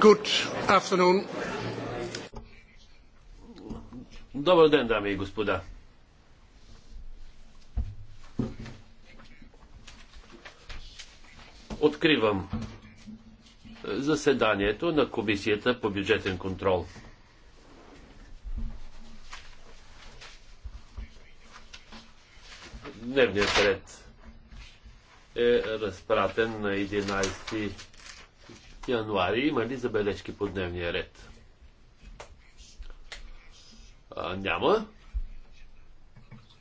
Good afternoon. Добър ден, дами и господа. Откривам заседанието на Комисията по бюджетен контрол. Дневният ред е разпратен на 11 януари. Има ли забележки по дневния ред? А, няма.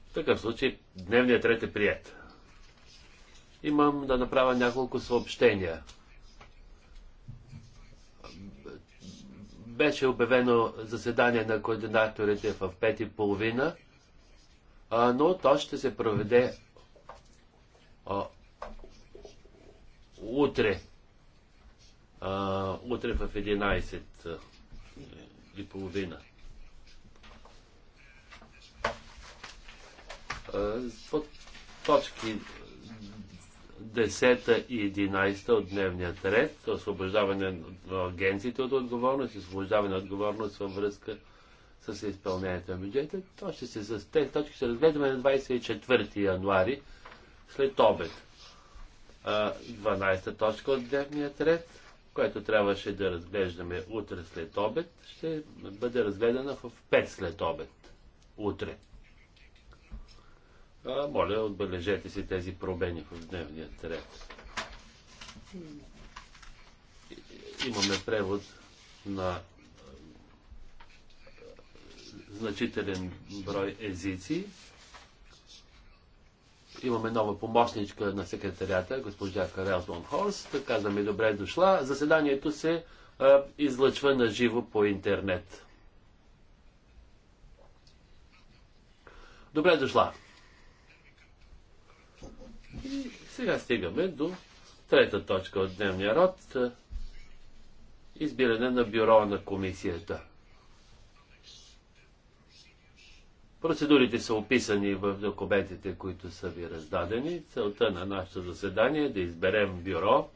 В такъв случай дневният ред е прият. Имам да направя няколко съобщения. Беше обявено заседание на координаторите в 5.30, но то ще се проведе утре. А, утре в 11 и половина. Под точки 10 и 11 от дневния ред, освобождаване на агенциите от отговорност, освобождаване на отговорност във връзка с изпълнението на бюджета. То ще се, с тези точки ще разгледаме на 24 януари след обед. 12-та точка от дневният ред, което трябваше да разглеждаме утре след обед, ще бъде разгледана в 5 след обед. Утре. А, моля, отбележете си тези пробени в дневният ред. Имаме превод на значителен брой езици имаме нова помощничка на секретарята, госпожа Карел Хорс. Така ми добре дошла. Заседанието се а, е, излъчва на живо по интернет. Добре дошла. И сега стигаме до трета точка от дневния род. Избиране на бюро на комисията. Процедурите са описани в документите, които са ви раздадени. Целта на нашето заседание е да изберем бюро,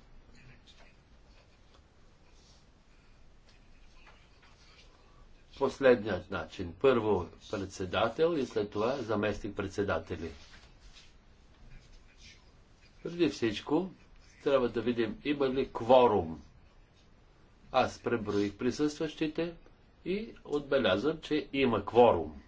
последният начин. Първо председател и след това заместник председатели. Преди всичко трябва да видим има ли кворум. Аз преброих присъстващите и отбелязвам, че има кворум.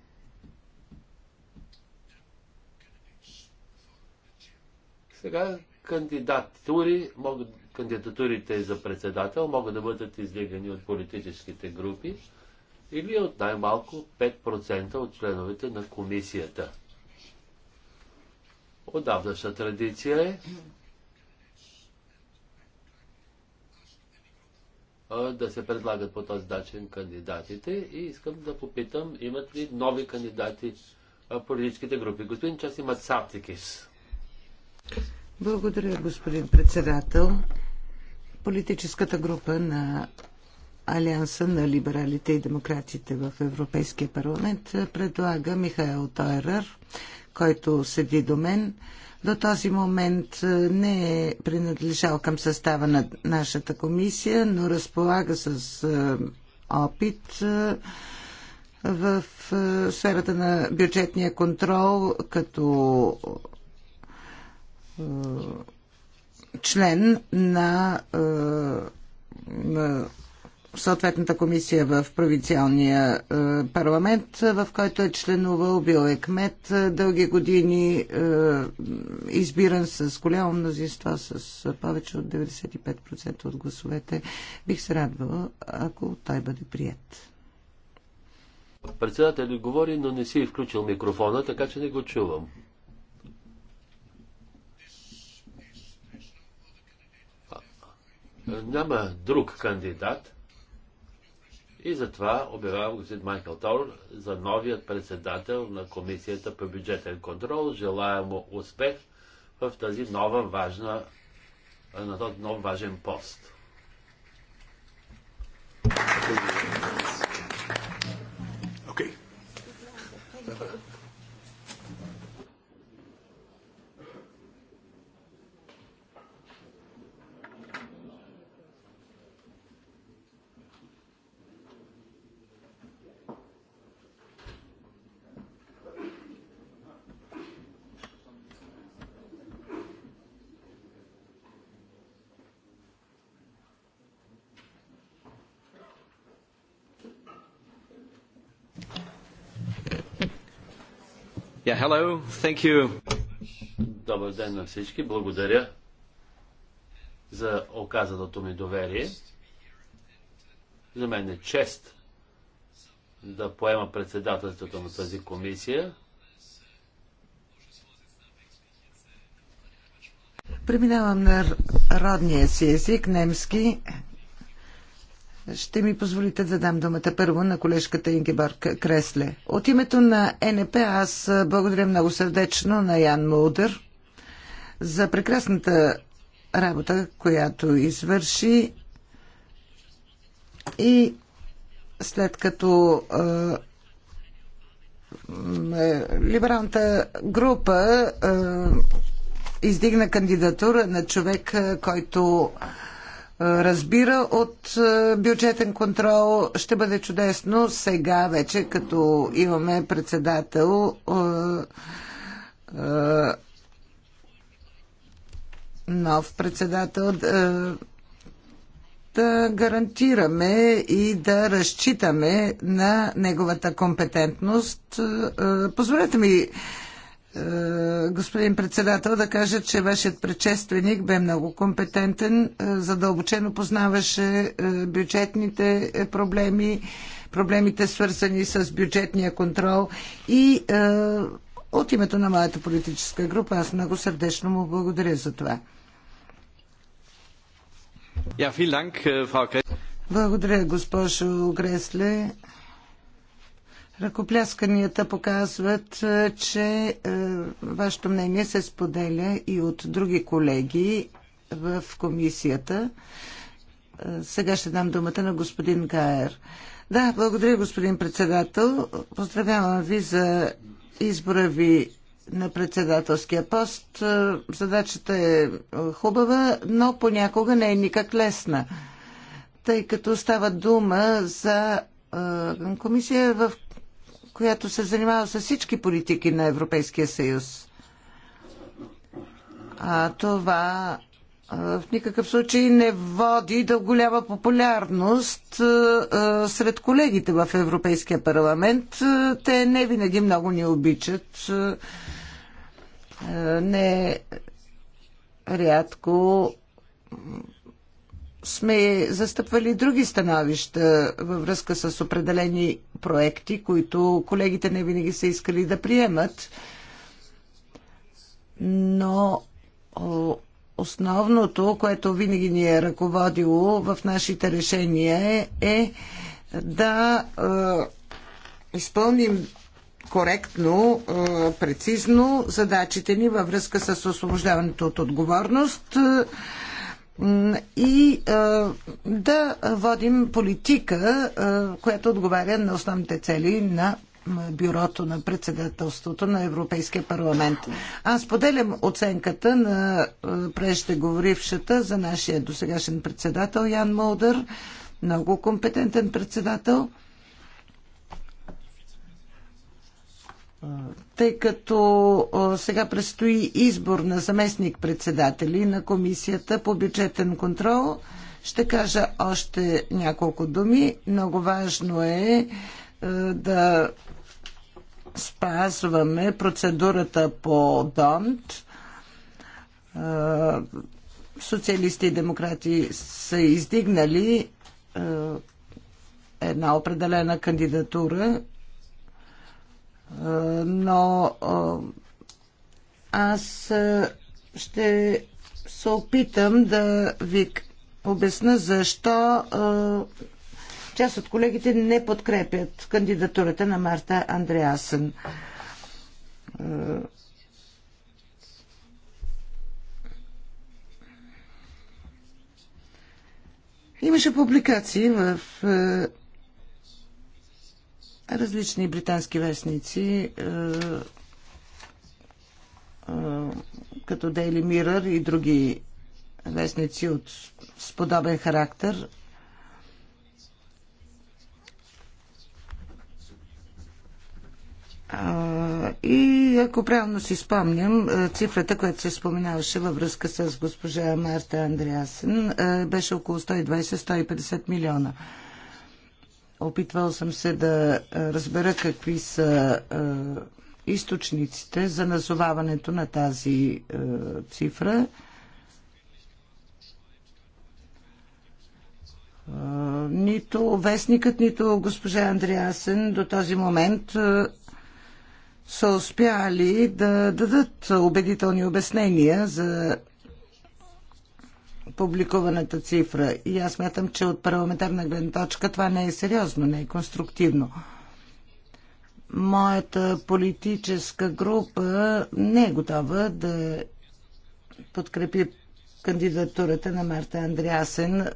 Сега кандидатури, могат, кандидатурите за председател могат да бъдат издигани от политическите групи или от най-малко 5% от членовете на комисията. Отдавнашна традиция е да се предлагат по този начин кандидатите и искам да попитам, имат ли нови кандидати политическите групи. Господин Часи Мацартикис. Благодаря, господин председател. Политическата група на Алианса на либералите и демократите в Европейския парламент предлага Михаил Тойрър, който седи до мен. До този момент е, не е принадлежал към състава на нашата комисия, но разполага с е, опит е, в сферата на бюджетния контрол като е, член на, е, на съответната комисия в провинциалния е, парламент, в който е членувал, бил е кмет дълги години, избиран с голямо мнозинство, с повече от 95% от гласовете. Бих се радвала, ако той бъде прият. Председателят говори, но не си е включил микрофона, така че не го чувам. Няма друг кандидат и затова обявявам господин Майкъл Тор за новият председател на Комисията по бюджетен контрол. Желая му успех в тази нова важна, на този нов важен пост. Thank you. Yeah, hello. Thank you. Добър ден на всички. Благодаря за оказаното ми доверие. За мен е чест да поема председателството на тази комисия. Преминавам на родния си език, немски. Ще ми позволите да дам думата първо на колежката Ингеборг Кресле. От името на НП аз благодаря много сърдечно на Ян Мулдър за прекрасната работа, която извърши и след като е, либералната група е, издигна кандидатура на човек, който е, разбира от е, бюджетен контрол. Ще бъде чудесно сега вече, като имаме председател е, е, нов председател да гарантираме и да разчитаме на неговата компетентност. Позволете ми е, господин председател, да кажа, че вашият предшественик бе много компетентен, е, задълбочено познаваше е, бюджетните проблеми, проблемите свързани с бюджетния контрол и от името на моята политическа група аз много сърдечно му благодаря за това. Благодаря, госпожо Гресле. Ръкоплясканията показват, е, че е, вашето мнение се споделя и от други колеги в комисията. Е, сега ще дам думата на господин Гайер. Да, благодаря, господин председател. Поздравявам ви за избора ви на председателския пост. Задачата е хубава, но понякога не е никак лесна, тъй като става дума за комисия, в която се занимава с всички политики на Европейския съюз. А това в никакъв случай не води до голяма популярност сред колегите в Европейския парламент. Те не винаги много ни обичат. Не рядко сме застъпвали други становища във връзка с определени проекти, които колегите не винаги са искали да приемат. Но основното, което винаги ни е ръководило в нашите решения е, е да е, изпълним коректно, е, прецизно задачите ни във връзка с освобождаването от отговорност. Е, и да водим политика, която отговаря на основните цели на бюрото на председателството на Европейския парламент. Аз поделям оценката на преждеговорившата за нашия досегашен председател Ян Молдър, много компетентен председател тъй като сега предстои избор на заместник-председатели на Комисията по бюджетен контрол. Ще кажа още няколко думи. Много важно е да спазваме процедурата по ДОНТ. Социалисти и демократи са издигнали една определена кандидатура но аз ще се опитам да ви обясна защо част от колегите не подкрепят кандидатурата на Марта Андреасен. Имаше публикации в Различни британски вестници, е, е, като Daily Mirror и други вестници от подобен характер, И ако правилно си спомням, е, цифрата, която се споменаваше във връзка с госпожа Марта Андреасен, беше около 120-150 милиона. Опитвал съм се да е, разбера какви са е, източниците за назоваването на тази е, цифра. Нито вестникът, нито госпожа Андреасен до този момент са успяли да дадат убедителни обяснения за публикуваната цифра. И аз мятам, че от парламентарна гледна точка това не е сериозно, не е конструктивно. Моята политическа група не е готова да подкрепи кандидатурата на Марта Андреасен. Е,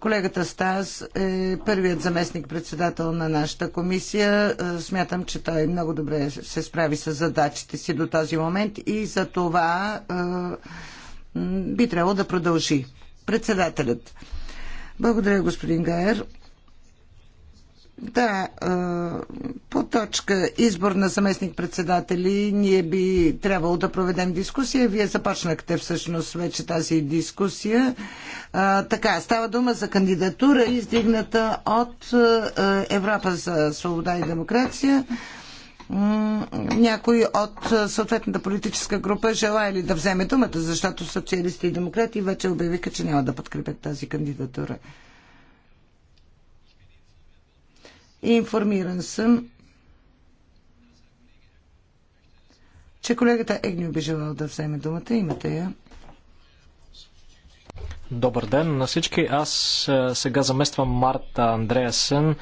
колегата Стас е първият заместник-председател на нашата комисия. Е, смятам, че той много добре се справи с задачите си до този момент и за това е, би трябвало да продължи. Председателят. Благодаря, господин Гайер. Да, по точка избор на съместник председатели ние би трябвало да проведем дискусия. Вие започнахте всъщност вече тази дискусия. Така, става дума за кандидатура, издигната от Европа за свобода и демокрация някой от съответната политическа група желая ли да вземе думата, защото социалисти и демократи вече обявиха, че няма да подкрепят тази кандидатура. Информиран съм, че колегата Егни би желал да вземе думата. Имате я. Добър ден на всички. Аз сега замествам Марта Андреасен.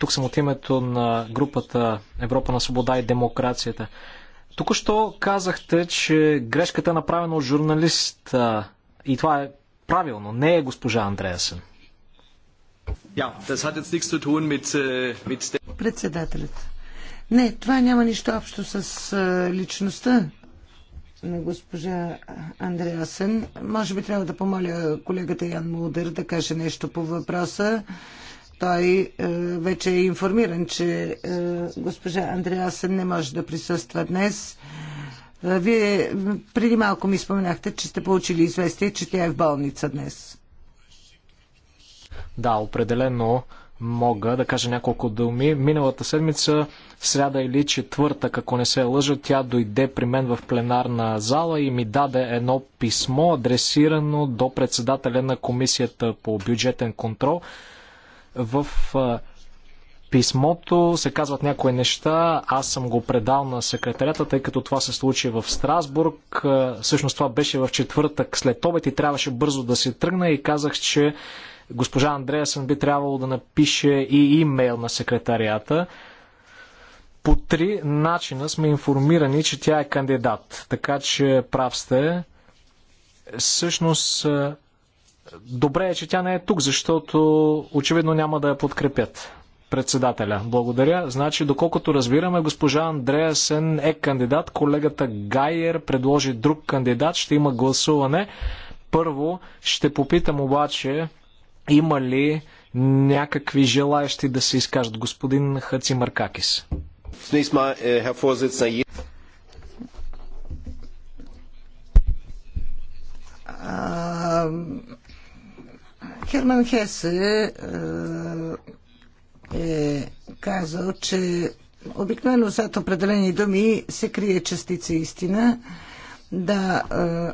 Тук съм от името на групата Европа на свобода и демокрацията. Току-що казахте, че грешката е направена от журналист и това е правилно, не е госпожа Андреасен. Äh, Председателят. Не, това няма нищо общо с личността на госпожа Андреасен. Може би трябва да помоля колегата Ян Мулдър да каже нещо по въпроса. Той е, вече е информиран, че е, госпожа Андреасен не може да присъства днес. Е, вие преди малко ми споменахте, че сте получили известие, че тя е в болница днес. Да, определено мога да кажа няколко думи. Миналата седмица, сряда или четвъртък, ако не се лъжа, тя дойде при мен в пленарна зала и ми даде едно писмо, адресирано до председателя на Комисията по бюджетен контрол. В писмото се казват някои неща. Аз съм го предал на секретарята, тъй като това се случи в Страсбург. Всъщност това беше в четвъртък след обед и трябваше бързо да се тръгна и казах, че госпожа Андреасън би трябвало да напише и имейл на секретарията. По три начина сме информирани, че тя е кандидат. Така че прав сте. Всъщност Добре е, че тя не е тук, защото очевидно няма да я подкрепят. Председателя, благодаря. Значи, доколкото разбираме, госпожа Андреасен е кандидат, колегата Гайер предложи друг кандидат, ще има гласуване. Първо, ще попитам обаче, има ли някакви желаящи да се изкажат? Господин Хаци Маркакис. Херман Хесе е, е казал, че обикновено зад определени думи се крие частица истина. Да, е,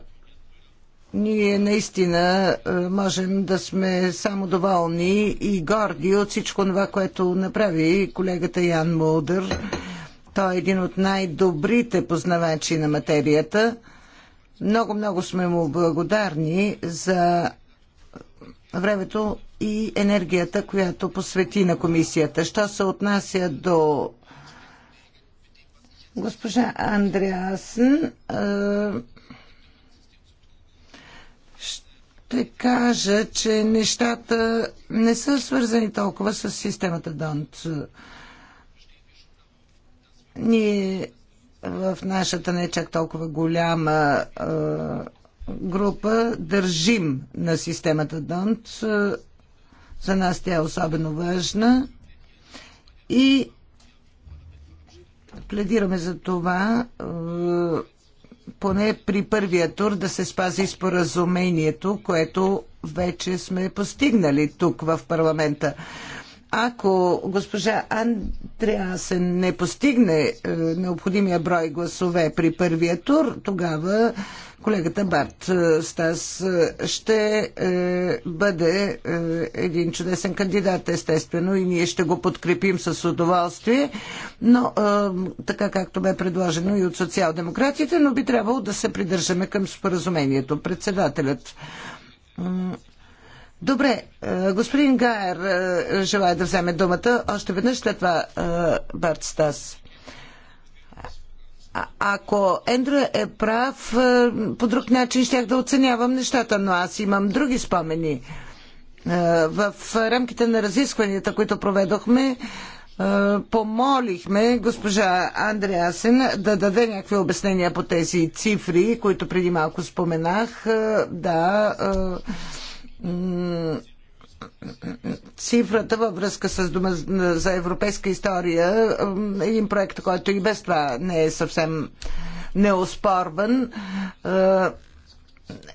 ние наистина е, можем да сме само доволни и горди от всичко това, което направи колегата Ян Мулдър. Той е един от най-добрите познавачи на материята. Много-много сме му благодарни за времето и енергията, която посвети на комисията. Що се отнася до госпожа Андреасен, ще кажа, че нещата не са свързани толкова с системата Донт. Ние в нашата не е чак толкова голяма група държим на системата Донт. За нас тя е особено важна и пледираме за това е, поне при първия тур да се спази споразумението, което вече сме постигнали тук в парламента. Ако госпожа Андреасен не постигне е, необходимия брой гласове при първия тур, тогава Колегата Барт е, Стас е, ще е, бъде един чудесен кандидат, естествено, и ние ще го подкрепим с удоволствие, но така както бе предложено и от социал-демократите, но би трябвало да се придържаме към споразумението. Председателят Добре, господин Гайер желая да вземе думата. Още веднъж след това Барт Стас ако Ендрю е прав, е, по друг начин щях да оценявам нещата, но аз имам други спомени. Е, в рамките на разискванията, които проведохме, е, помолихме госпожа Андреасен да даде някакви обяснения по тези цифри, които преди малко споменах. Да, цифрата във връзка с Дума за европейска история, един проект, който и без това не е съвсем неоспорван,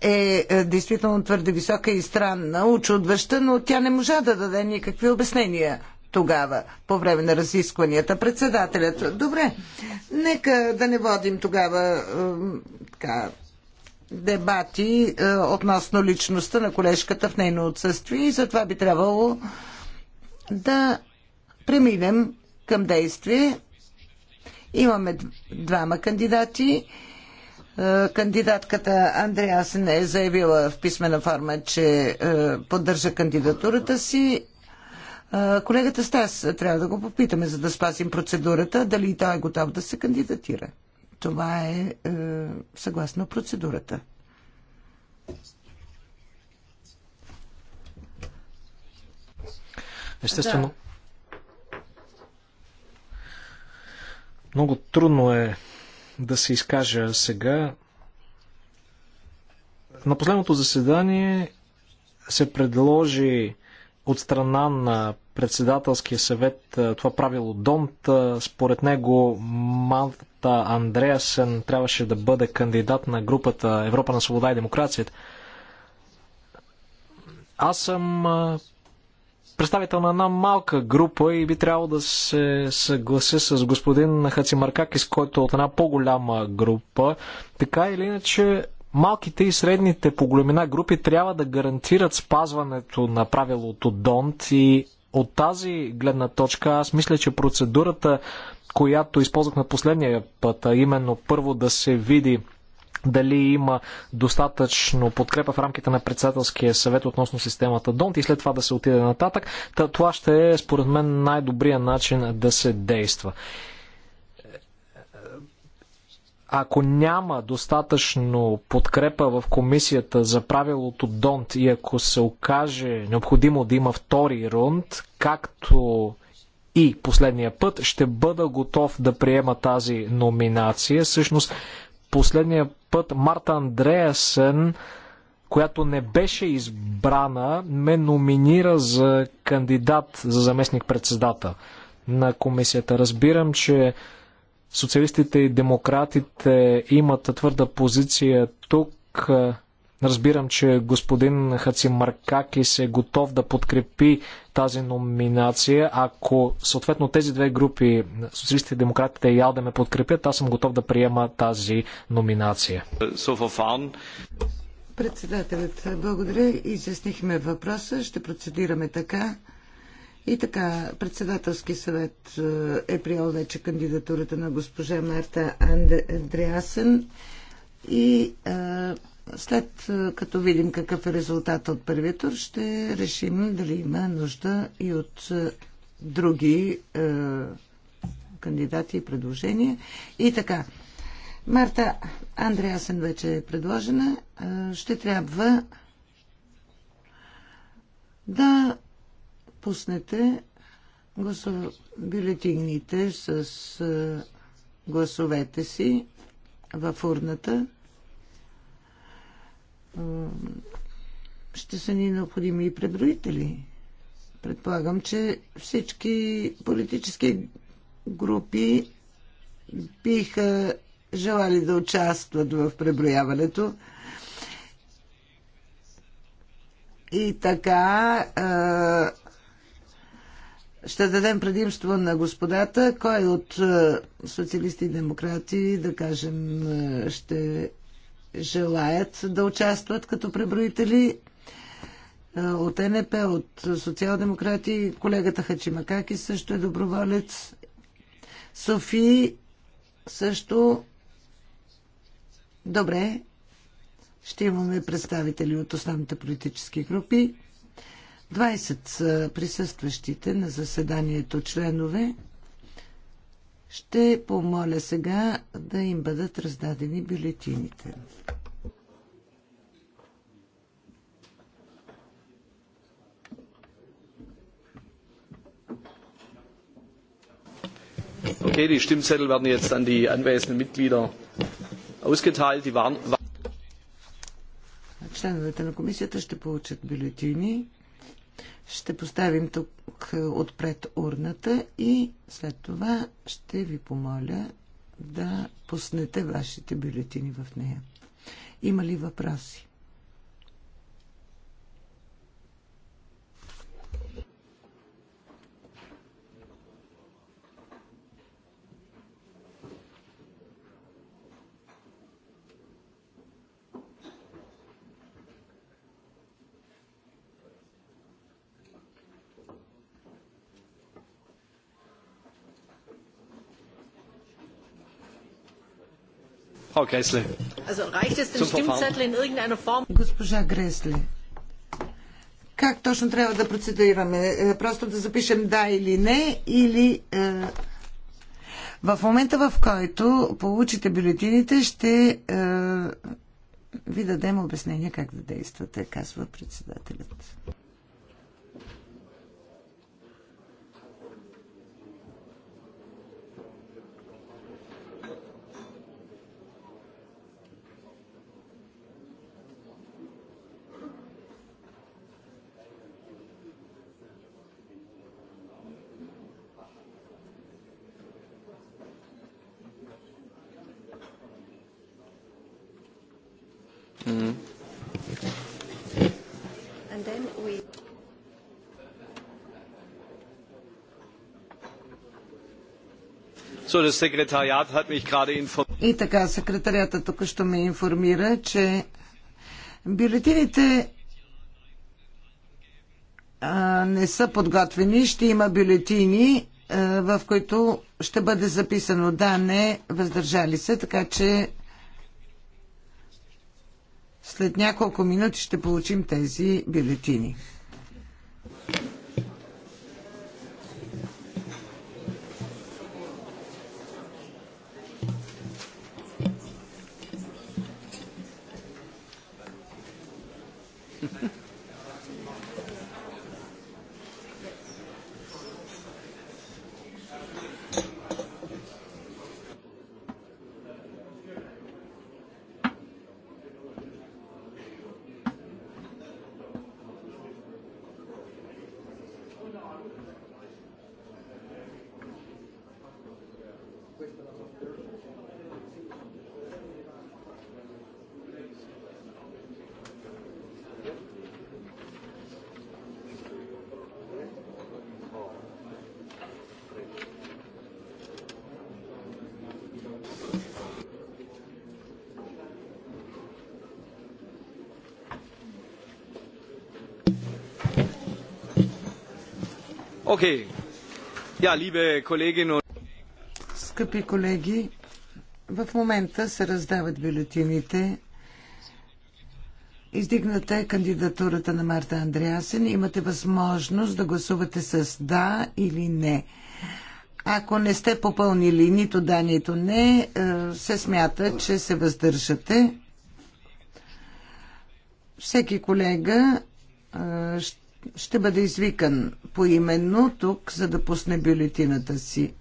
е, е действително твърде висока и странна, очудваща, но тя не можа да даде никакви обяснения тогава, по време на разискванията. Председателят, добре, нека да не водим тогава така, дебати е, относно личността на колежката в нейно отсъствие и затова би трябвало да преминем към действие. Имаме двама кандидати. Е, кандидатката Андреасен е заявила в писмена форма, че е, поддържа кандидатурата си. Е, колегата Стас е, трябва да го попитаме, за да спасим процедурата, дали той е готов да се кандидатира. Това е, е съгласно процедурата. Естествено. Да. Много трудно е да се изкажа сега. На последното заседание се предложи от страна на председателския съвет това правило Донт. Според него Малта Андреасен трябваше да бъде кандидат на групата Европа на свобода и демокрацията. Аз съм представител на една малка група и би трябвало да се съглася с господин Хацимаркакис, който е от една по-голяма група. Така или иначе, малките и средните по големина групи трябва да гарантират спазването на правилото Донт и от тази гледна точка аз мисля, че процедурата, която използвах на последния път, а именно първо да се види дали има достатъчно подкрепа в рамките на председателския съвет относно системата Донт и след това да се отиде нататък. това ще е, според мен, най-добрия начин да се действа. Ако няма достатъчно подкрепа в комисията за правилото Донт и ако се окаже необходимо да има втори рунд, както и последния път, ще бъда готов да приема тази номинация. Всъщност, последния път Марта Андреасен, която не беше избрана, ме номинира за кандидат за заместник-председател на комисията. Разбирам, че Социалистите и демократите имат твърда позиция тук. Разбирам, че господин Хацимаркакис е готов да подкрепи тази номинация. Ако съответно тези две групи, социалистите, демократите и да ме подкрепят, аз съм готов да приема тази номинация. Председателят, благодаря. Изяснихме въпроса. Ще процедираме така. И така, председателски съвет е приел вече кандидатурата на госпожа Марта Андреасен и а, след като видим какъв е резултат от първият, тур, ще решим дали има нужда и от а, други а, кандидати и предложения. И така, Марта Андреасен вече е предложена. А, ще трябва да пуснете гласов... бюлетините с гласовете си в урната. Ще са ни необходими и преброители. Предполагам, че всички политически групи биха желали да участват в преброяването. И така ще дадем предимство на господата. Кой от е, социалисти и демократи, да кажем, е, ще желаят да участват като преброители? Е, от НП, от социал-демократи, колегата Хачимакаки също е доброволец. Софи също. Добре. Ще имаме представители от основните политически групи. 20 са присъстващите на заседанието членове. Ще помоля сега да им бъдат раздадени бюлетините. Okay, die Stimmzettel werden jetzt an die anwesenden Mitglieder ausgeteilt. Die waren... Членовете на комисията ще получат бюлетини. Ще поставим тук е, отпред урната и след това ще ви помоля да пуснете вашите бюлетини в нея. Има ли въпроси? Frau Gressle. Also reicht es den Stimmzettel in irgendeiner Form? Госпожа Гресле, как точно трябва да процедираме? Е, просто да запишем да или не, или е, в момента в който получите бюлетините, ще е, ви дадем обяснение как да действате, казва председателят. И така, секретарията тук ще ме информира, че бюлетините не са подготвени. Ще има бюлетини, в които ще бъде записано да, не, въздържали се, така че след няколко минути ще получим тези бюлетини. Okay. Скъпи колеги, в момента се раздават бюлетините. Издигната е кандидатурата на Марта Андреасен. Имате възможност да гласувате с да или не. Ако не сте попълнили нито да, нито не, е, се смята, че се въздържате. Всеки колега е, ще ще бъде извикан поименно тук, за да пусне бюлетината си.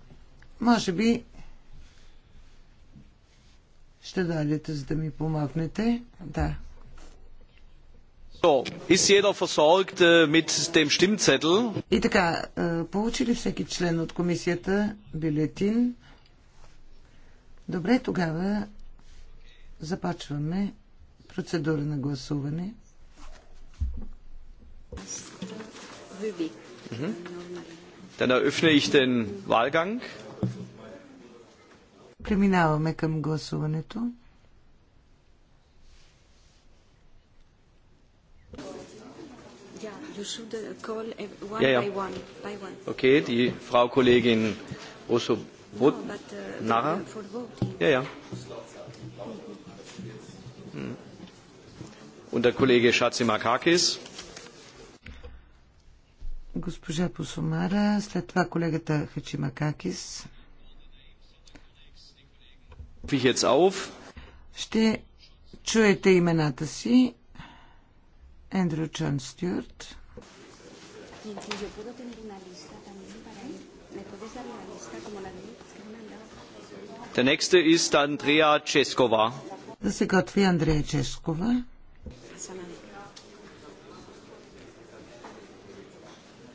Може би ще дадете, за да ми помогнете. Да. Äh, И така, е, получи ли всеки член от комисията бюлетин? Добре, тогава започваме процедура на гласуване. Dann eröffne ich den Wahlgang. Преминаваме към гласуването. Yeah, yeah. Okay, die Frau Kollegin Russo Brut Nara. Ja, ja. Und der Kollege Schatzimakakis госпожа Посомара, след това колегата Хачимакакис. Ще чуете имената си. Ендрю Чон Стюарт. Да се готви Андрея Ческова.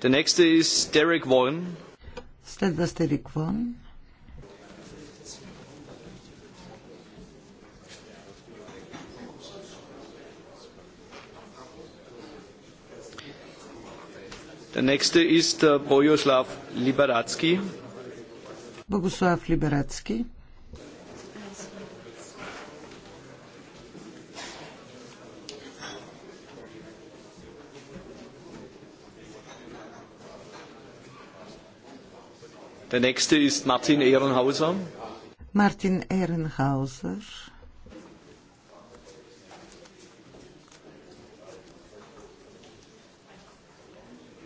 Der nächste ist Derek Vaughan. Следва Стерик Вон. Der nächste ist Bojoslav Liberacki. Богослав Либерацки. Der nächste ist Martin Ehrenhauser. Martin Ehrenhauser.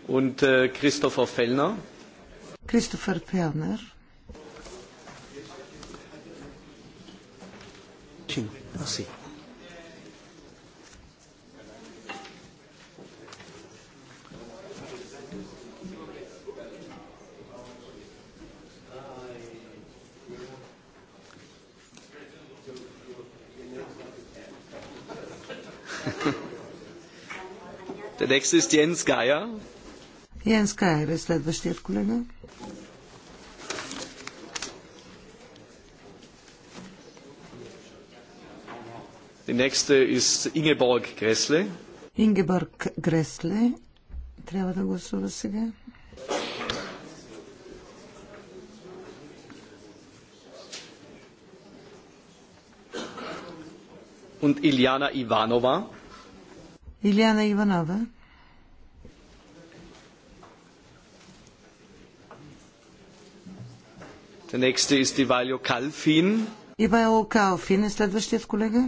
Und äh, Christopher Fellner. Christopher Fellner. Merci. Next ist Jens Geier. Jens Geier е следващият колега. Die nächste ist Ingeborg Gressle. Ингеборг Гресле трябва да гласува сега. Und Iliana Ivanova. Iliana Ivanova. Der nächste ist Ivalio Kalfin. Ивайло Калфин е следващият колега.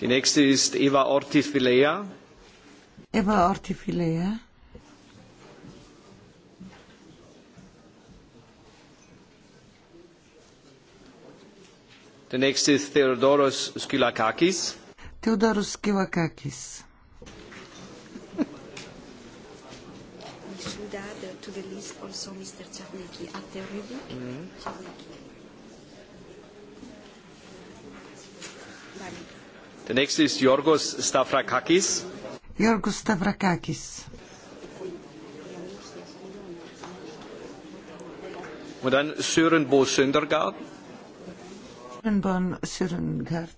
Die nächste ist Eva Ortiz-Vilea. Eva Ortiz-Vilea. The next is Theodoros Skylakakis. Theodoros Skylakakis. we should add to Stavrakakis. Yorgos Stavrakakis. And then Søren Bo Søndergaard. Бон Сюренгард.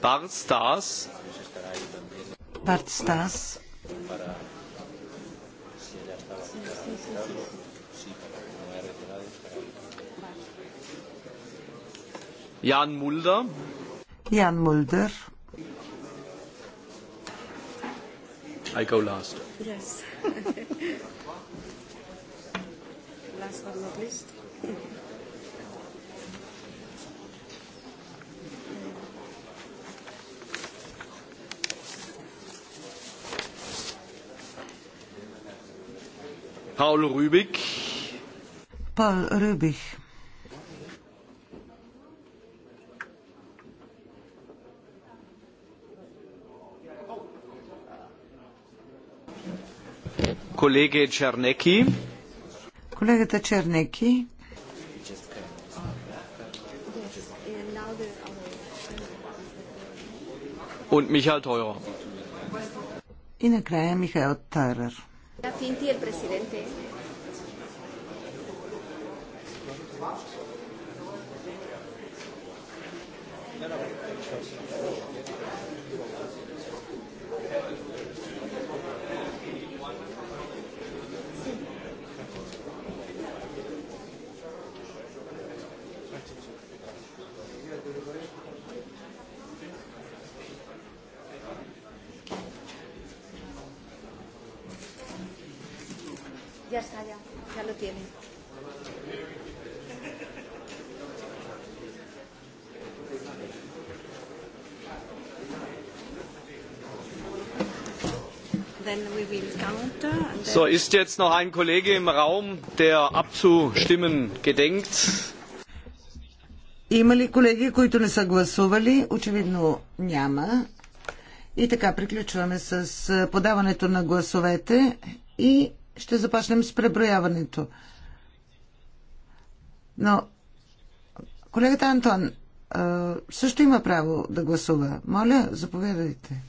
Барт Стас. Барт Стас. Jan Mulder. Jan Mulder. I go last. Yes. last but not least. Paul Rübig. Paul Rübig Kollege Czarnecki. Колегата Чернеки. Und Michael Teurer. И накрая Михаил Тойрер. Thank you. So, ist jetzt noch ein Kollege im Raum, der abzustimmen gedenkt? Има ли колеги, които не са гласували? Очевидно няма. И така, приключваме с подаването на гласовете и ще започнем с преброяването. Но колегата Антон също има право да гласува. Моля, заповядайте.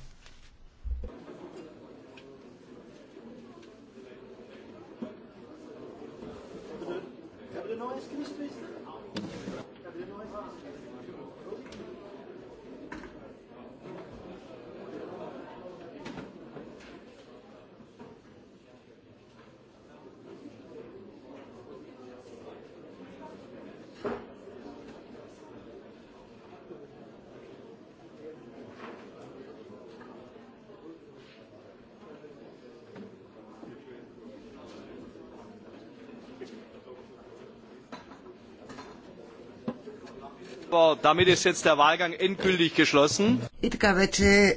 И така вече е,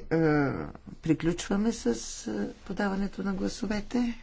приключваме с е, подаването на гласовете.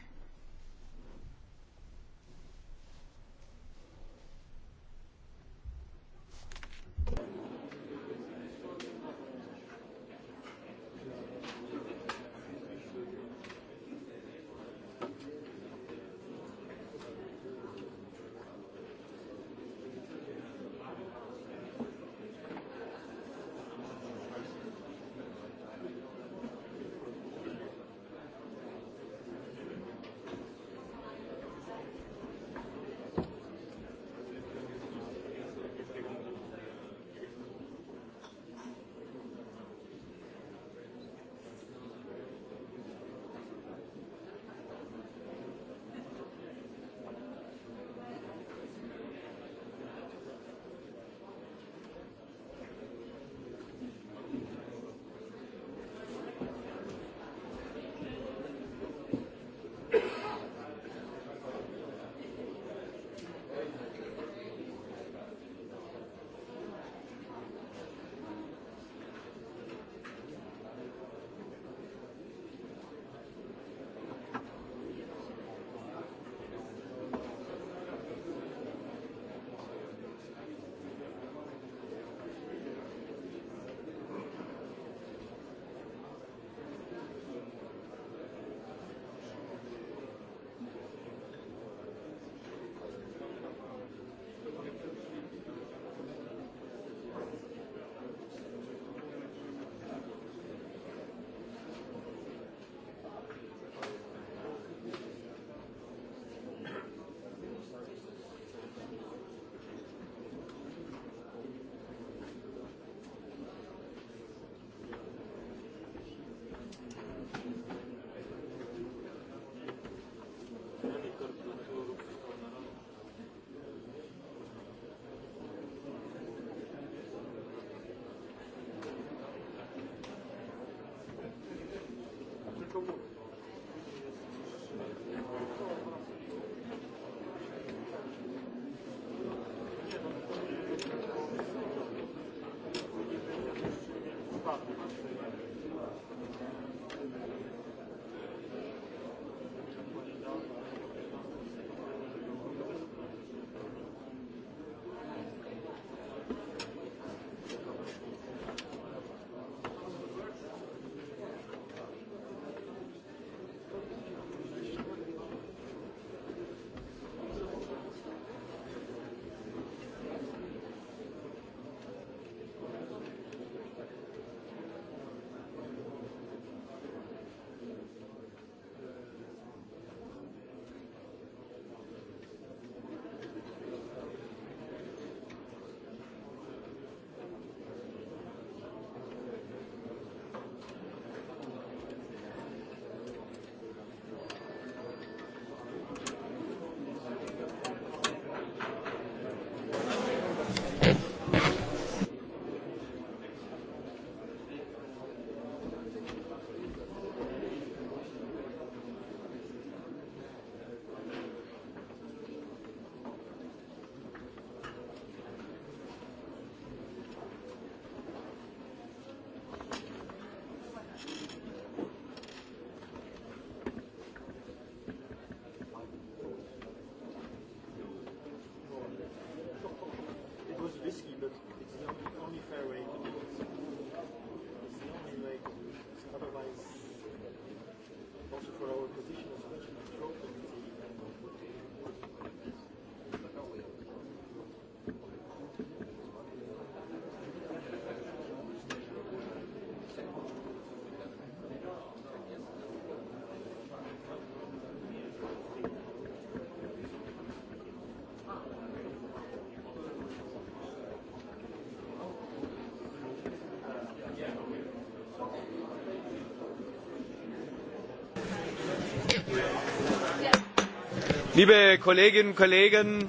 Liebe Kolleginnen und Kollegen,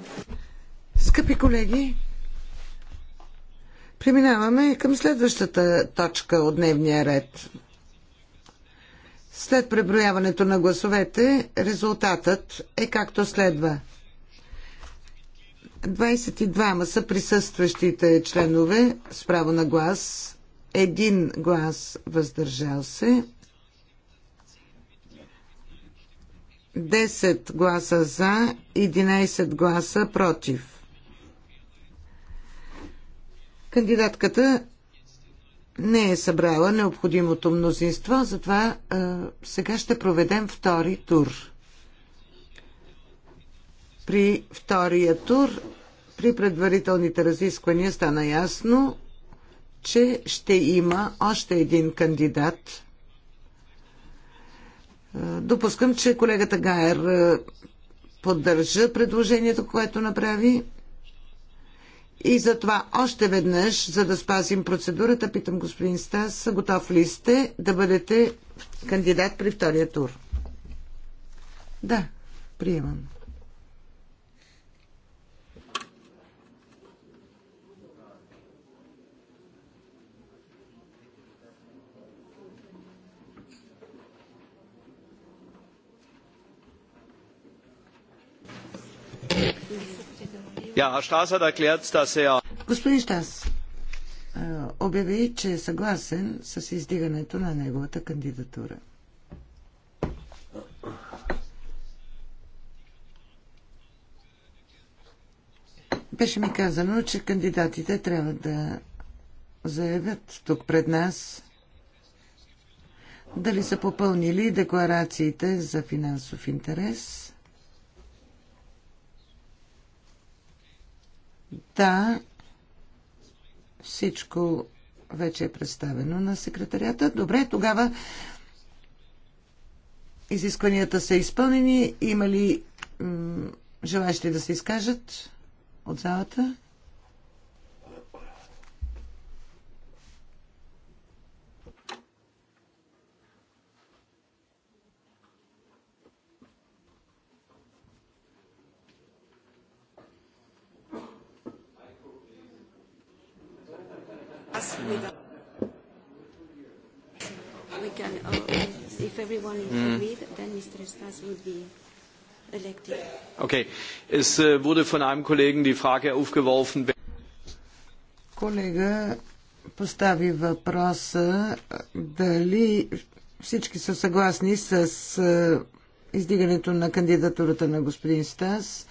Скъпи колеги, преминаваме към следващата точка от дневния ред. След преброяването на гласовете, резултатът е както следва. 22 са присъстващите членове с право на глас, един глас въздържал се, 10 гласа за, 11 гласа против. Кандидатката не е събрала необходимото мнозинство, затова а, сега ще проведем втори тур. При втория тур, при предварителните разисквания, стана ясно, че ще има още един кандидат – Допускам, че колегата Гайер е, поддържа предложението, което направи. И затова още веднъж, за да спазим процедурата, питам господин Стас, готов ли сте да бъдете кандидат при втория тур? Да, приемам. Er Господин Штас обяви, че е съгласен с издигането на неговата кандидатура. Беше ми казано, че кандидатите трябва да заявят тук пред нас дали са попълнили декларациите за финансов интерес – Да, всичко вече е представено на секретарията. Добре, тогава изискванията са изпълнени. Има ли желащи да се изкажат от залата? We can, uh, if everyone is mm. agreed, then Mr. Stas would be elected. Okay. Es äh, wurde von einem Kollegen die Frage aufgeworfen. Колега постави въпроса дали всички са съгласни с е, издигането на кандидатурата на господин Стас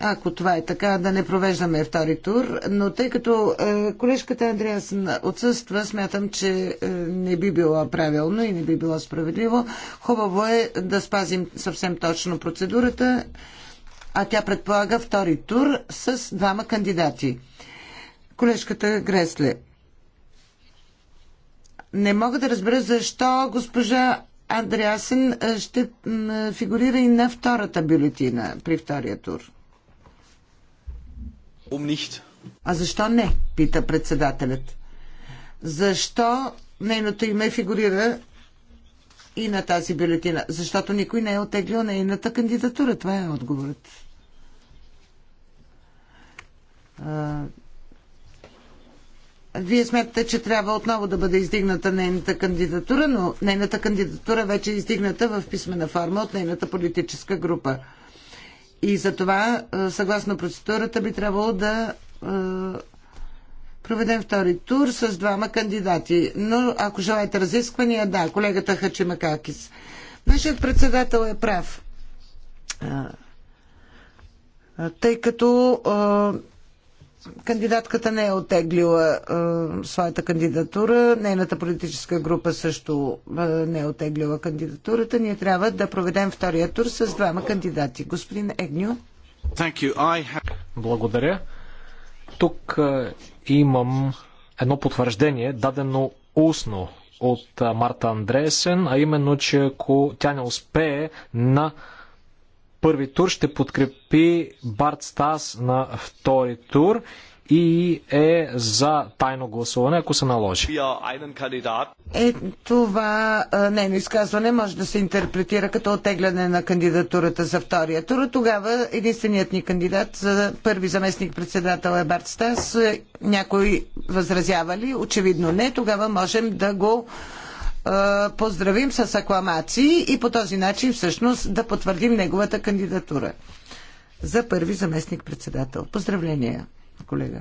ако това е така, да не провеждаме втори тур, но тъй като е, колежката Андреас отсъства, смятам, че е, не би било правилно и не би било справедливо. Хубаво е да спазим съвсем точно процедурата, а тя предполага втори тур с двама кандидати. Колежката Гресле. Не мога да разбера защо госпожа Андреасен е, ще фигурира и на втората бюлетина при втория тур. Um а защо не? Пита председателят. Защо нейното име фигурира и на тази бюлетина? Защото никой не е отеглил нейната кандидатура. Това е отговорът. Вие смятате, че трябва отново да бъде издигната нейната кандидатура, но нейната кандидатура вече е издигната в писмена форма от нейната политическа група. И за това, е, съгласно процедурата, би трябвало да е, проведем втори тур с двама кандидати. Но ако желаете разисквания, да, колегата Хачи Макакис. Нашият председател е прав. Е, тъй като Кандидатката не е отеглила е, своята кандидатура, нейната политическа група също е, не е отеглила кандидатурата. Ние трябва да проведем втория тур с двама кандидати. Господин Егню. Благодаря. Тук е, имам едно потвърждение, дадено устно от Марта Андреесен, а именно, че ако тя не успее на първи тур, ще подкрепи Барт Стас на втори тур и е за тайно гласуване, ако се наложи. Е, това нейно изказване може да се интерпретира като оттегляне на кандидатурата за втория тур. Тогава единственият ни кандидат за първи заместник председател е Барт Стас. Някой възразява ли? Очевидно не. Тогава можем да го поздравим с акламации и по този начин всъщност да потвърдим неговата кандидатура за първи заместник председател. Поздравления, колега.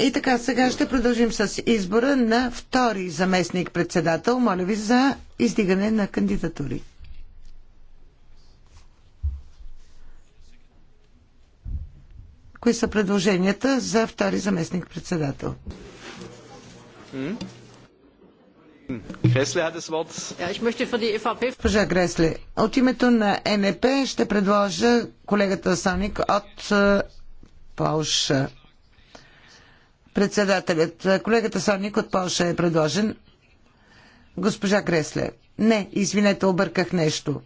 И така, сега ще продължим с избора на втори заместник председател. Моля ви за издигане на кандидатури. Кои са предложенията за втори заместник председател? Госпожа Гресле, от името на НП ще предложа колегата Соник от е, Полша. Председателят, е, колегата Соник от Полша е предложен. Госпожа Гресле. Не, извинете, обърках нещо.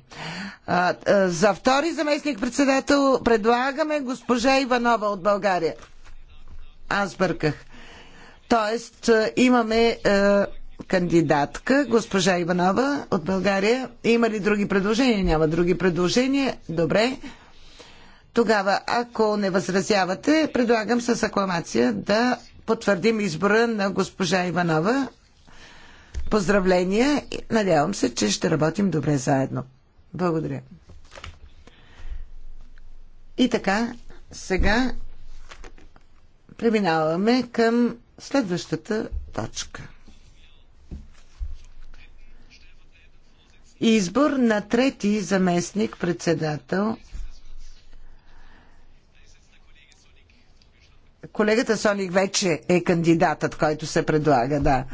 За втори заместник председател предлагаме госпожа Иванова от България. Аз бърках. Тоест имаме кандидатка, госпожа Иванова от България. Има ли други предложения? Няма други предложения. Добре. Тогава, ако не възразявате, предлагам с акламация да потвърдим избора на госпожа Иванова. Поздравления! Надявам се, че ще работим добре заедно. Благодаря. И така, сега преминаваме към следващата точка. Избор на трети заместник председател. Колегата Соник вече е кандидатът, който се предлага, да.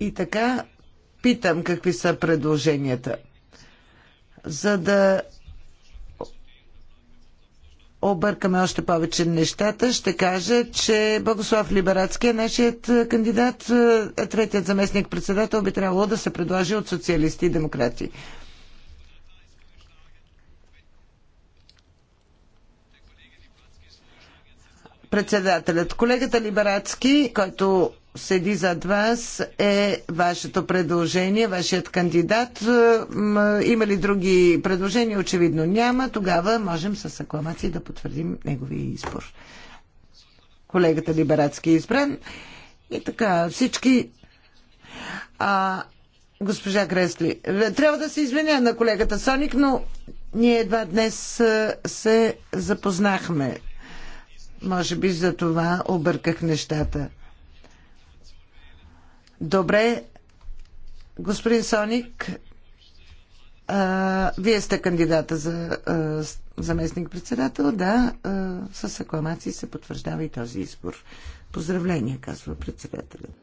И така питам какви са предложенията. За да объркаме още повече нещата, ще кажа, че Богослав Либерацки е нашият е, кандидат, е, е третият заместник председател би трябвало да се предложи от социалисти и демократи. Председателят. Колегата Либерацки, който седи зад вас е вашето предложение, вашият кандидат. Има ли други предложения? Очевидно няма. Тогава можем с акламации да потвърдим неговия избор. Колегата Либерацки е избран. И така, всички. А, госпожа Кресли, трябва да се извиня на колегата Соник, но ние едва днес се запознахме. Може би за това обърках нещата. Добре, господин Соник, а, вие сте кандидата за а, заместник-председател. Да, а, с акламации се потвърждава и този избор. Поздравления, казва председателят.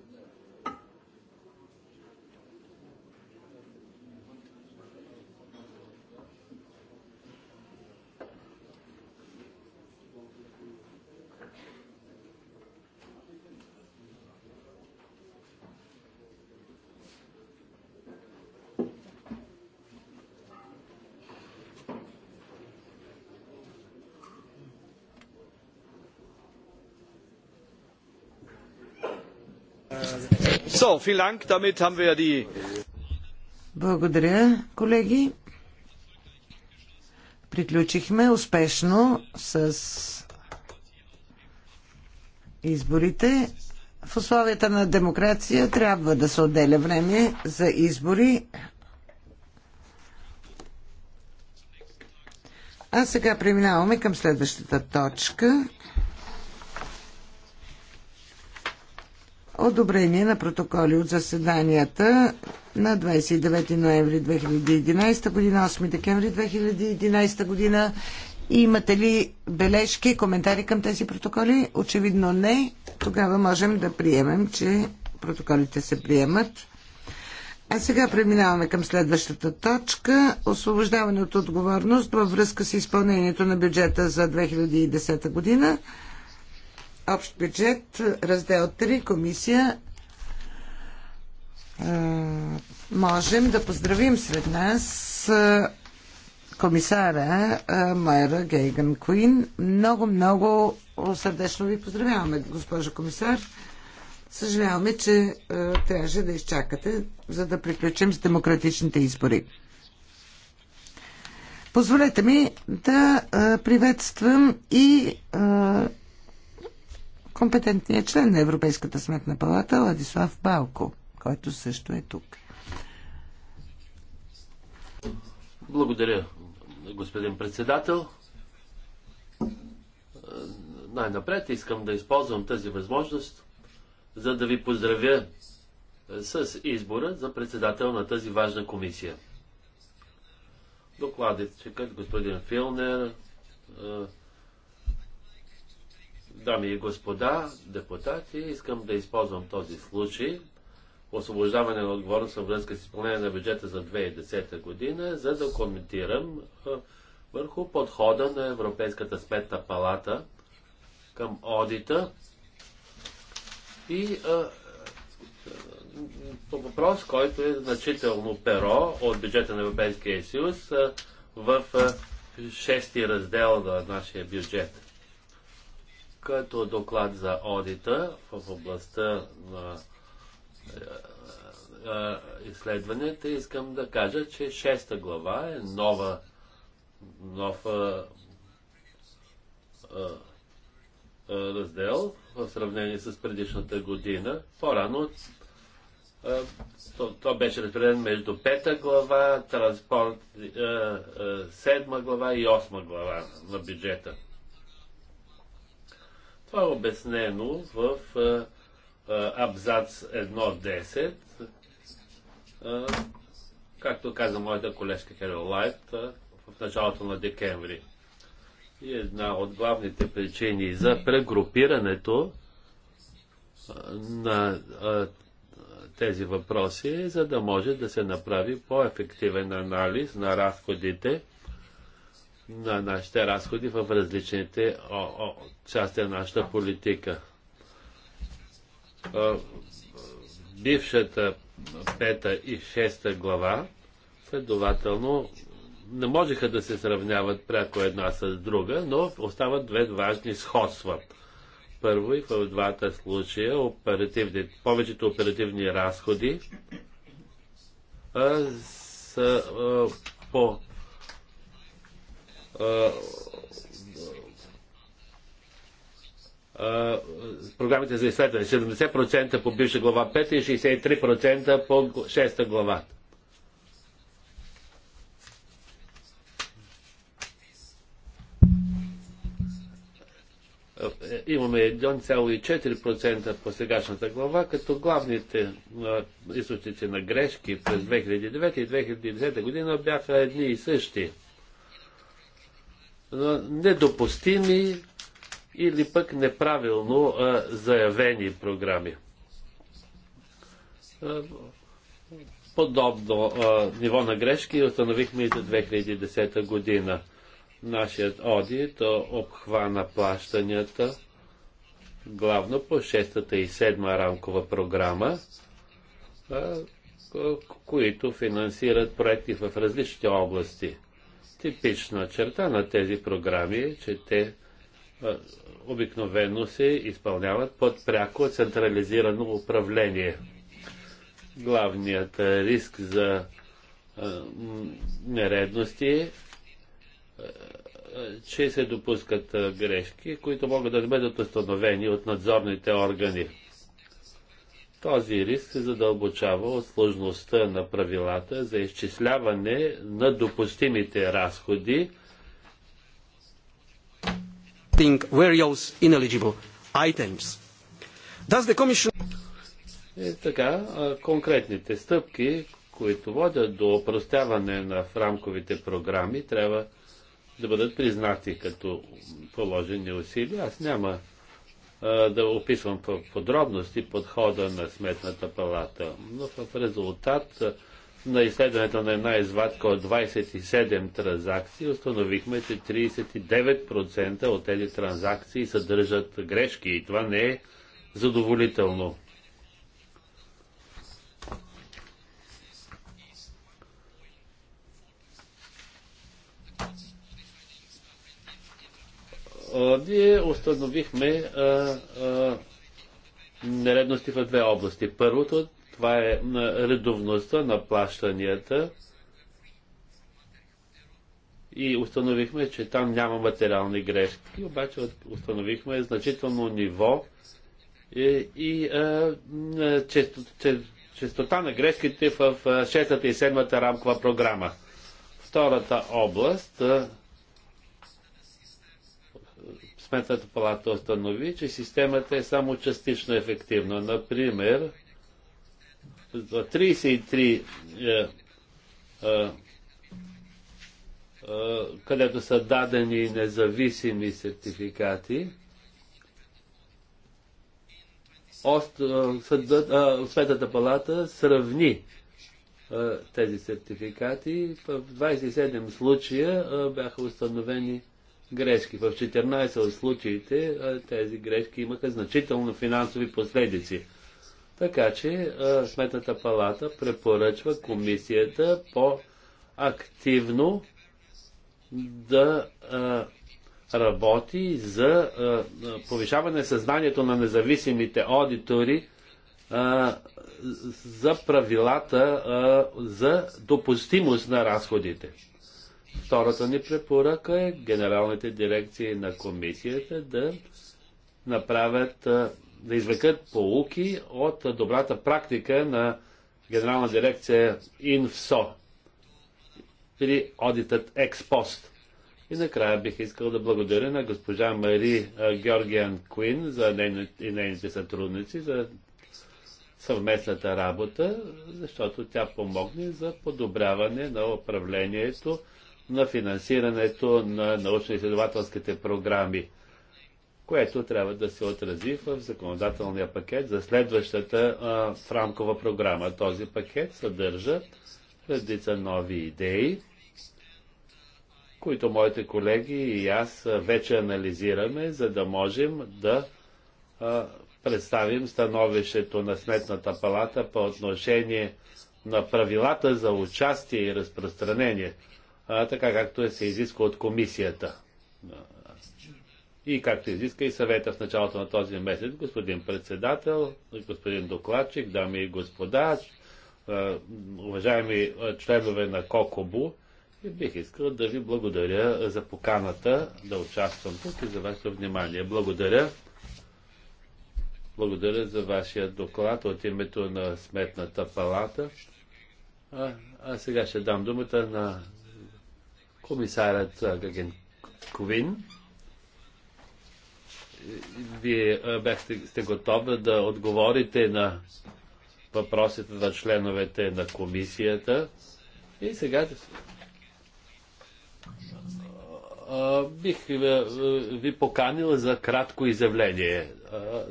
Благодаря, колеги. Приключихме успешно с изборите. В условията на демокрация трябва да се отделя време за избори. А сега преминаваме към следващата точка. одобрение на протоколи от заседанията на 29 ноември 2011 година, 8 декември 2011 година. Имате ли бележки, коментари към тези протоколи? Очевидно не. Тогава можем да приемем, че протоколите се приемат. А сега преминаваме към следващата точка. Освобождаване от отговорност във връзка с изпълнението на бюджета за 2010 година. Общ бюджет, раздел 3, комисия. Можем да поздравим сред нас комисара Майра Гейган Куин. Много, много сърдечно ви поздравяваме, госпожо комисар. Съжаляваме, че трябваше да изчакате, за да приключим с демократичните избори. Позволете ми да приветствам и компетентният член на Европейската сметна палата Владислав Балко, който също е тук. Благодаря, господин председател. Най-напред искам да използвам тази възможност, за да ви поздравя е, с избора за председател на тази важна комисия. като господин Филнер, е, Дами и господа, депутати, искам да използвам този случай, освобождаване на отговорност във връзка с изпълнение на бюджета за 2010 година, за да коментирам върху подхода на Европейската сметна палата към одита и а, въпрос, който е значително перо от бюджета на Европейския съюз в шести раздел на нашия бюджет като доклад за одита в областта на е, е, изследванията, искам да кажа, че шеста глава е нова, нов е, раздел в сравнение с предишната година. По-рано то, то беше разпределено между пета глава, транспорт, седма глава и осма глава на бюджета. Това е обяснено в абзац 1.10, както каза моята колежка Херол Лайт в началото на декември. И една от главните причини за прегрупирането на тези въпроси, е, за да може да се направи по-ефективен анализ на разходите на нашите разходи в различните о, о, части на нашата политика. Бившата пета и шеста глава, следователно, не можеха да се сравняват пряко една с друга, но остават две важни сходства. Първо и в двата случая оперативни, повечето оперативни разходи а, са а, по програмите за изследване. 70% по бивша глава 5 и 63% по 6 глава. Имаме 1,4% по сегашната глава, като главните източници на грешки през 2009 и 2010 година бяха едни и същи – недопустими или пък неправилно заявени програми. подобно ниво на грешки установихме и за 2010 година. Нашият одит обхвана плащанията главно по 6-та и 7 рамкова програма, които финансират проекти в различните области – Типична черта на тези програми е, че те обикновено се изпълняват под пряко централизирано управление. Главният риск за нередности е, че се допускат грешки, които могат да бъдат установени от надзорните органи. Този риск се задълбочава от сложността на правилата за изчисляване на допустимите разходи. И е, така, конкретните стъпки, които водят до опростяване на рамковите програми, трябва да бъдат признати като положени усилия. Аз няма да описвам по подробности подхода на Сметната палата. Но в резултат на изследването на една извадка от 27 транзакции установихме, че 39% от тези транзакции съдържат грешки и това не е задоволително. ние установихме а, а, нередности в две области. Първото, това е редовността на плащанията и установихме, че там няма материални грешки, обаче установихме значително ниво е, и, и а, често, че, честота на грешките в 6-та и 7-та рамкова програма. Втората област Сметната палата установи, че системата е само частично ефективна. Например, 33 е, е, е, където са дадени независими сертификати, Светата е, е, палата сравни тези сертификати. В 27 случая бяха установени грешки. В 14 от случаите тези грешки имаха значително финансови последици. Така че Сметната палата препоръчва комисията по-активно да работи за повишаване съзнанието на независимите аудитори за правилата за допустимост на разходите. Втората ни препоръка е генералните дирекции на комисията да направят, да извлекат полуки от добрата практика на генерална дирекция ИНФСО или одитът експост. И накрая бих искал да благодаря на госпожа Мари Георгиан Куин за нейните, и нейните сътрудници за съвместната работа, защото тя помогне за подобряване на управлението на финансирането на научно-изследователските програми, което трябва да се отрази в законодателния пакет за следващата а, рамкова програма. Този пакет съдържа редица нови идеи, които моите колеги и аз вече анализираме, за да можем да а, представим становището на Сметната палата по отношение на правилата за участие и разпространение а, така както е, се изисква от комисията. И както изиска и съвета в началото на този месец, господин председател, господин докладчик, дами и господа, уважаеми членове на Кокобу, и бих искал да ви благодаря за поканата да участвам тук и за вашето внимание. Благодаря. Благодаря за вашия доклад от името на Сметната палата. А, а сега ще дам думата на комисарът Гаген Ковин. Вие бяхте, сте готови да отговорите на въпросите на членовете на комисията. И сега бих ви, поканил за кратко изявление.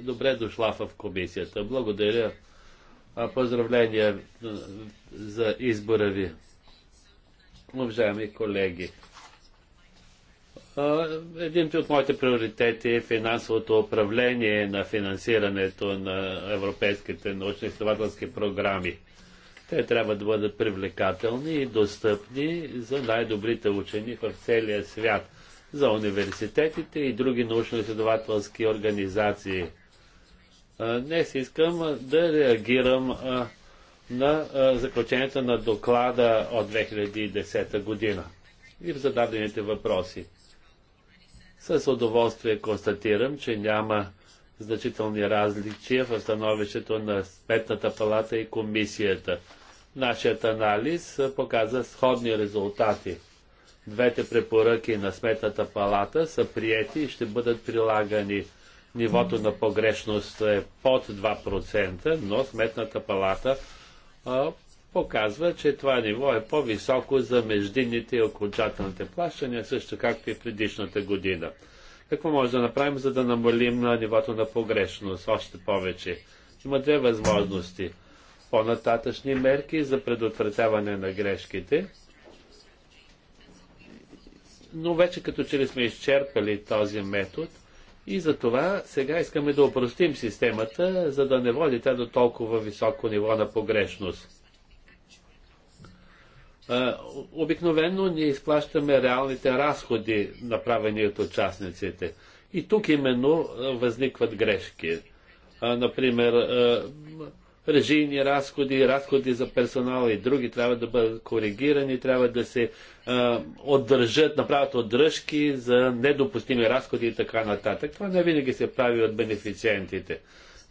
добре дошла в комисията. Благодаря. поздравления за избора ви. Уважаеми колеги, един от моите приоритети е финансовото управление на финансирането на европейските научно-изследователски програми. Те трябва да бъдат привлекателни и достъпни за най-добрите учени в целия свят, за университетите и други научно-изследователски организации. Днес искам да реагирам на заключенията на доклада от 2010 година и в зададените въпроси. С удоволствие констатирам, че няма значителни различия в становището на Сметната палата и комисията. Нашият анализ показа сходни резултати. Двете препоръки на Сметната палата са приети и ще бъдат прилагани. Нивото на погрешност е под 2%, но Сметната палата показва, че това ниво е по-високо за междинните и окончателните плащания, също както и предишната година. Какво може да направим, за да намалим на нивото на погрешност още повече? Има две възможности. По-нататъчни мерки за предотвратяване на грешките, но вече като че ли сме изчерпали този метод – и за това сега искаме да упростим системата, за да не води тя до толкова високо ниво на погрешност. Обикновено ние изплащаме реалните разходи, направени от участниците. И тук именно възникват грешки. Например, режийни разходи, разходи за персонал и други трябва да бъдат коригирани, трябва да се а, отдържат, направят отдръжки за недопустими разходи и така нататък. Това не винаги се прави от бенефициентите.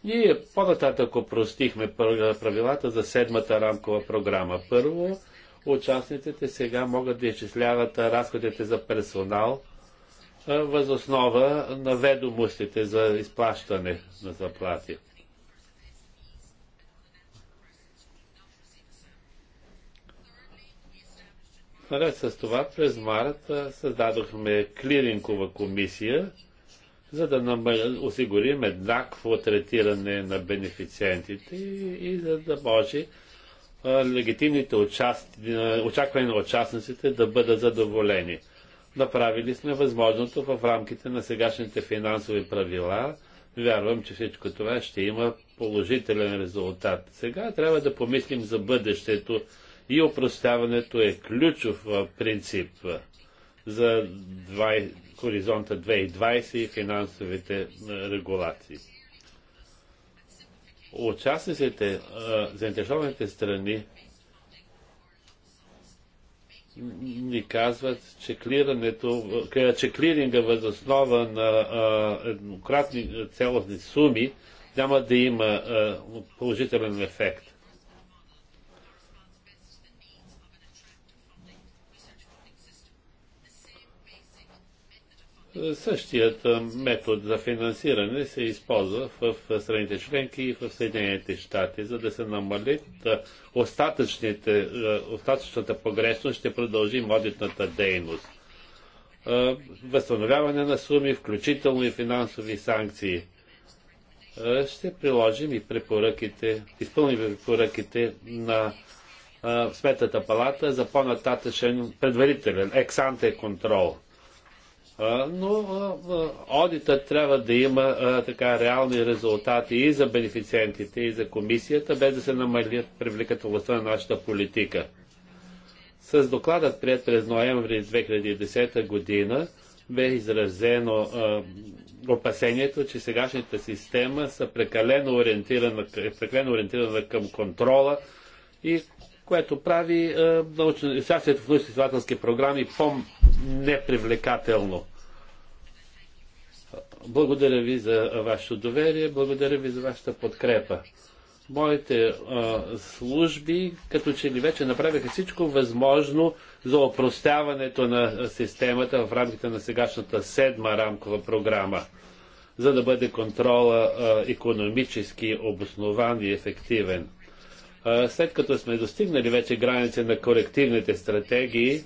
Ние по-нататък опростихме правилата за седмата рамкова програма. Първо, участниците сега могат да изчисляват разходите за персонал възоснова на ведомостите за изплащане на заплати. Наред с това, през март създадохме клиринкова комисия, за да осигурим еднакво третиране на бенефициентите и, за да може легитимните очаквания на участниците да бъдат задоволени. Направили сме възможното в рамките на сегашните финансови правила. Вярвам, че всичко това ще има положителен резултат. Сега трябва да помислим за бъдещето и опростяването е ключов принцип за 20, хоризонта 2020 и финансовите регулации. Участниците, заинтересованите страни ни казват, че, клирането, че клиринга основа на еднократни целостни суми няма да има положителен ефект. Същият метод за финансиране се използва в страните членки и в Съединените щати, за да се намалят остатъчната погрешност, ще продължи модитната дейност. Възстановяване на суми, включително и финансови санкции. Ще приложим и препоръките, изпълним препоръките на Сметната палата за по-нататъчен предварителен ексанте контрол но одитът трябва да има така реални резултати и за бенефициентите, и за комисията, без да се намалят привлекателността на нашата политика. С докладът прият през ноември 2010 година бе изразено опасението, че сегашната система са прекалено ориентирана, прекалено ориентирана към контрола и което прави участието в научно-изследователски програми по-непривлекателно. Благодаря ви за вашето доверие, благодаря ви за вашата подкрепа. Моите а, е, служби като че ли вече направиха всичко възможно за опростяването на системата в рамките на сегашната седма рамкова програма, за да бъде контрола а, е, економически обоснован и ефективен след като сме достигнали вече граници на корективните стратегии,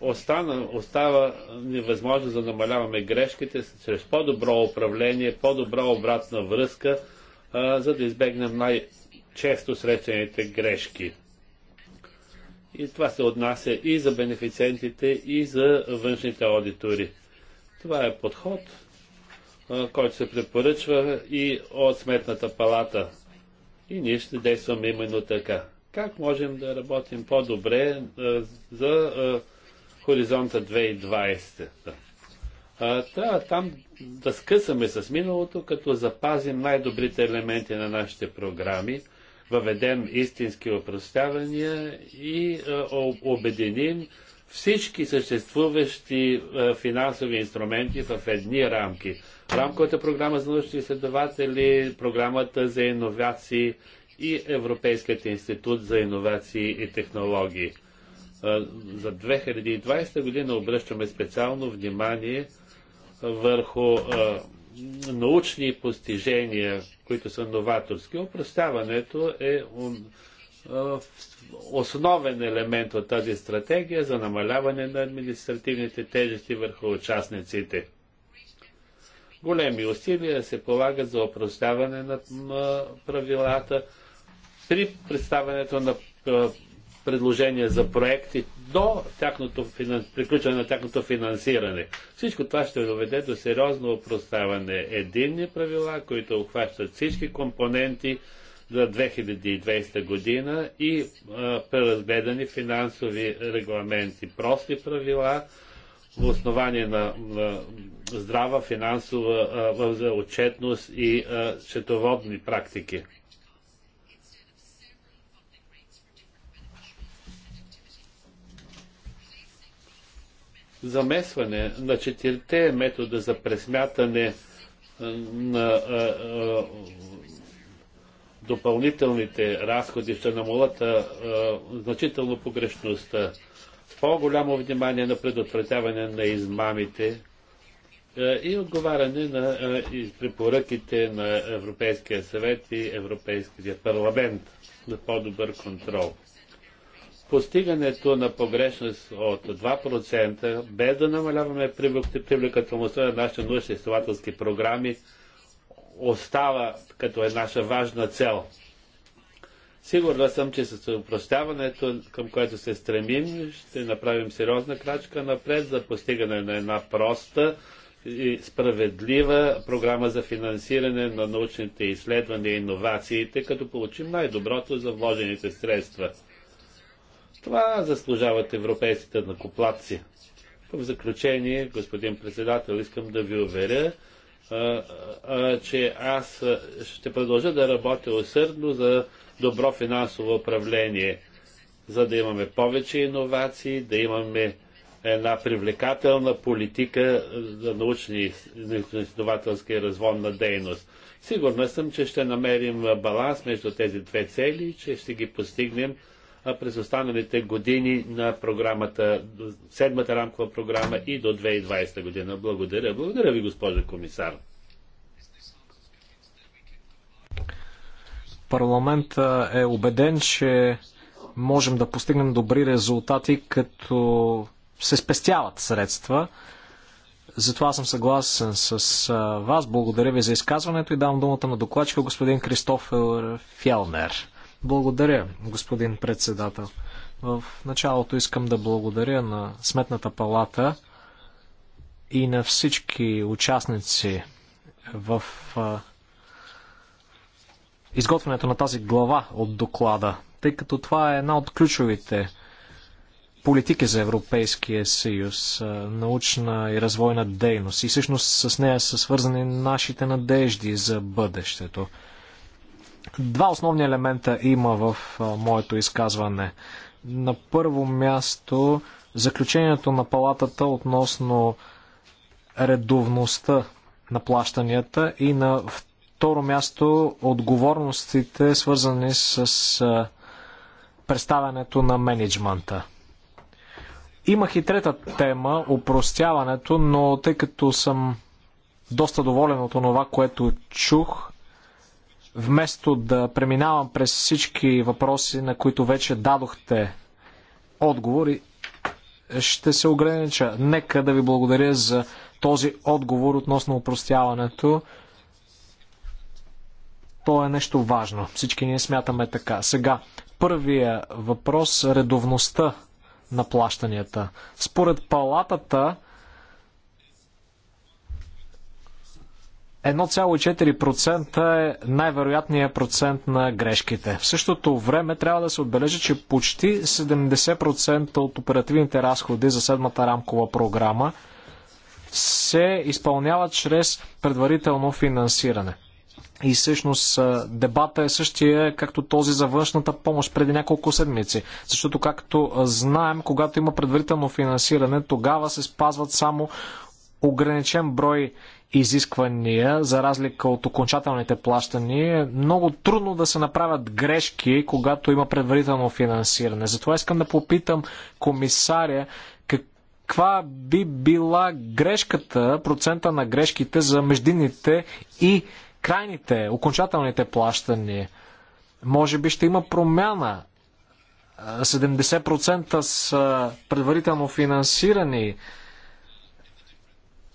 остана, остава невъзможно да намаляваме грешките чрез по-добро управление, по-добра обратна връзка, за да избегнем най-често срещаните грешки. И това се отнася и за бенефициентите, и за външните аудитори. Това е подход, който се препоръчва и от Сметната палата – и ние ще действаме именно така. Как можем да работим по-добре за а, хоризонта 2020? трябва там да скъсаме с миналото, като запазим най-добрите елементи на нашите програми, въведем истински опростявания и а, обединим всички съществуващи а, финансови инструменти в едни рамки рамковата програма за научни изследователи, програмата за иновации и Европейският институт за иновации и технологии. За 2020 година обръщаме специално внимание върху научни постижения, които са новаторски. Опростяването е основен елемент от тази стратегия за намаляване на административните тежести върху участниците. Големи усилия се полагат за опрощаване на, правилата при представянето на предложения за проекти до тяхното, приключване на тяхното финансиране. Всичко това ще доведе до сериозно опроставане. Единни правила, които обхващат всички компоненти за 2020 година и а, преразгледани финансови регламенти. Прости правила, на основание на, на здрава финансова а, отчетност и а, счетоводни практики. Замесване на четирите метода за пресмятане на а, а, допълнителните разходи ще намалят значително погрешността по-голямо внимание на предотвратяване на измамите е, и отговаряне на е, препоръките на Европейския съвет и Европейския парламент за по-добър контрол. Постигането на погрешност от 2%, без да намаляваме привлекателността на нашите научно-изследователски програми, остава като е наша важна цел – Сигурна съм, че с упростяването, към което се стремим, ще направим сериозна крачка напред за постигане на една проста и справедлива програма за финансиране на научните изследвания и иновациите, като получим най-доброто за вложените средства. Това заслужават европейските накоплаци. В заключение, господин председател, искам да ви уверя, а, а, че аз ще продължа да работя усърдно за добро финансово управление, за да имаме повече иновации, да имаме една привлекателна политика за научни изследователска и развонна дейност. Сигурна съм, че ще намерим баланс между тези две цели, че ще ги постигнем през останалите години на програмата, седмата рамкова програма и до 2020 година. Благодаря. Благодаря ви, госпожа комисар. Парламента е убеден, че можем да постигнем добри резултати, като се спестяват средства. Затова съм съгласен с вас. Благодаря ви за изказването и давам думата на докладчика господин Кристоф Фялнер. Благодаря, господин председател. В началото искам да благодаря на Сметната палата и на всички участници в изготвянето на тази глава от доклада, тъй като това е една от ключовите политики за Европейския съюз, научна и развойна дейност. И всъщност с нея са свързани нашите надежди за бъдещето. Два основни елемента има в моето изказване. На първо място заключението на палатата относно редовността на плащанията и на второ място отговорностите, свързани с представянето на менеджмента. Имах и трета тема, упростяването, но тъй като съм доста доволен от това, което чух, вместо да преминавам през всички въпроси, на които вече дадохте отговори, ще се огранича. Нека да ви благодаря за този отговор относно упростяването. То е нещо важно. Всички ние смятаме така. Сега, първия въпрос редовността на плащанията. Според палатата 1,4% е най-вероятният процент на грешките. В същото време трябва да се отбележи, че почти 70% от оперативните разходи за седмата рамкова програма се изпълняват чрез предварително финансиране. И всъщност дебата е същия, както този за външната помощ преди няколко седмици. Защото, както знаем, когато има предварително финансиране, тогава се спазват само ограничен брой изисквания, за разлика от окончателните плащания, е много трудно да се направят грешки, когато има предварително финансиране. Затова искам да попитам комисаря каква би била грешката, процента на грешките за междинните и крайните, окончателните плащания. Може би ще има промяна. 70% е, са предварително финансирани.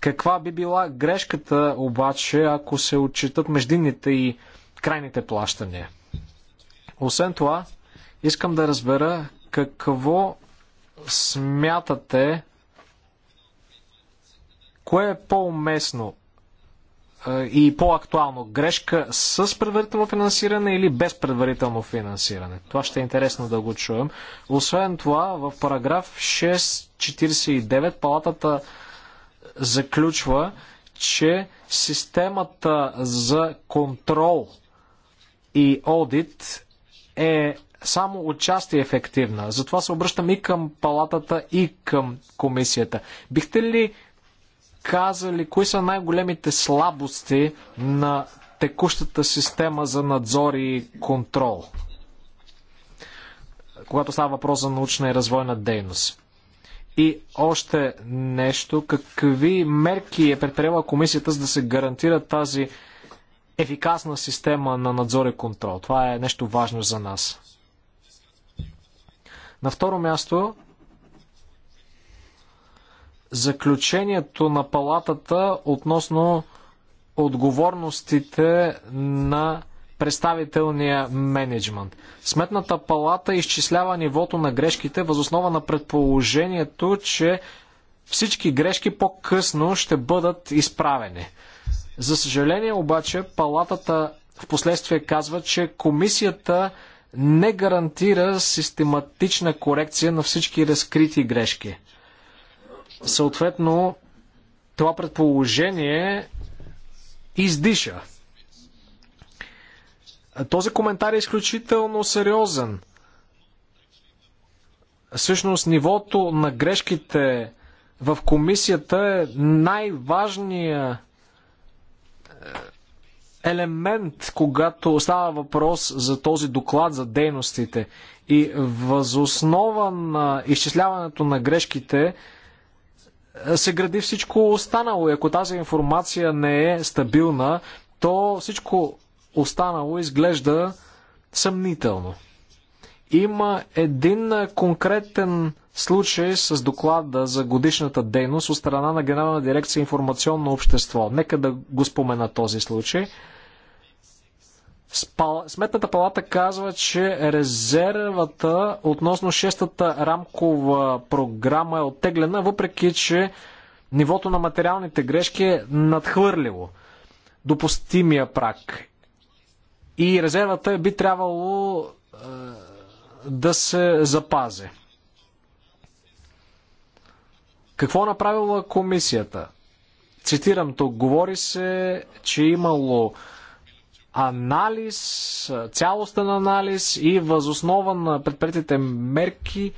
Каква би била грешката обаче, ако се отчитат междинните и крайните плащания? Освен това, искам да разбера какво смятате, кое е по-уместно и по-актуално грешка с предварително финансиране или без предварително финансиране? Това ще е интересно да го чуем. Освен това, в параграф 649 палатата заключва, че системата за контрол и одит е само отчасти ефективна. Затова се обръщам и към палатата, и към комисията. Бихте ли казали кои са най-големите слабости на текущата система за надзор и контрол, когато става въпрос за научна и развойна дейност. И още нещо, какви мерки е предприела комисията, за да се гарантира тази ефикасна система на надзор и контрол? Това е нещо важно за нас. На второ място, заключението на палатата относно отговорностите на представителния менеджмент. Сметната палата изчислява нивото на грешките възоснова на предположението, че всички грешки по-късно ще бъдат изправени. За съжаление обаче, палатата в последствие казва, че комисията не гарантира систематична корекция на всички разкрити грешки. Съответно, това предположение издиша. Този коментар е изключително сериозен. Всъщност, нивото на грешките в комисията е най-важният е, елемент, когато става въпрос за този доклад за дейностите. И възоснова на изчисляването на грешките, е, се гради всичко останало. И ако тази информация не е стабилна, то всичко останало изглежда съмнително. Има един конкретен случай с доклада за годишната дейност от страна на Генерална дирекция информационно общество. Нека да го спомена този случай. Сметната палата казва, че резервата относно шестата рамкова програма е оттеглена, въпреки че нивото на материалните грешки е надхвърлило допустимия прак. И резервата би трябвало е, да се запази. Какво е направила комисията? Цитирам тук. Говори се, че имало анализ, цялостен анализ и възоснова на предприятите мерки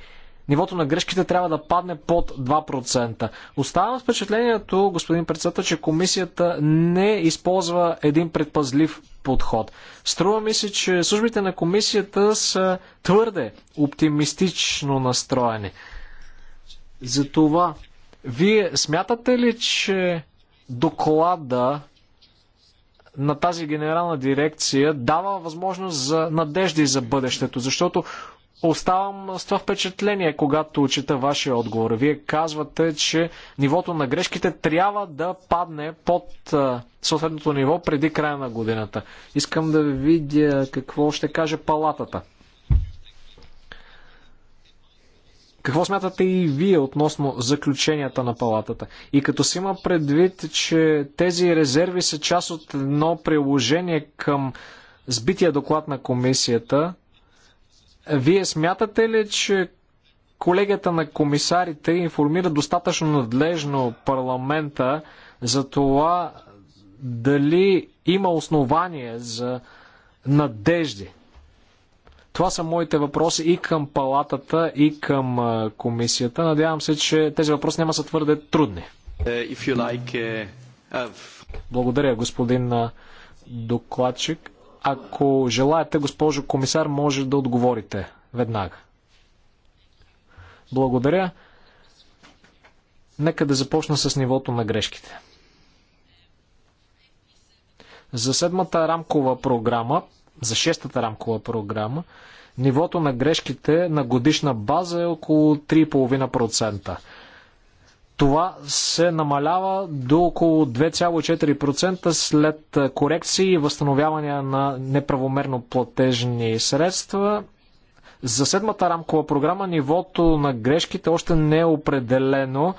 нивото на грешките трябва да падне под 2%. Оставам с впечатлението, господин председател, че комисията не използва един предпазлив подход. Струва ми се, че службите на комисията са твърде оптимистично настроени. Затова, вие смятате ли, че доклада на тази генерална дирекция дава възможност за надежди за бъдещето, защото оставам с това впечатление, когато чета вашия отговор. Вие казвате, че нивото на грешките трябва да падне под съответното ниво преди края на годината. Искам да видя какво ще каже палатата Какво смятате и вие относно заключенията на палатата? И като се има предвид, че тези резерви са част от едно приложение към сбития доклад на комисията, вие смятате ли, че колегията на комисарите информира достатъчно надлежно парламента за това дали има основание за надежди това са моите въпроси и към палатата, и към комисията. Надявам се, че тези въпроси няма са твърде трудни. Uh, like, uh, uh... Благодаря, господин докладчик. Ако желаете, госпожо комисар, може да отговорите веднага. Благодаря. Нека да започна с нивото на грешките. За седмата рамкова програма за шестата рамкова програма, нивото на грешките на годишна база е около 3,5%. Това се намалява до около 2,4% след корекции и възстановяване на неправомерно платежни средства. За седмата рамкова програма нивото на грешките още не е определено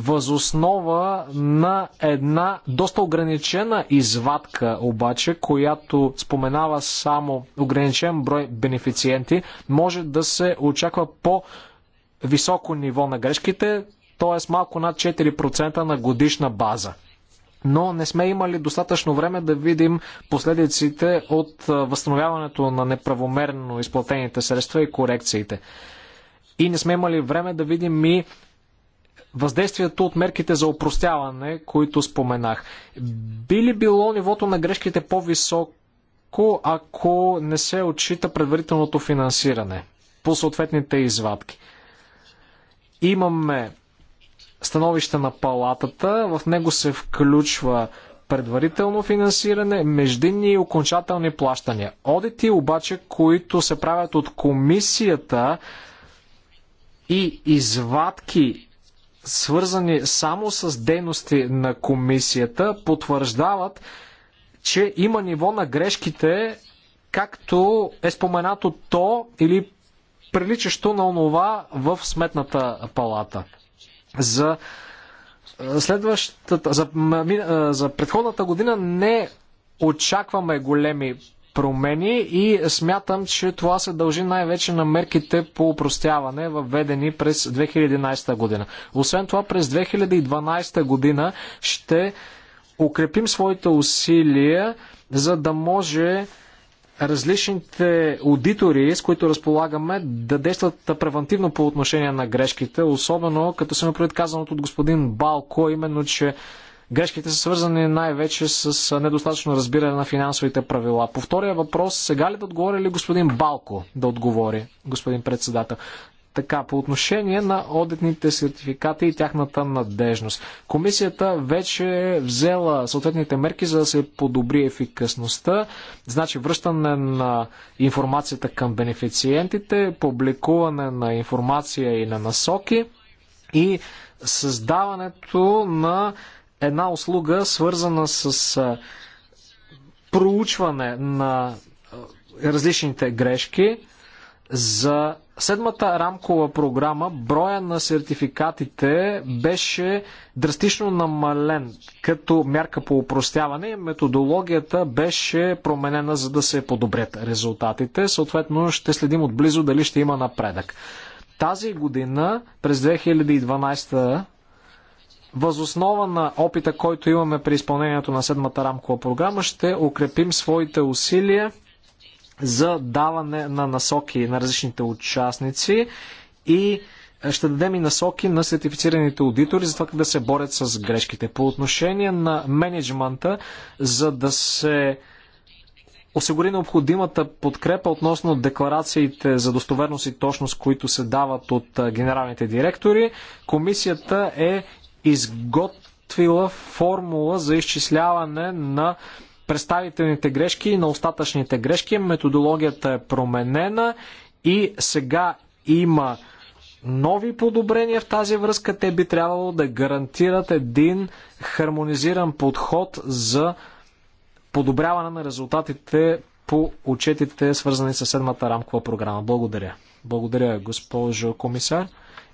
възоснова на една доста ограничена извадка, обаче, която споменава само ограничен брой бенефициенти, може да се очаква по високо ниво на грешките, т.е. малко над 4% на годишна база. Но не сме имали достатъчно време да видим последиците от възстановяването на неправомерно изплатените средства и корекциите. И не сме имали време да видим и въздействието от мерките за опростяване, които споменах. Би ли било нивото на грешките по-високо, ако не се отчита предварителното финансиране по съответните извадки? Имаме становище на палатата, в него се включва предварително финансиране, междинни и окончателни плащания. Одити обаче, които се правят от комисията и извадки свързани само с дейности на комисията, потвърждават, че има ниво на грешките, както е споменато то или приличащо на онова в сметната палата. За е, следващата, за, е, за предходната година не очакваме големи промени и смятам, че това се дължи най-вече на мерките по упростяване, въведени през 2011 година. Освен това, през 2012 година ще укрепим своите усилия, за да може различните аудитори, с които разполагаме, да действат превентивно по отношение на грешките, особено като се направи казаното от господин Балко, именно, че Грешките са свързани най-вече с недостатъчно разбиране на финансовите правила. По втория въпрос, сега ли да отговори ли господин Балко да отговори, господин председател? Така, по отношение на одитните сертификати и тяхната надежност. Комисията вече е взела съответните мерки, за да се подобри ефикасността, значи връщане на информацията към бенефициентите, публикуване на информация и на насоки и създаването на една услуга, свързана с проучване на различните грешки. За седмата рамкова програма броя на сертификатите беше драстично намален като мярка по упростяване и методологията беше променена за да се подобрят резултатите. Съответно ще следим отблизо дали ще има напредък. Тази година, през 2012 Възоснова на опита, който имаме при изпълнението на седмата рамкова програма, ще укрепим своите усилия за даване на насоки на различните участници и е, ще дадем и насоки на сертифицираните аудитори за това как да се борят с грешките. По отношение на менеджмента, за да се осигури необходимата подкрепа относно декларациите за достоверност и точност, които се дават от е, генералните директори, комисията е изготвила формула за изчисляване на представителните грешки и на остатъчните грешки. Методологията е променена и сега има нови подобрения в тази връзка. Те би трябвало да гарантират един хармонизиран подход за подобряване на резултатите по учетите, свързани с седмата рамкова програма. Благодаря. Благодаря, госпожо комисар.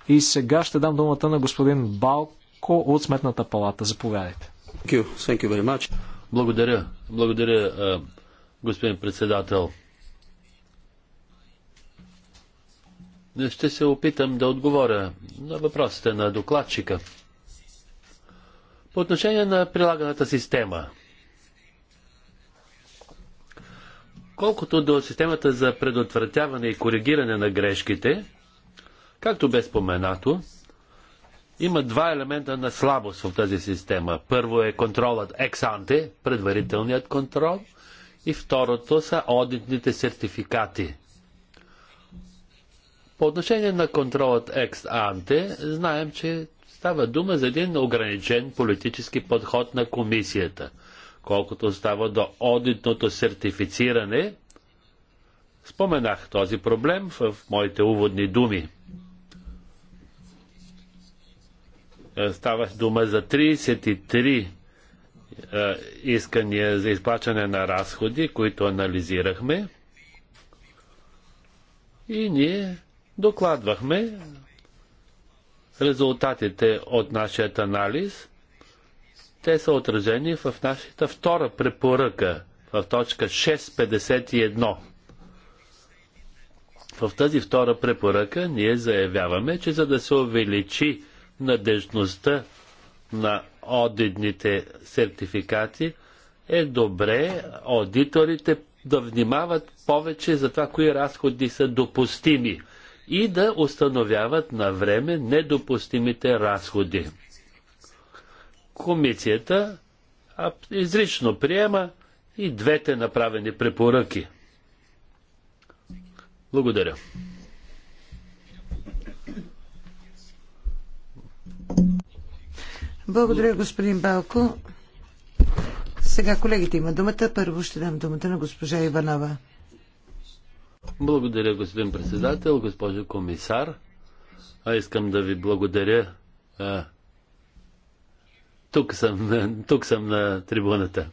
И сега ще дам думата на господин Балк Ко от Сметната палата. Заповядайте. Thank you. Thank you Благодаря. Благодаря, е, господин председател. Ще се опитам да отговоря на въпросите на докладчика. По отношение на прилаганата система. Колкото до системата за предотвратяване и коригиране на грешките, както бе споменато, има два елемента на слабост в тази система. Първо е контролът ексанте, предварителният контрол, и второто са одитните сертификати. По отношение на контролът екс-анте, знаем, че става дума за един ограничен политически подход на комисията. Колкото става до одитното сертифициране, споменах този проблем в моите уводни думи. Е, става дума за 33 е, искания за изплачане на разходи, които анализирахме. И ние докладвахме резултатите от нашия анализ. Те са отражени в нашата втора препоръка, в точка 651. В тази втора препоръка ние заявяваме, че за да се увеличи надежността на одитните сертификати, е добре аудиторите да внимават повече за това, кои разходи са допустими и да установяват на време недопустимите разходи. Комисията изрично приема и двете направени препоръки. Благодаря. Благодаря, господин Балко. Сега колегите има думата. Първо ще дам думата на госпожа Иванова. Благодаря, господин председател, госпожо комисар. А искам да ви благодаря. А, тук, съм, тук съм на трибуната.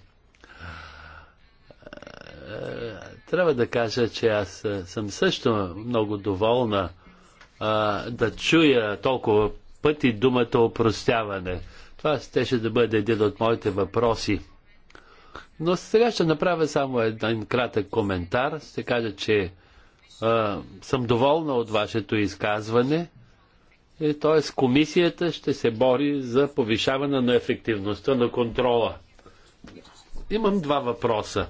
Трябва да кажа, че аз съм също много доволна а, да чуя толкова пъти думата опростяване. Това ще да бъде един от моите въпроси. Но сега ще направя само един кратък коментар. Ще кажа, че а, съм доволна от вашето изказване. И, т.е. комисията ще се бори за повишаване на ефективността на контрола. Имам два въпроса.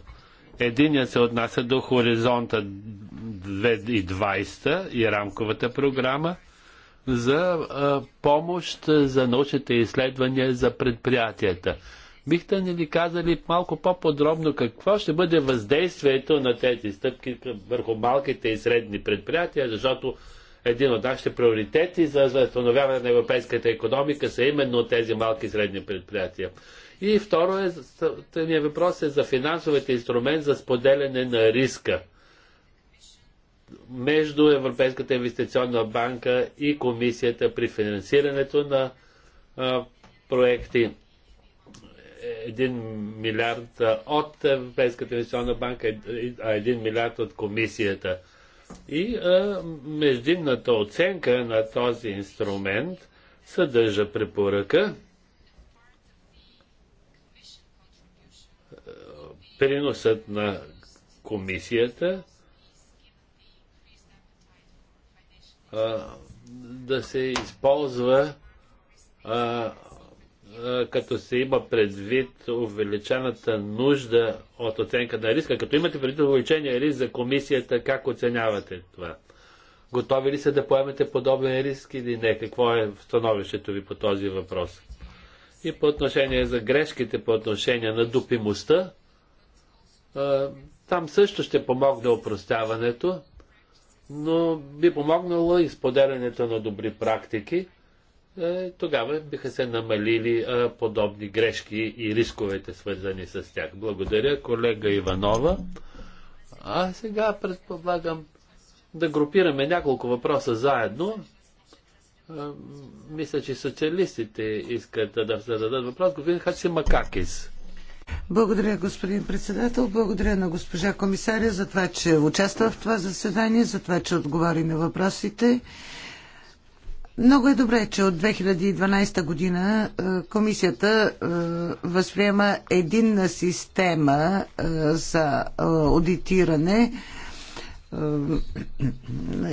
Единият се отнася до хоризонта 2020 и рамковата програма – за а, помощ за научните изследвания за предприятията. Бихте ни ли казали малко по-подробно какво ще бъде въздействието на тези стъпки върху малките и средни предприятия, защото един от нашите приоритети за възстановяване на европейската економика са именно тези малки и средни предприятия. И второ е, въпрос е за финансовите инструмент за споделяне на риска между Европейската инвестиционна банка и комисията при финансирането на а, проекти. 1 милиард от Европейската инвестиционна банка, а 1 милиард от комисията. И а, междинната оценка на този инструмент съдържа препоръка приносът на комисията да се използва като се има предвид увеличената нужда от оценка на риска. Като имате предвид увеличения риск за комисията, как оценявате това? Готови ли са да поемете подобен риск или не? Какво е становището ви по този въпрос? И по отношение за грешките, по отношение на допимостта, там също ще помогне опростяването но би помогнало изподелянето на добри практики. Е, тогава биха се намалили е, подобни грешки и рисковете, свързани с тях. Благодаря, колега Иванова. А сега предполагам да групираме няколко въпроса заедно. Е, мисля, че социалистите искат да зададат въпрос. Господин Хаци Макакис. Благодаря, господин председател. Благодаря на госпожа комисаря за това, че участва в това заседание, за това, че отговори на въпросите. Много е добре, че от 2012 година е, комисията е, възприема единна система е, за аудитиране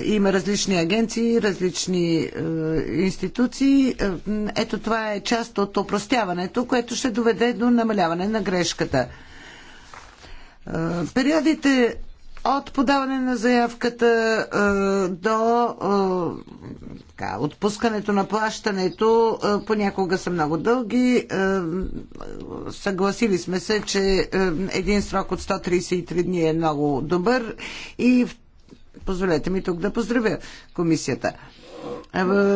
има различни агенции, различни е, институции. Ето това е част от опростяването, което ще доведе до намаляване на грешката. Периодите от подаване на заявката е, до е, така, отпускането на плащането е, понякога са много дълги. Съгласили сме се, че един срок от 133 дни е много добър и позволете ми тук да поздравя комисията.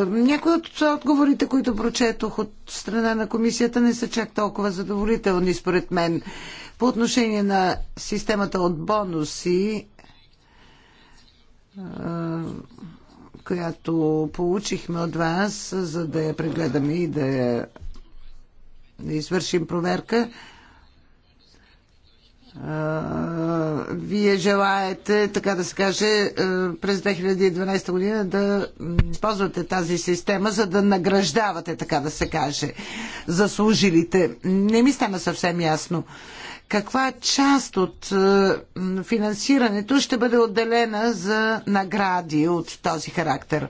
Някои от отговорите, които прочетох от страна на комисията, не са чак толкова задоволителни, според мен. По отношение на системата от бонуси, която получихме от вас, за да я прегледаме и да я извършим проверка, вие желаете, така да се каже, през 2012 година да ползвате тази система, за да награждавате, така да се каже, заслужилите. Не ми стана съвсем ясно. Каква част от финансирането ще бъде отделена за награди от този характер?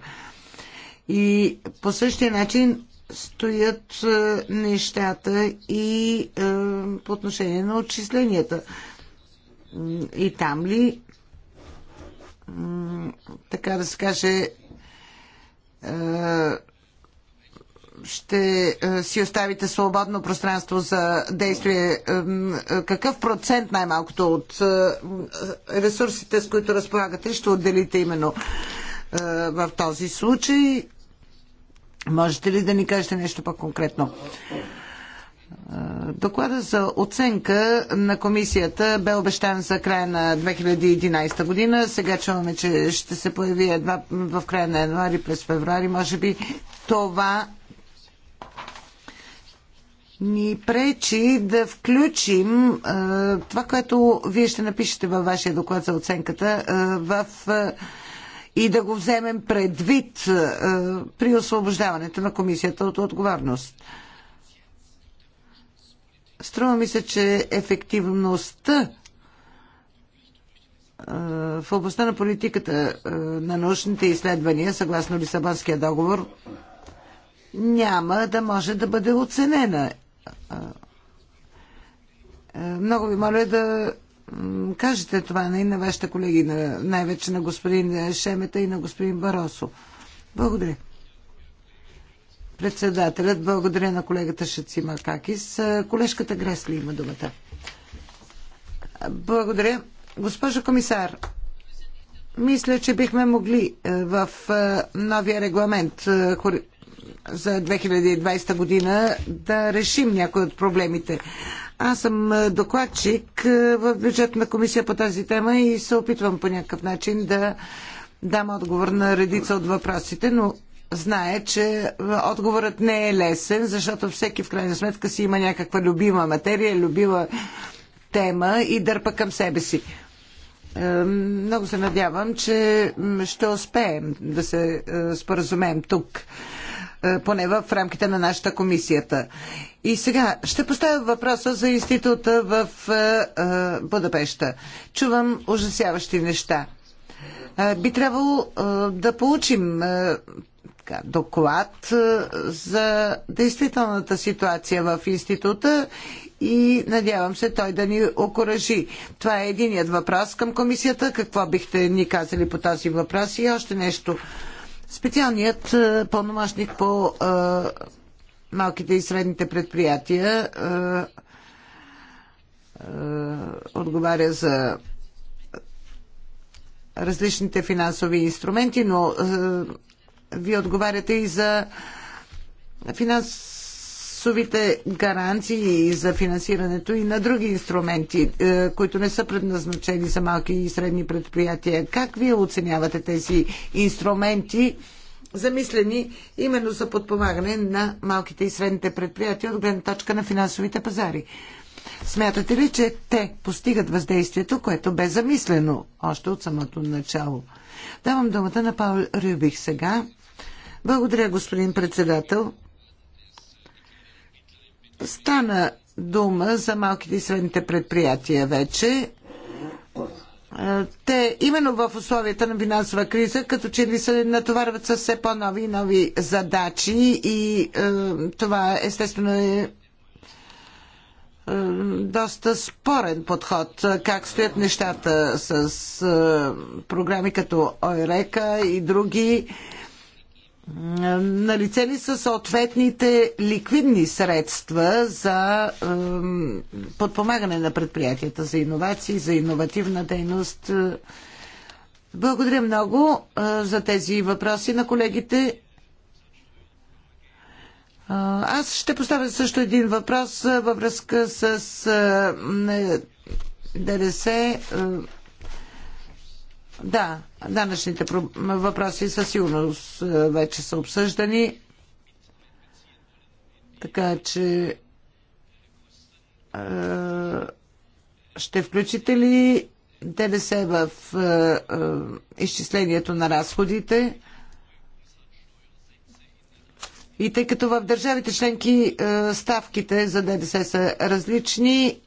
И по същия начин стоят е, нещата и е, по отношение на отчисленията. И там ли, така да се каже, е, ще си оставите свободно пространство за действие. Какъв процент най-малкото от ресурсите, с които разполагате, ще отделите именно в този случай? Можете ли да ни кажете нещо по-конкретно? Доклада за оценка на комисията бе обещан за края на 2011 година. Сега чуваме, че ще се появи едва в края на януари, през февруари. Може би това ни пречи да включим е, това, което вие ще напишете във вашия доклад за оценката е, в е, и да го вземем предвид е, при освобождаването на комисията от отговорност. Струва ми се, че ефективността е, в областта на политиката е, на научните изследвания, съгласно Лисабонския договор, няма да може да бъде оценена. Много ви моля да кажете това не, на вашите колеги, на, най-вече на господин е, Шемета и на господин Баросо. Благодаря. Председателят, благодаря на колегата Шацима Какис. Е, колежката Гресли има думата. Благодаря. Госпожо комисар, мисля, че бихме могли е, в новия регламент за 2020 година да решим някои от проблемите. Аз съм докладчик в бюджетна комисия по тази тема и се опитвам по някакъв начин да дам отговор на редица от въпросите, но знае, че отговорът не е лесен, защото всеки в крайна сметка си има някаква любима материя, любима тема и дърпа към себе си. Е, много се надявам, че ще успеем да се е, споразумеем тук. Е, поне в рамките на нашата комисията. И сега ще поставя въпроса за института в е, е, Будапешта. Чувам ужасяващи неща. Би трябвало да получим така, доклад за действителната ситуация в института и надявам се той да ни окоръжи. Това е единият въпрос към комисията. Какво бихте ни казали по този въпрос и още нещо. Специалният е, пълномощник по е, малките и средните предприятия е, отговаря за различните финансови инструменти, но вие отговаряте и за финанс финансовите гаранции за финансирането и на други инструменти, е, които не са предназначени за малки и средни предприятия. Как вие оценявате тези инструменти, замислени именно за подпомагане на малките и средните предприятия от гледна точка на финансовите пазари? Смятате ли, че те постигат въздействието, което бе замислено още от самото начало? Давам думата на Павел Рюбих сега. Благодаря, господин председател. Стана дума за малките и средните предприятия вече. Те именно в условията на финансова криза, като че ли се натоварват с все по-нови и нови задачи и е, това естествено е доста спорен подход. Как стоят нещата с програми като ОЕРЕКА и други. Налицени ли са съответните ликвидни средства за подпомагане на предприятията за иновации, за иновативна дейност? Благодаря много е, за тези въпроси на колегите. Е, аз ще поставя също един въпрос е, във връзка с ДРС. Да, Данъчните въпроси със сигурност е, вече са обсъждани. Така че е, ще включите ли ДДС в е, изчислението на разходите? И тъй като в държавите членки ставките за ДДС са различни,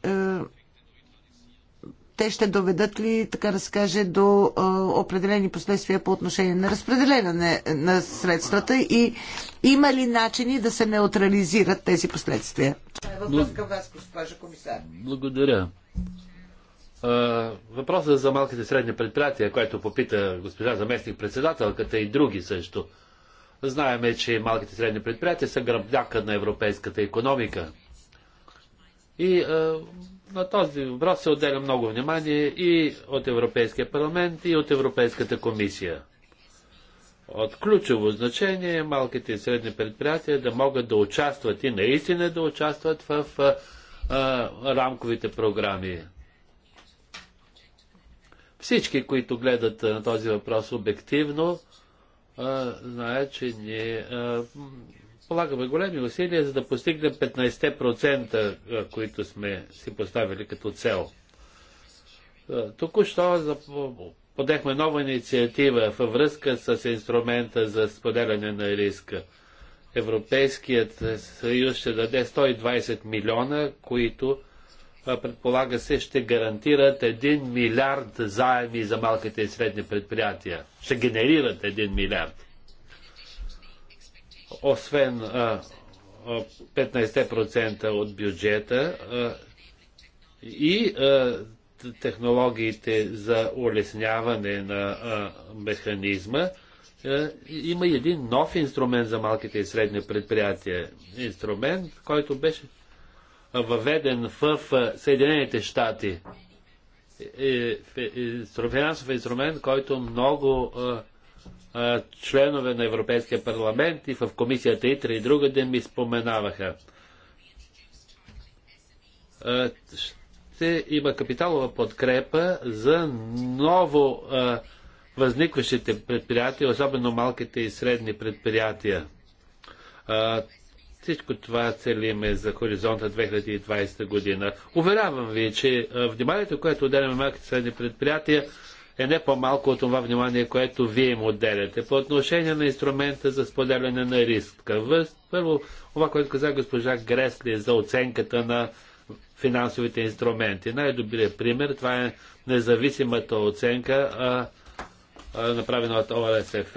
те ще доведат ли, така да се каже, до определени последствия по отношение на разпределение на средствата и има ли начини да се неутрализират тези последствия? Това е въпрос към вас, госпожа комисар. Благодаря. Въпросът е за малките и средни предприятия, което попита госпожа заместник председателката и други също. Знаеме, че малките и средни предприятия са гръбняка на европейската економика. И на този въпрос се отделя много внимание и от Европейския парламент, и от Европейската комисия. От ключово значение е малките и средни предприятия да могат да участват и наистина да участват в а, а, рамковите програми. Всички, които гледат на този въпрос обективно, а, знаят, че ние полагаме големи усилия, за да постигнем 15%, които сме си поставили като цел. Току-що подехме нова инициатива във връзка с инструмента за споделяне на риска. Европейският съюз ще даде 120 милиона, които предполага се ще гарантират 1 милиард заеми за малките и средни предприятия. Ще генерират 1 милиард освен 15% от бюджета и технологиите за улесняване на механизма, има един нов инструмент за малките и средни предприятия. Инструмент, който беше въведен в Съединените щати. Е, е, е, финансов инструмент, който много членове на Европейския парламент и в комисията ИТРА и друга ден ми споменаваха. ще има капиталова подкрепа за ново възникващите предприятия, особено малките и средни предприятия. всичко това целиме за хоризонта 2020 година. Уверявам ви, че вниманието, което отделяме малките и средни предприятия, е не по-малко от това внимание, което вие им отделяте. По отношение на инструмента за споделяне на риска. Първо, това, което каза госпожа Гресли за оценката на финансовите инструменти. Най-добрият пример това е независимата оценка, а, а, направена от ОРСФФ,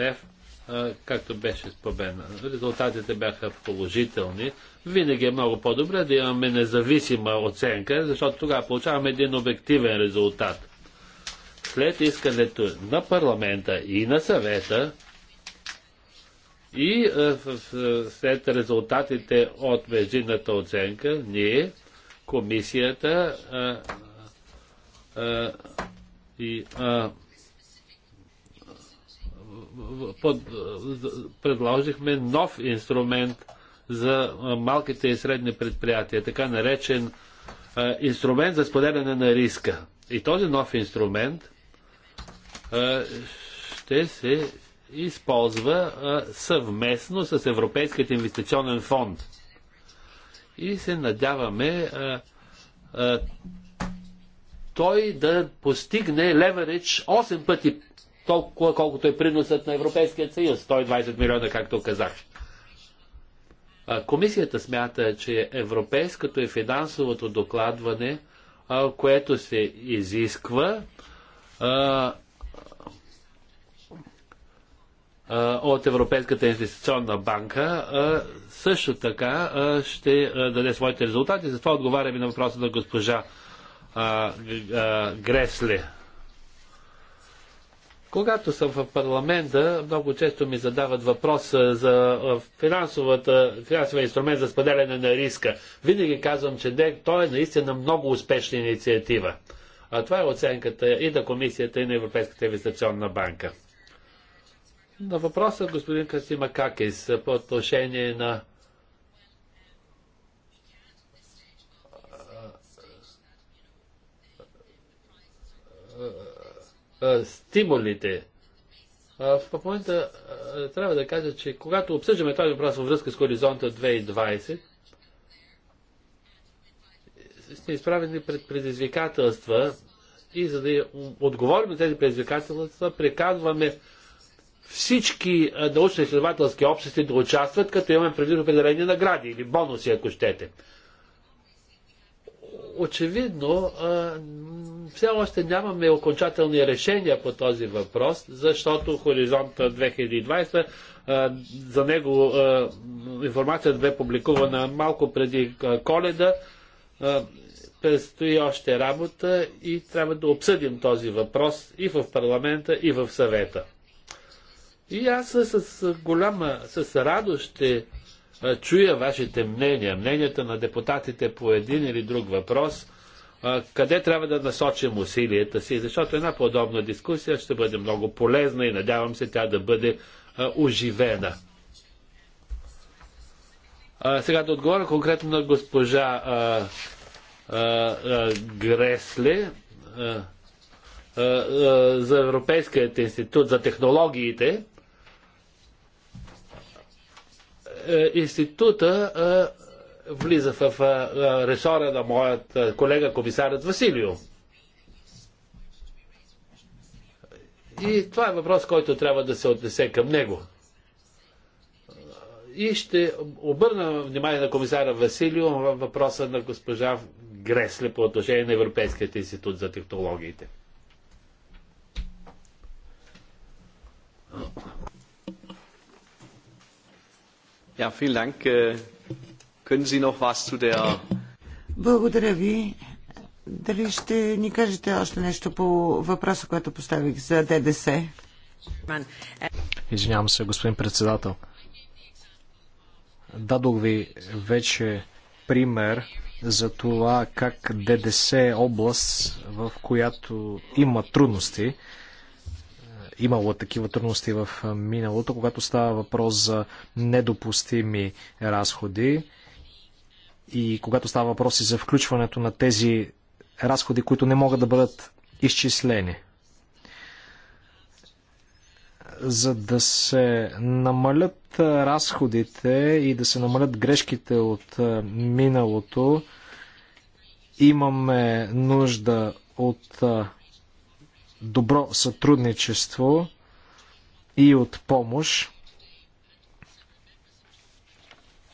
а, както беше спобена. Резултатите бяха положителни. Винаги е много по-добре да имаме независима оценка, защото тогава получаваме един обективен резултат след искането на парламента и на съвета и е, след резултатите от междинната оценка, ние, комисията е, е, и под, предложихме нов инструмент за малките и средни предприятия, така наречен инструмент за споделяне на риска и този нов инструмент ще се използва съвместно с Европейският инвестиционен фонд. И се надяваме той да постигне леверидж 8 пъти толкова, колкото е приносът на Европейския съюз, 120 милиона, както казах. Комисията смята, че европейското и финансовото докладване – а, което се изисква а, а, от Европейската инвестиционна банка, а, също така а, ще а, даде своите резултати. Затова отговаряме на въпроса на госпожа а, а, Гресле. Когато съм в парламента, много често ми задават въпрос за финансовата, финансовия инструмент за споделяне на риска. Винаги казвам, че ДЕК, той е наистина много успешна инициатива. А това е оценката и на комисията, и на Европейската инвестиционна банка. На въпроса господин Касима Какис по отношение на стимулите. В момента трябва да кажа, че когато обсъждаме този въпрос във връзка с хоризонта 2020, сме изправени пред предизвикателства и за да отговорим на тези предизвикателства, приказваме всички научно-изследователски общности да участват, като имаме предвид определени награди или бонуси, ако щете. Очевидно, все още нямаме окончателни решения по този въпрос, защото Хоризонт 2020 за него информацията бе публикувана малко преди коледа. Предстои още работа и трябва да обсъдим този въпрос и в парламента, и в съвета. И аз с голяма, с радост ще чуя вашите мнения, мненията на депутатите по един или друг въпрос – къде трябва да насочим усилията си, защото една подобна дискусия ще бъде много полезна и надявам се тя да бъде оживена. Сега да отговоря конкретно на госпожа а, а, а, Гресле за Европейският институт за технологиите. Е, института влиза в ресора на моят колега комисарът Василио. И това е въпрос, който трябва да се отнесе към него. И ще обърна внимание на комисара Василио във въпроса на госпожа Гресле по отношение на Европейският институт за технологиите. Ja, vielen Dank, äh, Können Sie noch was zu der... Благодаря ви. Дали ще ни кажете още нещо по въпроса, който поставих за ДДС? Извинявам се, господин председател. Дадох ви вече пример за това как ДДС е област, в която има трудности. Имало е такива трудности в миналото, когато става въпрос за недопустими разходи и когато става въпроси за включването на тези разходи, които не могат да бъдат изчислени. За да се намалят разходите и да се намалят грешките от миналото, имаме нужда от добро сътрудничество и от помощ.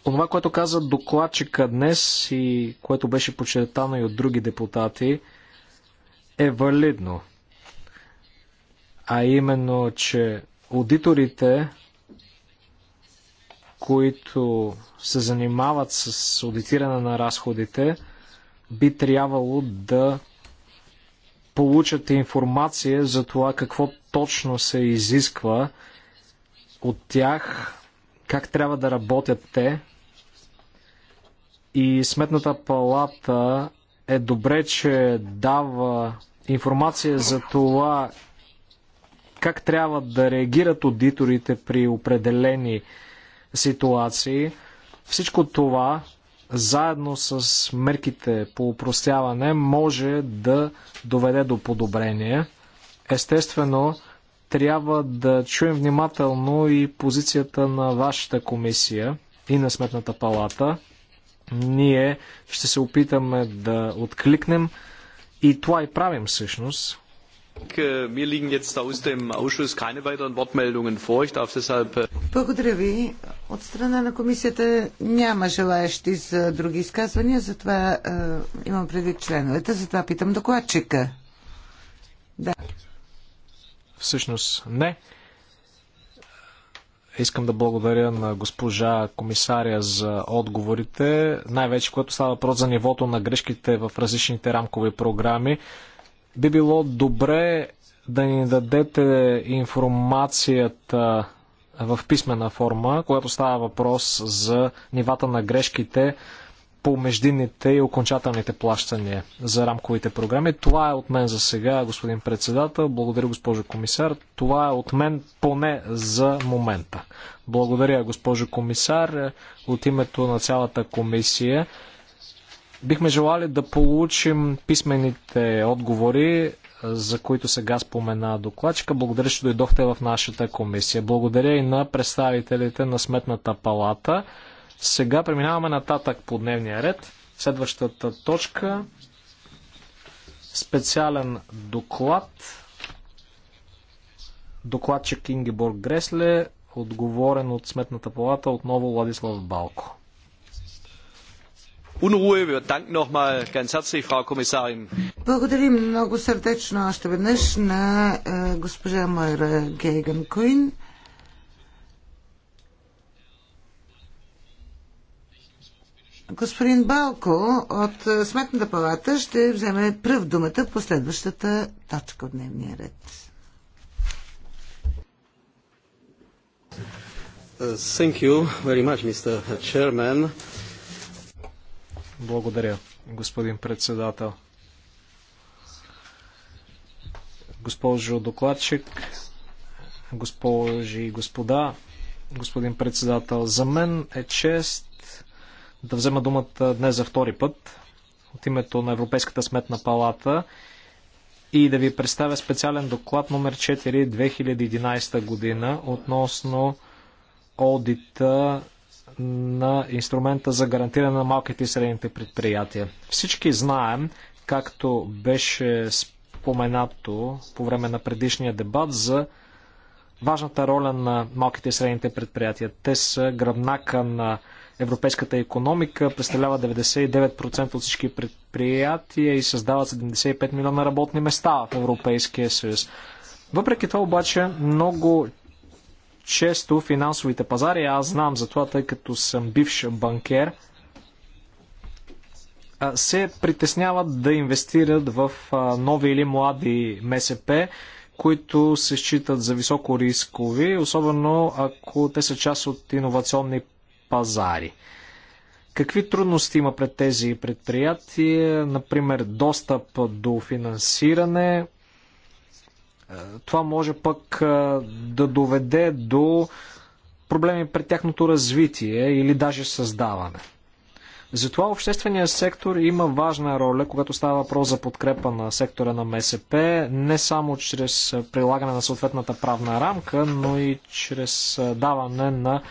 Онова, което каза докладчика днес и което беше подчертано и от други депутати, е валидно. А именно, че аудиторите, които се занимават с аудитиране на разходите, би трябвало да получат информация за това какво точно се изисква от тях, как трябва да работят те, и Сметната палата е добре, че дава информация за това как трябва да реагират аудиторите при определени ситуации. Всичко това, заедно с мерките по упростяване, може да доведе до подобрение. Естествено, трябва да чуем внимателно и позицията на вашата комисия и на Сметната палата. Ние ще се опитаме да откликнем и това и правим всъщност. Е. Благодаря ви. От страна на комисията няма желаящи за други изказвания, затова е, имам предвид членовете, затова питам докладчика. Да. Всъщност не. Искам да благодаря на госпожа комисаря за отговорите, най-вече което става въпрос за нивото на грешките в различните рамкови програми. Би било добре да ни дадете информацията в писмена форма, когато става въпрос за нивата на грешките по междинните и окончателните плащания за рамковите програми. Това е от мен за сега, господин председател. Благодаря, госпожо комисар. Това е от мен поне за момента. Благодаря, госпожо комисар, от името на цялата комисия. Бихме желали да получим писмените отговори, за които сега спомена докладчика. Благодаря, че дойдохте в нашата комисия. Благодаря и на представителите на Сметната палата. Сега преминаваме нататък по дневния ред. Следващата точка специален доклад. Докладчик Ингеборг Гресле, отговорен от Сметната палата, отново Владислав Балко. Благодарим много сърдечно още веднъж на е, госпожа Майра Гейган Куин. Господин Балко от Сметната палата ще вземе пръв думата по следващата точка от дневния ред. Uh, thank you very much, Mr. Chairman. Благодаря, господин председател. Госпожо докладчик, госпожи и господа, господин председател, за мен е чест да взема думата днес за втори път от името на Европейската сметна палата и да ви представя специален доклад номер 4 2011 година относно одита на инструмента за гарантиране на малките и средните предприятия. Всички знаем, както беше споменато по време на предишния дебат за важната роля на малките и средните предприятия. Те са гръбнака на европейската економика, представлява 99% от всички предприятия и създава 75 милиона работни места в Европейския съюз. Въпреки това обаче много често финансовите пазари, аз знам за това, тъй като съм бивш банкер, се притесняват да инвестират в нови или млади МСП, които се считат за високо рискови, особено ако те са част от иновационни пазари. Какви трудности има пред тези предприятия? Например, достъп до финансиране. Е, това може пък е, да доведе до проблеми пред тяхното развитие или даже създаване. Затова общественият сектор има важна роля, когато става въпрос за подкрепа на сектора на МСП, не само чрез прилагане на съответната правна рамка, но и чрез е, даване на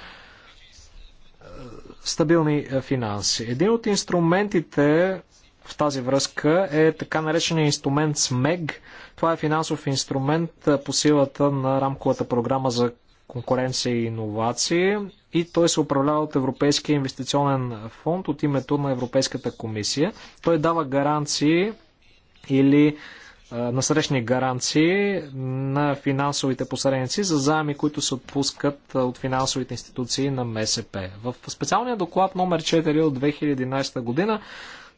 стабилни е, финанси. Един от инструментите в тази връзка е така наречения инструмент СМЕГ. Това е финансов инструмент е, по силата на рамковата програма за конкуренция и иновации и той се управлява от Европейския инвестиционен фонд от името на Европейската комисия. Той дава гаранции или насрещни гаранции на финансовите посредници за заеми, които се отпускат от финансовите институции на МСП. В специалния доклад номер 4 от 2011 година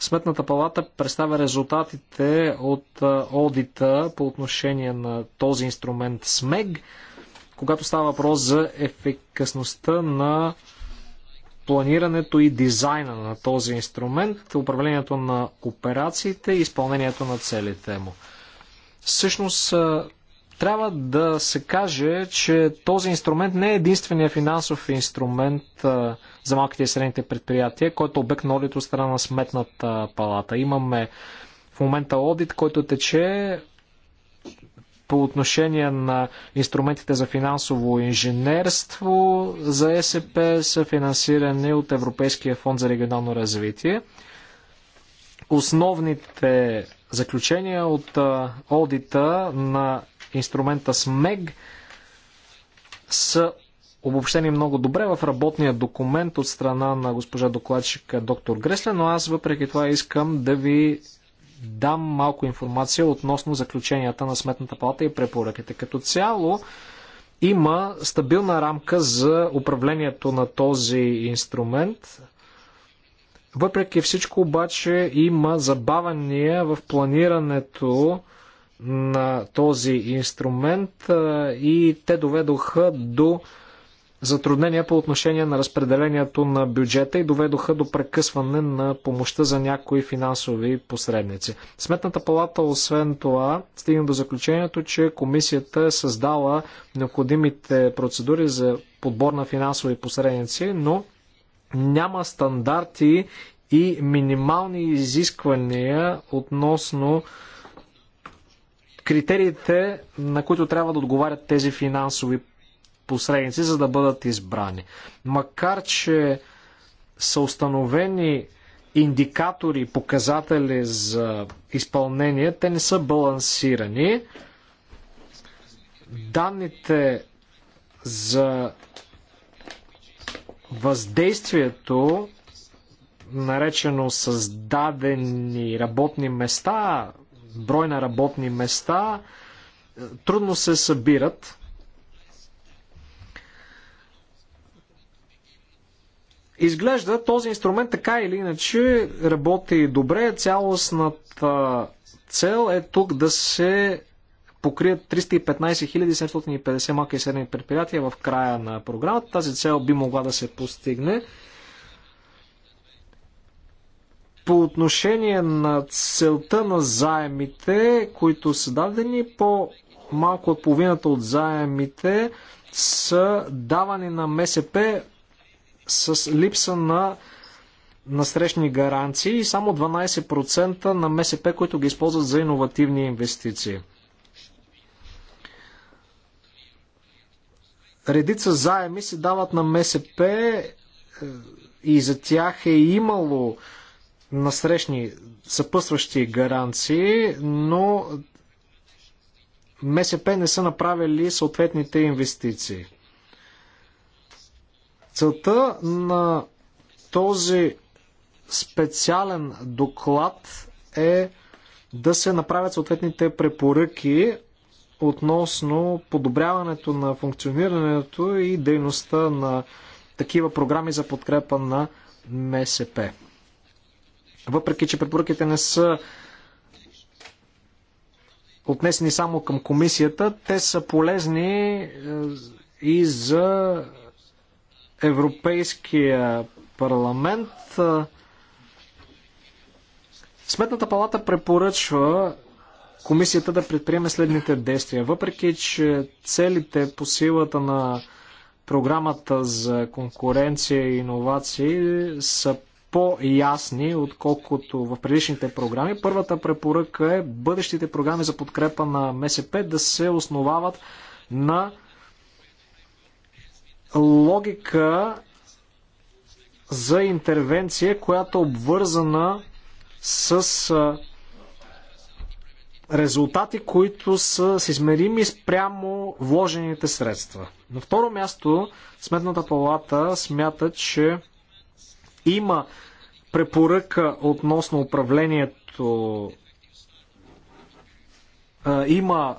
Сметната палата представя резултатите от одита по отношение на този инструмент СМЕГ, когато става въпрос за ефикасността на планирането и дизайна на този инструмент, управлението на операциите и изпълнението на целите му. Всъщност трябва да се каже, че този инструмент не е единствения финансов инструмент за малките и средните предприятия, който е обект на одит от страна на сметната палата. Имаме в момента одит, който тече по отношение на инструментите за финансово инженерство за СП са финансирани от Европейския фонд за регионално развитие. Основните заключения от одита на инструмента СМЕГ са обобщени много добре в работния документ от страна на госпожа докладчика доктор Гресле, но аз въпреки това искам да ви дам малко информация относно заключенията на Сметната палата и препоръките. Като цяло има стабилна рамка за управлението на този инструмент. Въпреки всичко обаче има забавания в планирането на този инструмент и те доведоха до затруднения по отношение на разпределението на бюджета и доведоха до прекъсване на помощта за някои финансови посредници. Сметната палата, освен това, стигна до заключението, че комисията е създала необходимите процедури за подбор на финансови посредници, но няма стандарти и минимални изисквания относно критериите, на които трябва да отговарят тези финансови посредници, за да бъдат избрани. Макар, че са установени индикатори, показатели за изпълнение, те не са балансирани. Данните за въздействието, наречено създадени работни места, брой на работни места, трудно се събират. Изглежда този инструмент така или иначе работи добре. Цялостната цел е тук да се покрият 315 750 малки и средни предприятия в края на програмата. Тази цел би могла да се постигне. По отношение на целта на заемите, които са дадени, по-малко от половината от заемите са давани на МСП с липса на насрещни гаранции и само 12% на МСП, които ги използват за иновативни инвестиции. редица заеми се дават на МСП е, и за тях е имало насрещни съпъсващи гаранции, но МСП не са направили съответните инвестиции. Целта на този специален доклад е да се направят съответните препоръки относно подобряването на функционирането и дейността на такива програми за подкрепа на МСП. Въпреки, че препоръките не са отнесени само към комисията, те са полезни е, и за Европейския парламент. Е, Сметната палата препоръчва комисията да предприеме следните действия. Въпреки, че целите по силата на програмата за конкуренция и иновации са по-ясни, отколкото в предишните програми. Първата препоръка е бъдещите програми за подкрепа на МСП да се основават на логика за интервенция, която е обвързана с резултати, които са с измерими спрямо вложените средства. На второ място, Сметната палата смята, че има препоръка относно управлението, има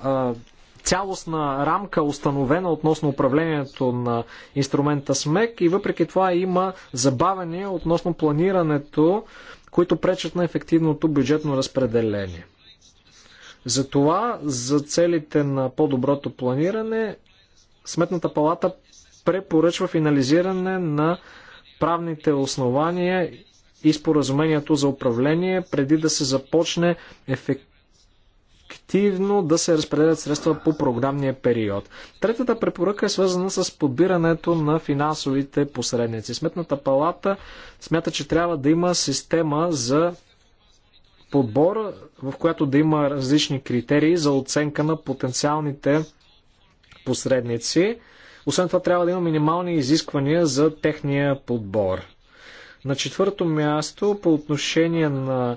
цялостна рамка установена относно управлението на инструмента СМЕК и въпреки това има забавяне относно планирането, които пречат на ефективното бюджетно разпределение. Затова, за целите на по-доброто планиране, Сметната палата препоръчва финализиране на правните основания и споразумението за управление, преди да се започне ефективно да се разпределят средства по програмния период. Третата препоръка е свързана с подбирането на финансовите посредници. Сметната палата смята, че трябва да има система за подбор, в която да има различни критерии за оценка на потенциалните посредници. Освен това трябва да има минимални изисквания за техния подбор. На четвърто място, по отношение на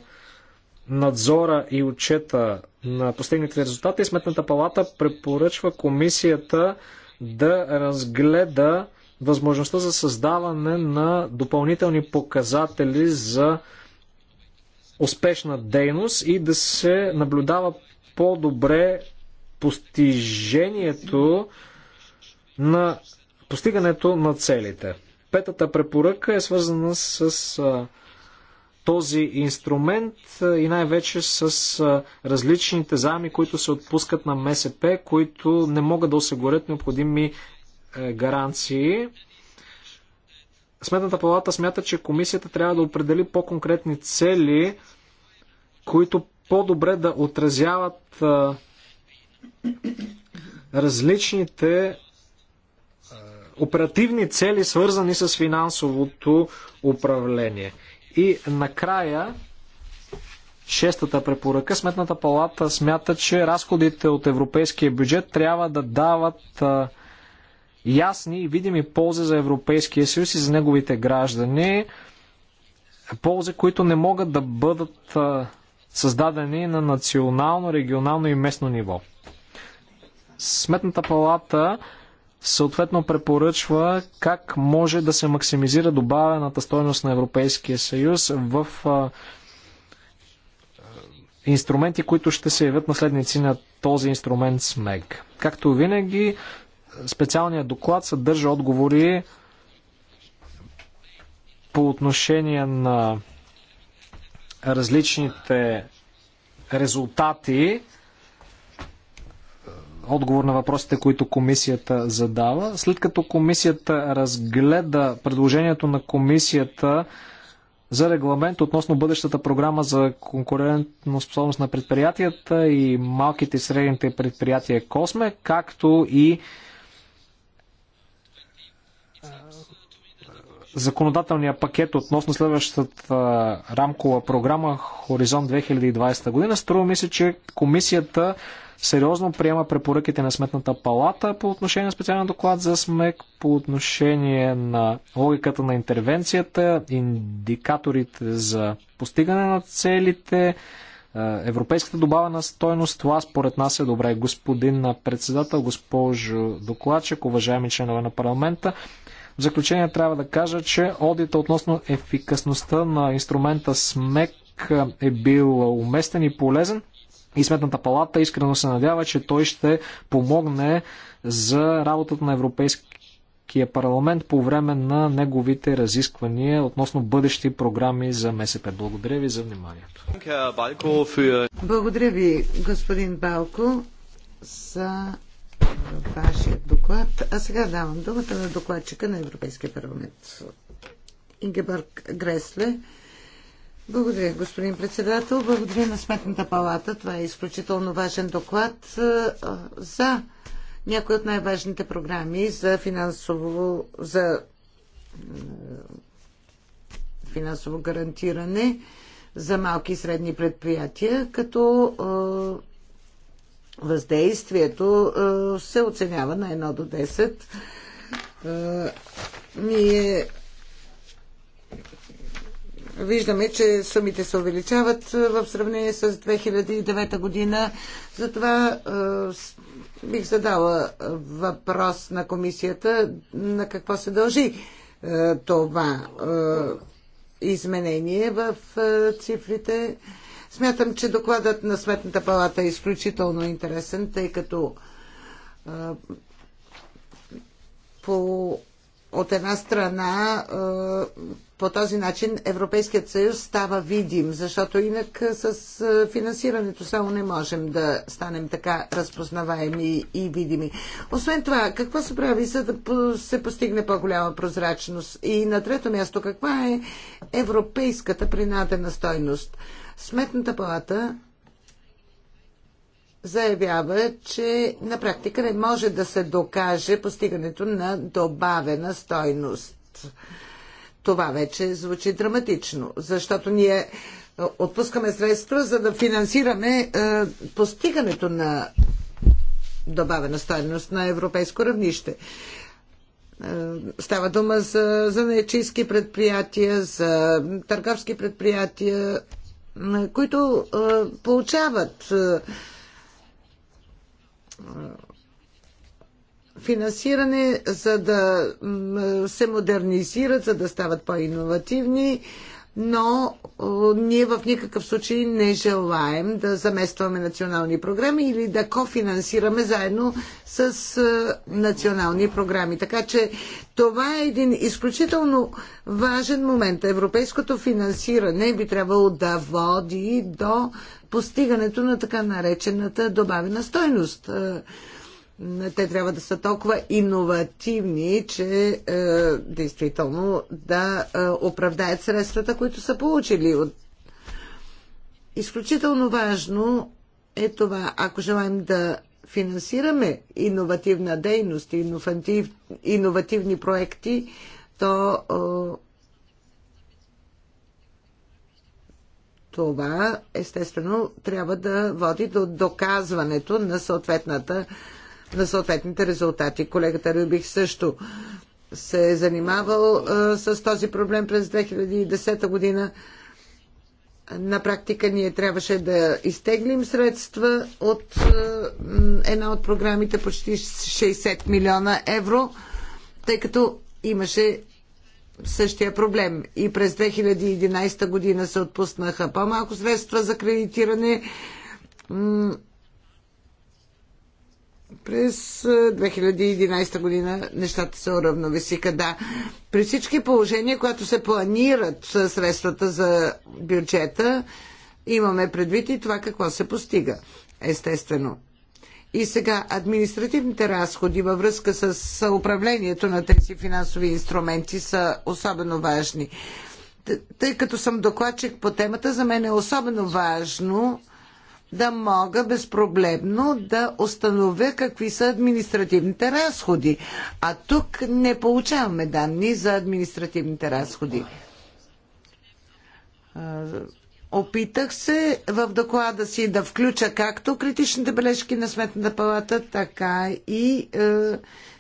надзора и отчета на постигнатите резултати, Сметната палата препоръчва комисията да разгледа възможността за създаване на допълнителни показатели за успешна дейност и да се наблюдава по-добре постижението на постигането на целите. Петата препоръка е свързана с а, този инструмент и най-вече с а, различните заеми, които се отпускат на МСП, които не могат да осигурят необходими а, гаранции. Сметната палата смята, че комисията трябва да определи по-конкретни цели, които по-добре да отразяват а, различните оперативни цели, свързани с финансовото управление. И накрая, шестата препоръка, Сметната палата смята, че разходите от европейския бюджет трябва да дават а, ясни и видими ползи за Европейския съюз и за неговите граждани. Ползи, които не могат да бъдат създадени на национално, регионално и местно ниво. Сметната палата съответно препоръчва как може да се максимизира добавената стойност на Европейския съюз в инструменти, които ще се явят наследници на този инструмент СМЕГ. Както винаги, специалният доклад съдържа отговори по отношение на различните резултати, отговор на въпросите, които комисията задава. След като комисията разгледа предложението на комисията за регламент относно бъдещата програма за конкурентно способност на предприятията и малките и средните предприятия Косме, както и законодателния пакет относно следващата рамкова програма Хоризонт 2020 година. Струва ми се, че комисията сериозно приема препоръките на Сметната палата по отношение на специален доклад за СМЕК, по отношение на логиката на интервенцията, индикаторите за постигане на целите, Европейската добавена стойност, това според нас е добре. Господин председател, госпожо докладчик, уважаеми членове на парламента, в заключение трябва да кажа, че одита относно ефикасността на инструмента СМЕК е бил уместен и полезен. И Сметната палата искрено се надява, че той ще помогне за работата на Европейския парламент по време на неговите разисквания относно бъдещи програми за МСП. Благодаря ви за вниманието. Благодаря ви, господин Балко, за вашия доклад. А сега давам думата на докладчика на Европейския парламент. Ингеборг Гресле. Благодаря, господин председател. Благодаря на Сметната палата. Това е изключително важен доклад за някои от най-важните програми за финансово, за финансово гарантиране за малки и средни предприятия, като въздействието се оценява на 1 до 10. Ние виждаме, че сумите се увеличават в сравнение с 2009 година. Затова бих задала въпрос на комисията на какво се дължи това изменение в цифрите. Смятам, че докладът на Сметната палата е изключително интересен, тъй като по, от една страна по този начин Европейският съюз става видим, защото инак с финансирането само не можем да станем така разпознаваеми и видими. Освен това, какво се прави, за да се постигне по-голяма прозрачност? И на трето място, каква е европейската принадена стойност? Сметната палата заявява, че на практика не може да се докаже постигането на добавена стойност. Това вече звучи драматично, защото ние е, отпускаме средства, за да финансираме е, постигането на добавена стойност на европейско равнище. Е, става дума за, за наечийски предприятия, за търговски предприятия, които получават финансиране, за да се модернизират, за да стават по-инновативни но е, ние в никакъв случай не желаем да заместваме национални програми или да кофинансираме заедно с е, национални програми. Така че това е един изключително важен момент. Европейското финансиране би трябвало да води до постигането на така наречената добавена стойност. Е, те трябва да са толкова иновативни, че е, действително да е, оправдаят средствата, които са получили. От... Изключително важно е това, ако желаем да финансираме иновативна дейност и иновативни проекти, то е, това естествено трябва да води до доказването на съответната на съответните резултати. Колегата Рюбих също се е занимавал а, с този проблем през 2010 година. На практика ние трябваше да изтеглим средства от а, една от програмите, почти 60 милиона евро, тъй като имаше същия проблем. И през 2011 година се отпуснаха по-малко средства за кредитиране през 2011 е, година нещата се уравновесиха. Да, при всички положения, когато се планират средствата за бюджета, имаме предвид и това какво се постига. Естествено. И сега административните разходи във връзка с управлението на тези финансови инструменти са особено важни. Тъй като съм докладчик по темата, за мен е особено важно да мога безпроблемно да установя какви са административните разходи. А тук не получаваме данни за административните разходи. Опитах се в доклада си да включа както критичните бележки на Сметната палата, така и е,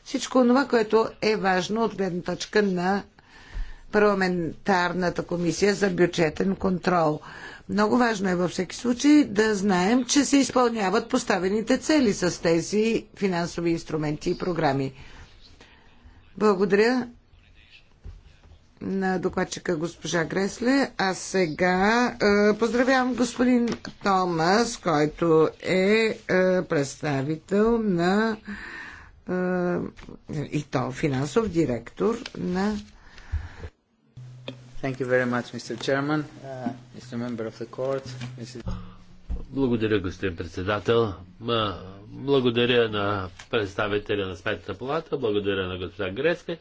всичко това, което е важно от гледна точка на парламентарната комисия за бюджетен контрол. Много важно е във всеки случай да знаем, че се изпълняват поставените цели с тези финансови инструменти и програми. Благодаря на докладчика госпожа Гресле. А сега е, поздравявам господин Томас, който е, е представител на е, и то финансов директор на Thank you very much, Mr. Chairman, uh, Mr. Member of the Court, Mrs. Благодаря, господин председател. Благодаря на представителя на Сметната палата, благодаря на госпожа Грецка.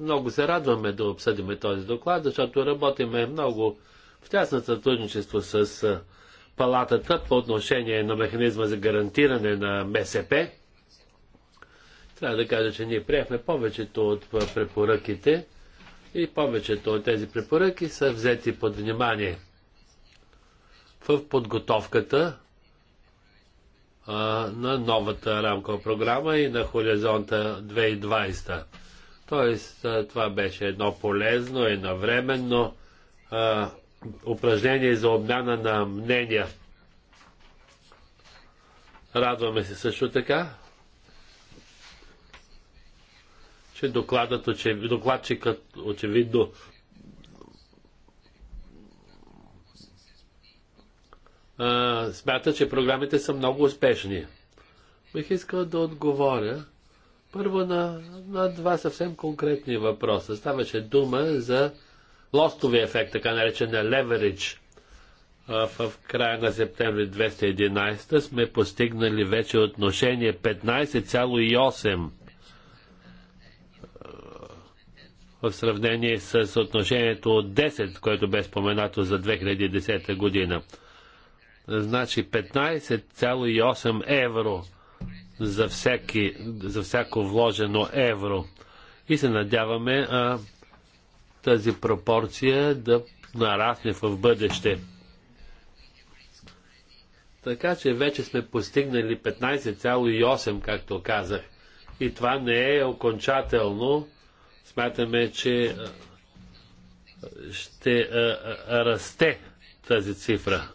Много се радваме да обсъдим този доклад, защото работиме много в тясно сътрудничество с палатата по отношение на механизма за гарантиране на МСП. Трябва да кажа, че ние приехме повечето от препоръките и повечето от тези препоръки са взети под внимание в подготовката а, на новата рамкова програма и на хоризонта 2020. Тоест, а, това беше едно полезно и навременно а, упражнение за обмяна на мнения. Радваме се също така, че докладът, очевид, докладчикът очевидно а, смята, че програмите са много успешни. Бих искал да отговоря първо на, на два съвсем конкретни въпроса. Ставаше дума за лостови ефект, така наречен леверидж. В края на септември 211 сме постигнали вече отношение 15,8 в сравнение с съотношението от 10, което бе споменато за 2010 година. Значи 15,8 евро за, всеки, за всяко вложено евро. И се надяваме а, тази пропорция да нарасне в бъдеще. Така че вече сме постигнали 15,8, както казах. И това не е окончателно Смятаме, че ще а, а, расте тази цифра.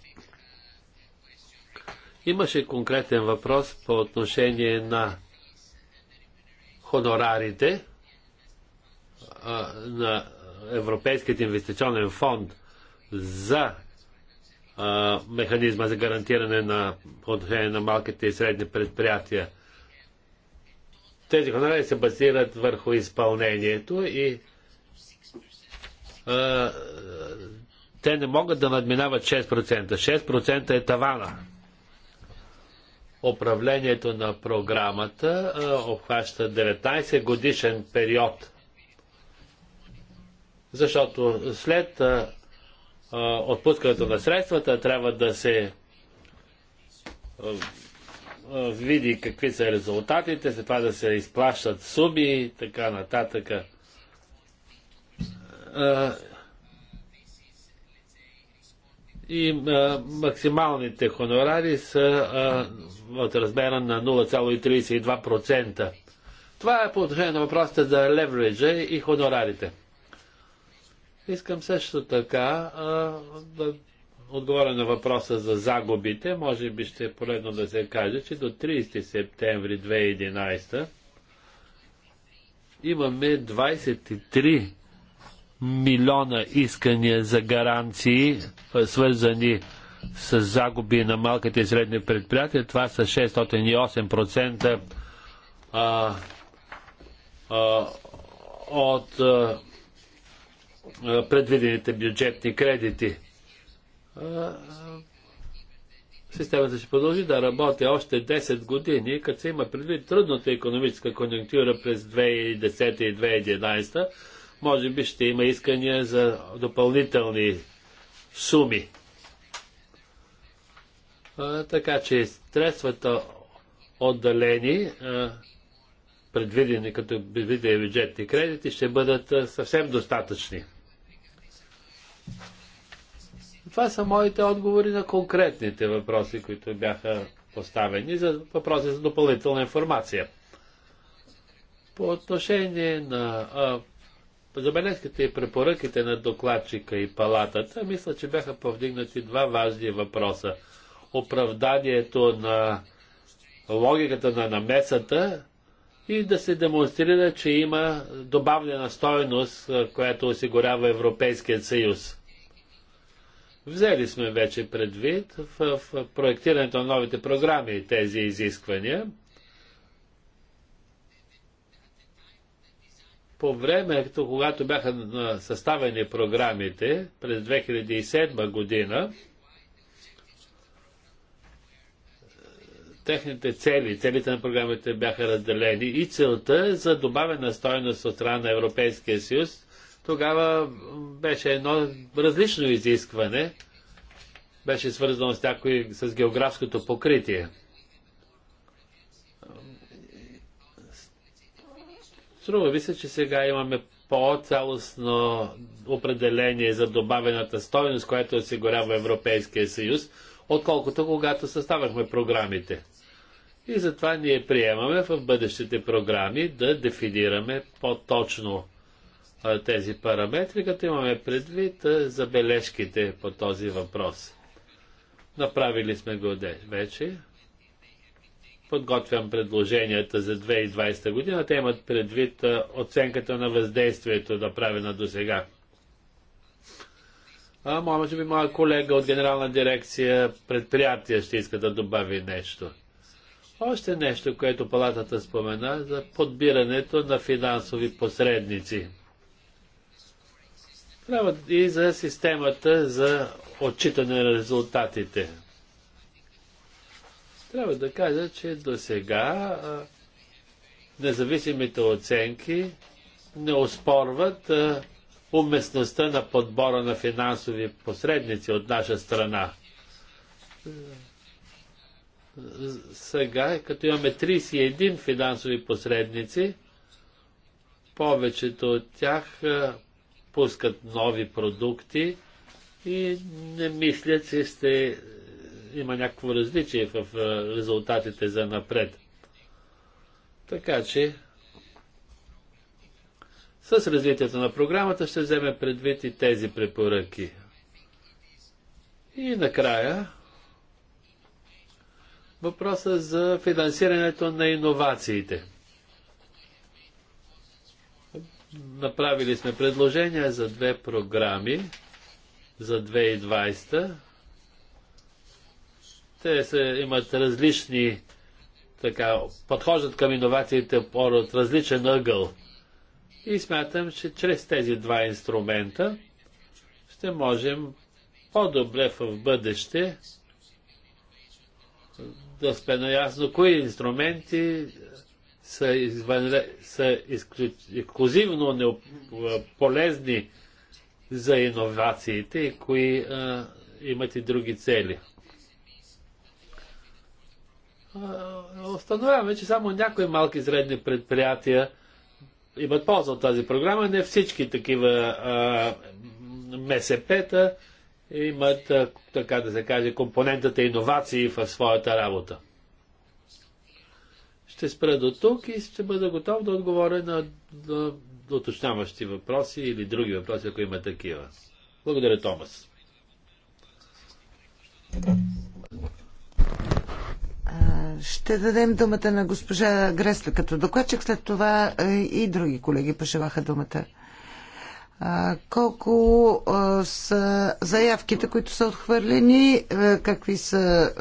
Имаше конкретен въпрос по отношение на хонорарите а, на Европейският инвестиционен фонд за механизма за гарантиране на отношение на малките и средни предприятия. Тези хонорари се базират върху изпълнението и а, те не могат да надминават 6%. 6% е тавана. Управлението на програмата а, обхваща 19 годишен период. Защото след а, отпускането на средствата трябва да се види какви са резултатите, след това да се изплащат суми и така нататък. И максималните хонорари са от размера на 0,32%. Това е по отношение на въпросите за левриджа и хонорарите. Искам също така а, да отговоря на въпроса за загубите, може би ще е полезно да се каже, че до 30 септември 2011 имаме 23 милиона искания за гаранции, свързани с загуби на малките и средни предприятия. Това са 608% а, а, от а, предвидените бюджетни кредити системата ще продължи да работи още 10 години, като се има предвид трудната економическа конъюнктура през 2010 и 2011, може би ще има искания за допълнителни суми. така че средствата отдалени, предвидени като предвидени бюджетни кредити, ще бъдат съвсем достатъчни. Това са моите отговори на конкретните въпроси, които бяха поставени за въпроси за допълнителна информация. По отношение на а, забележките и препоръките на докладчика и палатата, мисля, че бяха повдигнати два важни въпроса. Оправданието на логиката на намесата и да се демонстрира, че има добавлена стойност, която осигурява Европейският съюз. Взели сме вече предвид в, в проектирането на новите програми тези изисквания. По времето, когато бяха съставени програмите през 2007 година, техните цели, целите на програмите бяха разделени и целта е за добавена стойност от страна на Европейския съюз тогава беше едно различно изискване, беше свързано с някои с географското покритие. Струва ви се, че сега имаме по-цялостно определение за добавената стоеност, която осигурява Европейския съюз, отколкото когато съставахме програмите. И затова ние приемаме в бъдещите програми да дефинираме по-точно тези параметри, като имаме предвид забележките по този въпрос. Направили сме го вече. Подготвям предложенията за 2020 година. Те имат предвид оценката на въздействието, направена до сега. А, може би моя колега от Генерална дирекция предприятия ще иска да добави нещо. Още нещо, което палатата спомена за подбирането на финансови посредници – трябва и за системата за отчитане на резултатите. Трябва да кажа, че до сега независимите оценки не оспорват уместността на подбора на финансови посредници от наша страна. Сега, като имаме 31 финансови посредници, повечето от тях пускат нови продукти и не мислят, че ще има някакво различие в резултатите за напред. Така че с развитието на програмата ще вземе предвид и тези препоръки. И накрая въпроса за финансирането на иновациите. Направили сме предложения за две програми за 2020. Те се, имат различни, така, подхождат към иновациите от различен ъгъл. И смятам, че чрез тези два инструмента ще можем по-добре в бъдеще да сме наясно кои инструменти са, извънле, са изклюзивно полезни за иновациите и кои а, имат и други цели. Остановяваме, че само някои малки и средни предприятия имат полза от тази програма. Не всички такива МСП-та имат, а, така да се каже, компонентата иновации в своята работа. Ще спра до тук и ще бъда готов да отговоря на, на уточняващи въпроси или други въпроси, ако има такива. Благодаря, Томас. Ще дадем думата на госпожа Гресла като докладчик, след това и други колеги пожелаха думата. Колко са заявките, които са отхвърлени, какви са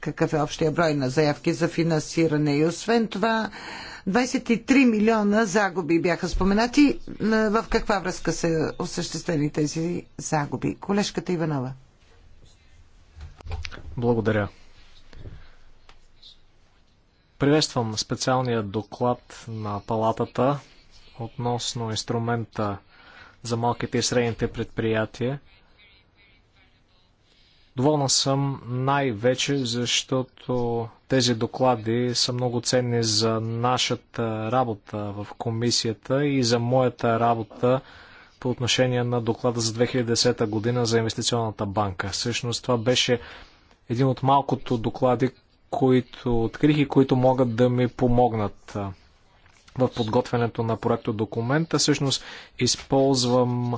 какъв е общия брой на заявки за финансиране. И освен това, 23 милиона загуби бяха споменати. В каква връзка са осъществени тези загуби? Колежката Иванова. Благодаря. Приветствам специалния доклад на палатата относно инструмента за малките и средните предприятия. Доволна съм най-вече, защото тези доклади са много ценни за нашата работа в комисията и за моята работа по отношение на доклада за 2010 година за инвестиционната банка. Всъщност това беше един от малкото доклади, които открих и които могат да ми помогнат в подготвянето на проекто документа. Всъщност използвам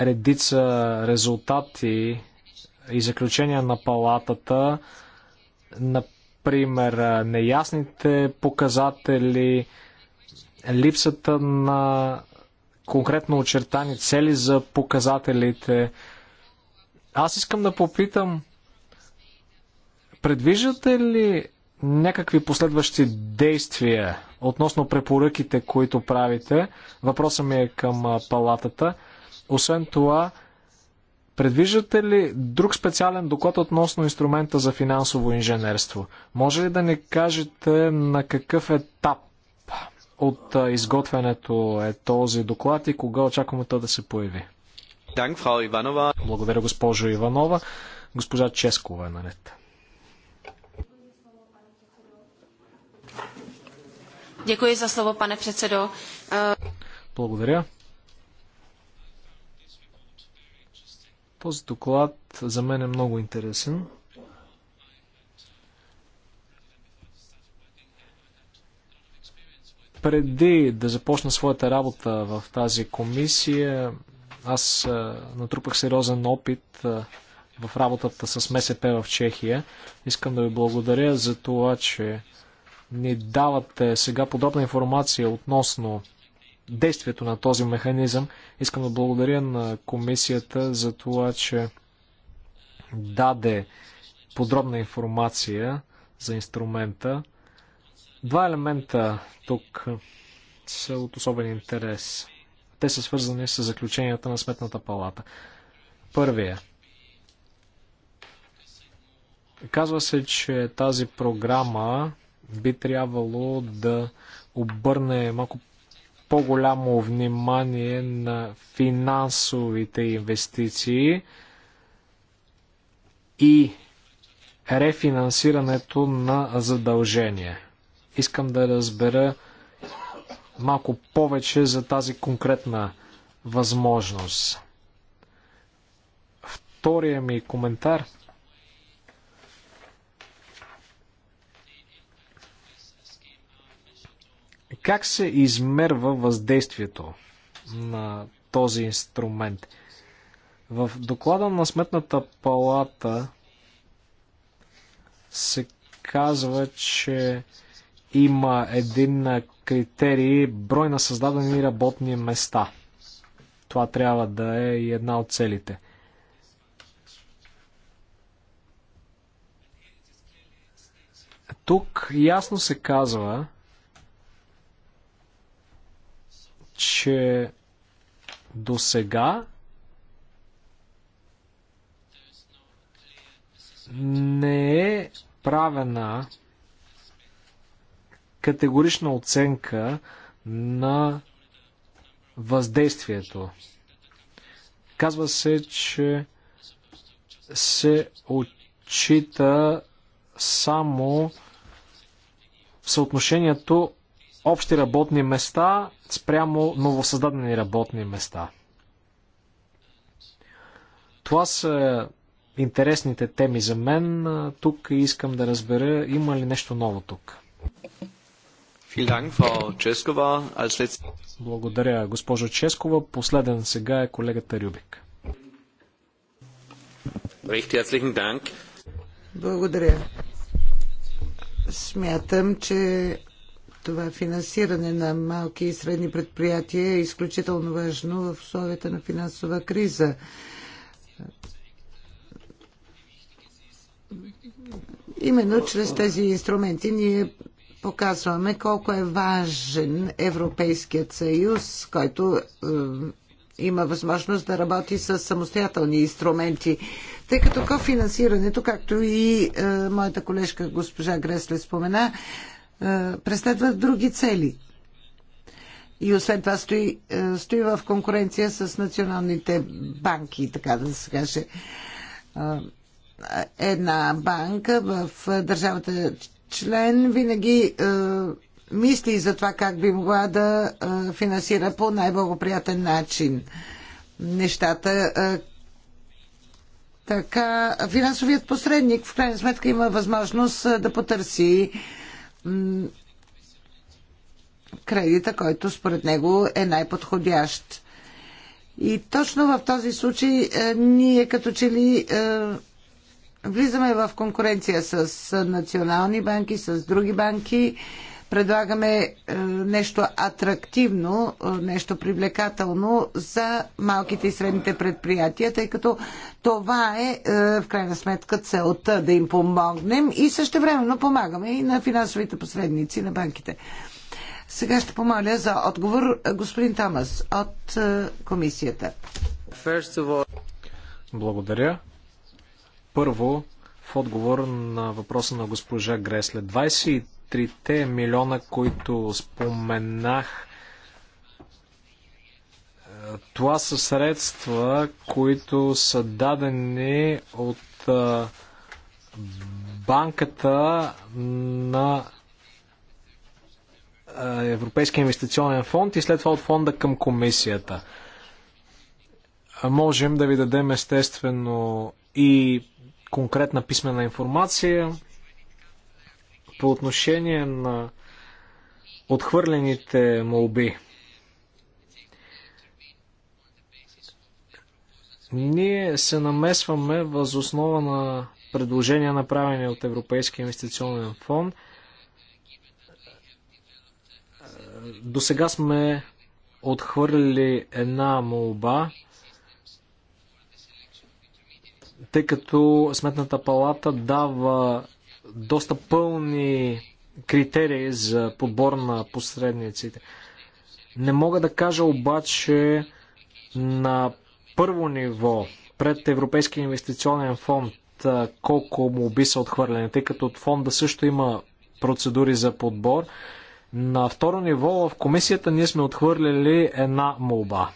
редица резултати и заключения на палатата, например, неясните показатели, липсата на конкретно очертани цели за показателите. Аз искам да попитам, предвиждате ли някакви последващи действия относно препоръките, които правите? Въпросът ми е към палатата. Освен това, Предвиждате ли друг специален доклад относно инструмента за финансово инженерство? Може ли да ни кажете на какъв етап от изготвянето е този доклад и кога очакваме то да се появи? Благодаря, госпожо Иванова. Госпожа Ческова е наред. Děkuji slovo, pane předsedo. Благодаря. Този доклад за мен е много интересен. Преди да започна своята работа в тази комисия, аз натрупах сериозен опит в работата с МСП в Чехия. Искам да ви благодаря за това, че ни давате сега подобна информация относно действието на този механизъм. Искам да благодаря на комисията за това, че даде подробна информация за инструмента. Два елемента тук са от особен интерес. Те са свързани с заключенията на Сметната палата. Първия. Казва се, че тази програма би трябвало да обърне малко по-голямо внимание на финансовите инвестиции и рефинансирането на задължения. Искам да разбера малко повече за тази конкретна възможност. Втория ми коментар – Как се измерва въздействието на този инструмент? В доклада на Сметната палата се казва, че има един критерий брой на създадени работни места. Това трябва да е и една от целите. Тук ясно се казва, че до сега не е правена категорична оценка на въздействието. Казва се, че се отчита само в съотношението общи работни места спрямо новосъздадени работни места. Това са интересните теми за мен. Тук искам да разбера има ли нещо ново тук. Благодаря, госпожо Ческова. Последен сега е колегата Рюбик. Благодаря. Смятам, че това финансиране на малки и средни предприятия е изключително важно в условията на финансова криза. Именно чрез тези инструменти ние показваме колко е важен Европейският съюз, който е, има възможност да работи с самостоятелни инструменти. Тъй като кофинансирането, както и е, моята колежка госпожа Гресле спомена, е, преследват други цели. И освен това стои, е, стои в конкуренция с националните банки, така да се каже. Е, една банка в държавата член винаги мисли за това как би могла да финансира по най-благоприятен начин нещата. Така, финансовият посредник в крайна сметка има възможност да потърси кредита, който според него е най-подходящ. И точно в този случай е, ние като че ли е, влизаме в конкуренция с е, национални банки, с други банки предлагаме е, нещо атрактивно, е, нещо привлекателно за малките и средните предприятия, тъй като това е, е в крайна сметка целта да им помогнем и също времено помагаме и на финансовите посредници на банките. Сега ще помоля за отговор господин Тамас от комисията. Благодаря. Първо, в отговор на въпроса на госпожа Гресле. 3 милиона, които споменах, това са средства, които са дадени от банката на Европейския инвестиционен фонд и след това от фонда към комисията. Можем да ви дадем естествено и конкретна писмена информация по отношение на отхвърлените молби. Ние се намесваме основа на предложения, направени от Европейския инвестиционен фонд. До сега сме отхвърлили една молба, тъй като Сметната палата дава доста пълни критерии за подбор на посредниците. Не мога да кажа обаче на първо ниво пред Европейския инвестиционен фонд колко му би са отхвърлени, тъй като от фонда също има процедури за подбор. На второ ниво в комисията ние сме отхвърлили една молба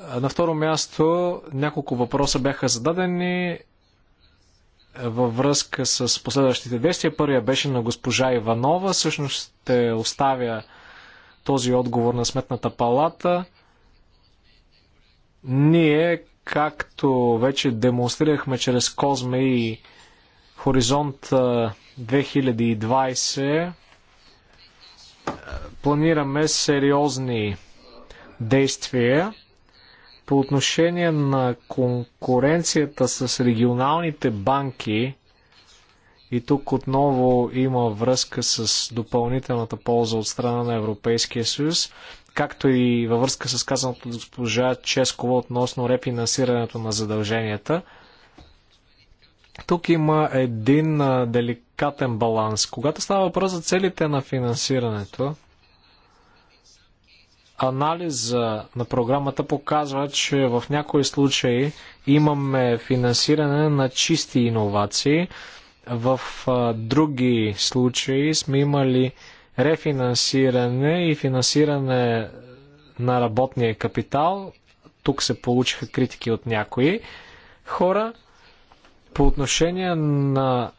На второ място няколко въпроса бяха зададени във връзка с последващите действия. Първия беше на госпожа Иванова. Всъщност ще оставя този отговор на Сметната палата. Ние, както вече демонстрирахме чрез Козме и Хоризонт 2020, планираме сериозни действия. По отношение на конкуренцията с регионалните банки, и тук отново има връзка с допълнителната полза от страна на Европейския съюз, както и във връзка с казаното от госпожа Ческова относно рефинансирането на задълженията. Тук има един деликатен баланс. Когато става въпрос за целите на финансирането, анализа на програмата показва, че в някои случаи имаме финансиране на чисти иновации, в други случаи сме имали рефинансиране и финансиране на работния капитал. Тук се получиха критики от някои хора. По отношение на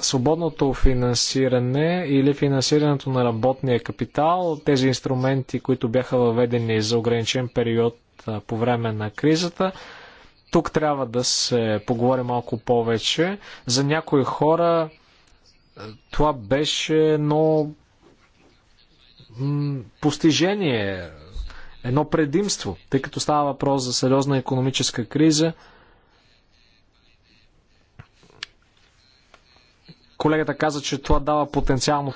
свободното финансиране или финансирането на работния капитал, тези инструменти, които бяха въведени за ограничен период по време на кризата, тук трябва да се поговори малко повече. За някои хора това беше едно постижение, едно предимство, тъй като става въпрос за сериозна економическа криза – Колегата каза, че това дава потенциално.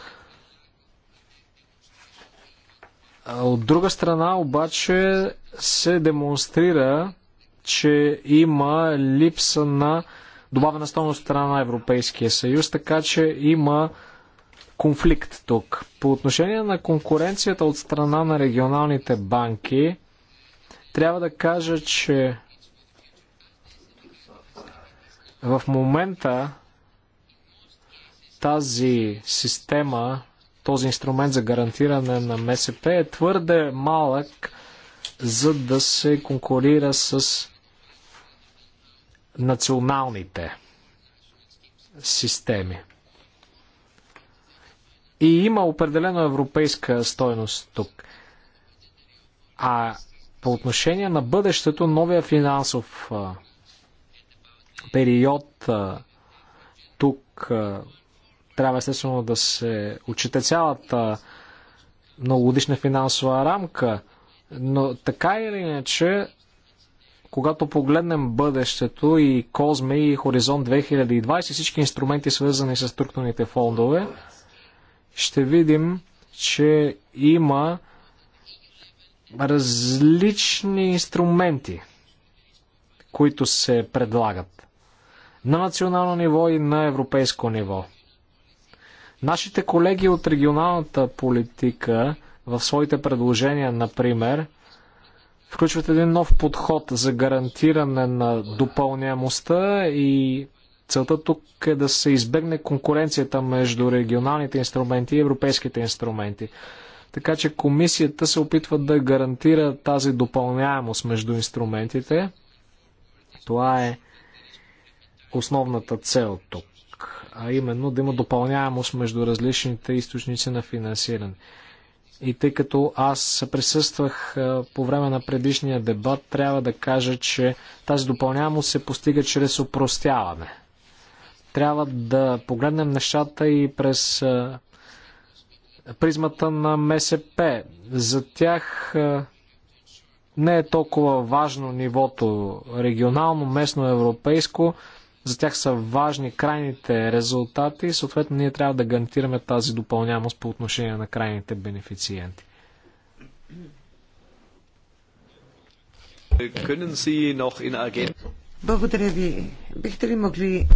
От друга страна, обаче, се демонстрира, че има липса на добавена стойност страна на Европейския съюз, така че има конфликт тук. По отношение на конкуренцията от страна на регионалните банки, трябва да кажа, че в момента тази система, този инструмент за гарантиране на МСП е твърде малък, за да се конкурира с националните системи. И има определено европейска стойност тук. А по отношение на бъдещето, новия финансов период тук трябва естествено да се отчита цялата многогодишна финансова рамка, но така или иначе, когато погледнем бъдещето и Козме и Хоризонт 2020, всички инструменти свързани с структурните фондове, ще видим, че има различни инструменти, които се предлагат на национално ниво и на европейско ниво. Нашите колеги от регионалната политика в своите предложения, например, включват един нов подход за гарантиране на допълняемостта и целта тук е да се избегне конкуренцията между регионалните инструменти и европейските инструменти. Така че комисията се опитва да гарантира тази допълняемост между инструментите. Това е основната цел тук а именно да има допълняемост между различните източници на финансиране. И тъй като аз присъствах по време на предишния дебат, трябва да кажа, че тази допълняемост се постига чрез упростяване. Трябва да погледнем нещата и през призмата на МСП. За тях не е толкова важно нивото регионално, местно, европейско. За тях са важни крайните резултати и съответно ние трябва да гарантираме тази допълнямост по отношение на крайните бенефициенти. Благодаря ви. Бихте ли могли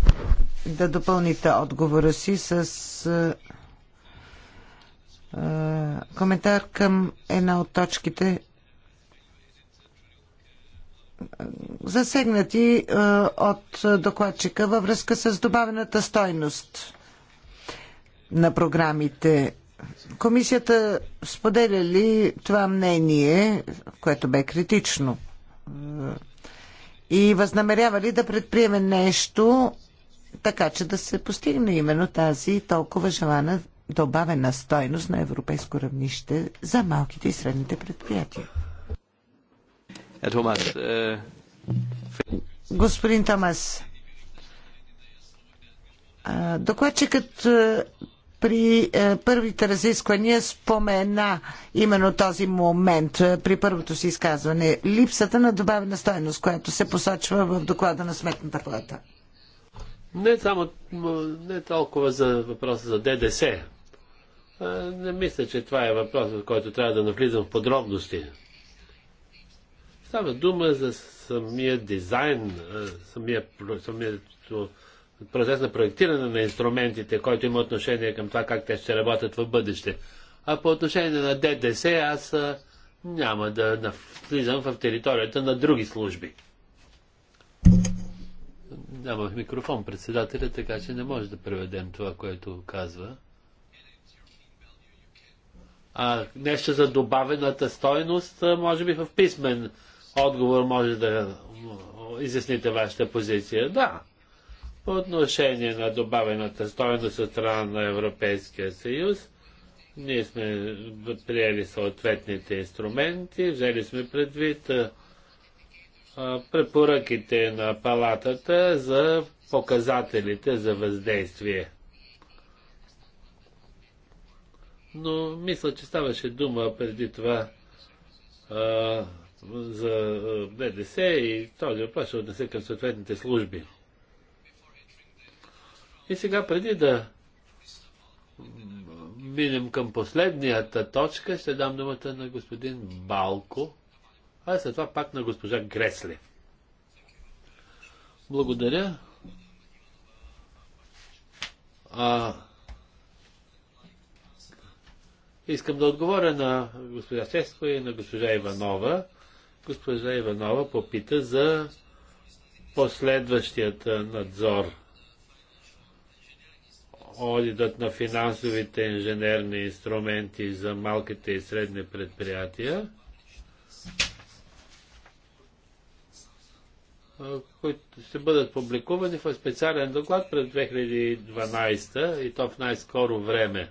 да допълните отговора си с е, е, коментар към една от точките засегнати е, от докладчика във връзка с добавената стойност на програмите. Комисията споделя ли това мнение, което бе критично? Е, и възнамерява ли да предприеме нещо, така че да се постигне именно тази толкова желана добавена стойност на европейско равнище за малките и средните предприятия? Herr Thomas. Äh... Господин Томас, докладчикът при първите разисквания спомена именно този момент при първото си изказване. Липсата на добавена стоеност, която се посочва в доклада на Сметната палата. Не само, не толкова за въпроса за ДДС. Не мисля, че това е въпросът, който трябва да навлизам в подробности. Става дума за самия дизайн, самия, самия процес на проектиране на инструментите, който има отношение към това как те ще работят в бъдеще. А по отношение на ДДС аз няма да навлизам в територията на други служби. Нямах микрофон председателя, така че не може да преведем това, което казва. А нещо за добавената стойност, може би в писмен отговор може да изясните вашата позиция. Да, по отношение на добавената стоеност от страна на Европейския съюз, ние сме приели съответните инструменти, взели сме предвид препоръките на палатата за показателите за въздействие. Но мисля, че ставаше дума преди това а, за ДДС е, и този въпрос ще отнесе към съответните служби. И сега, преди да минем към последнията точка, ще дам думата на господин Балко, а след това пак на госпожа Гресли. Благодаря. А, искам да отговоря на госпожа Сеско и на госпожа Иванова. Госпожа Иванова попита за последващият надзор. Одитът на финансовите инженерни инструменти за малките и средни предприятия, които ще бъдат публикувани в специален доклад през 2012 и то в най-скоро време.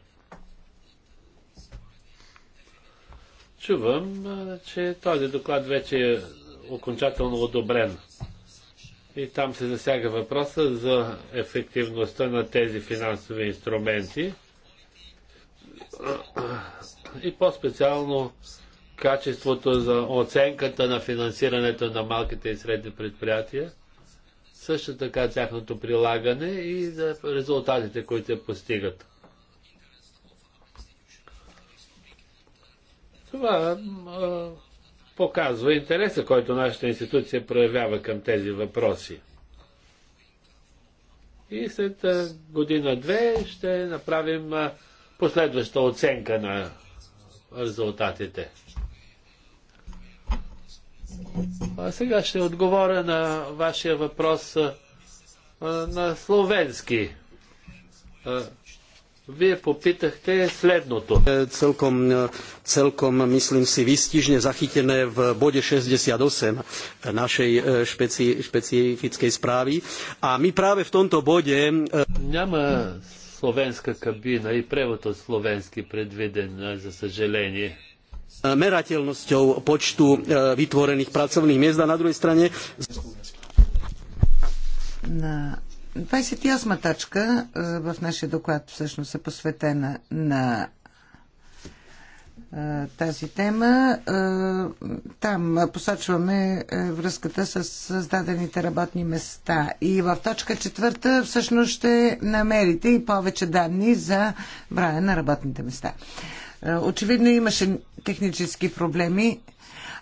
чувам, че този доклад вече е окончателно одобрен. И там се засяга въпроса за ефективността на тези финансови инструменти и по-специално качеството за оценката на финансирането на малките и средни предприятия, също така тяхното прилагане и за резултатите, които се постигат. Това а, показва интереса, който нашата институция проявява към тези въпроси. И след година-две ще направим последваща оценка на резултатите. А сега ще отговоря на вашия въпрос а, на словенски. Вие попитахте следното. Целком, целком мислим си, výstižne zachytené v bode 68 našej špeci, špecifickej správy. A my práve v tomto bode... slovenská словенска кабина prevod превод от словенски предвиден, за съжаление merateľnosťou počtu vytvorených pracovných miest a na druhej strane... Na 28 точка в нашия доклад всъщност е посветена на тази тема. Там посочваме връзката с създадените работни места. И в точка четвърта всъщност ще намерите и повече данни за броя на работните места. Очевидно имаше технически проблеми.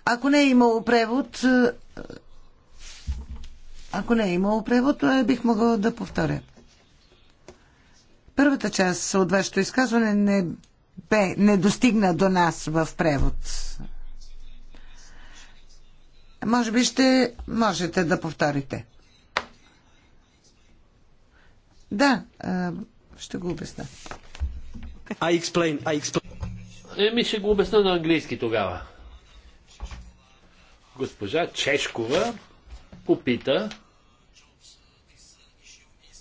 Ако не е имало превод, ако не е имало превод, е, бих могъл да повторя. Първата част от вашето изказване не, бе, не достигна до нас в превод. Може би ще можете да повторите. Да, ще го обясна. I explain, I explain. Еми ще го обясна на английски тогава. Госпожа Чешкова попита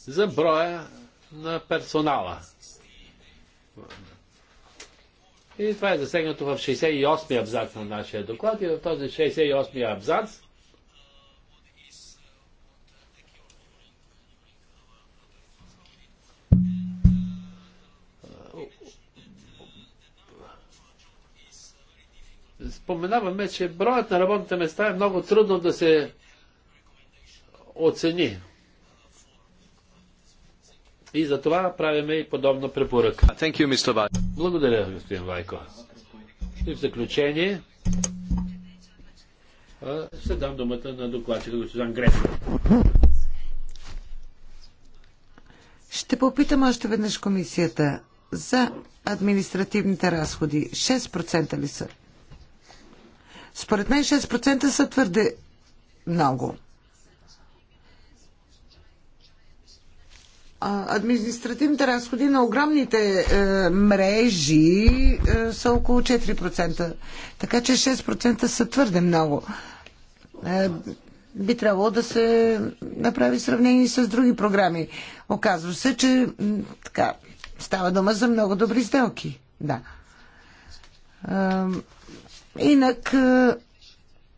за броя на персонала. И това е засегнато в 68 и абзац на нашия доклад и в този 68 и абзац споменаваме, че броят на работните места е много трудно да се оцени. И за това правиме и подобна препоръка. You, Благодаря, господин Вайко. И в заключение ще дам думата на докладчика господин Греф. Ще попитам още веднъж комисията за административните разходи. 6% ли са? Според мен 6% са твърде много. административните разходи на огромните е, мрежи е, са около 4%. Така че 6% са твърде много. Е, би трябвало да се направи сравнение с други програми. Оказва се, че така, става дума за много добри сделки. Да. Е, инак. Е,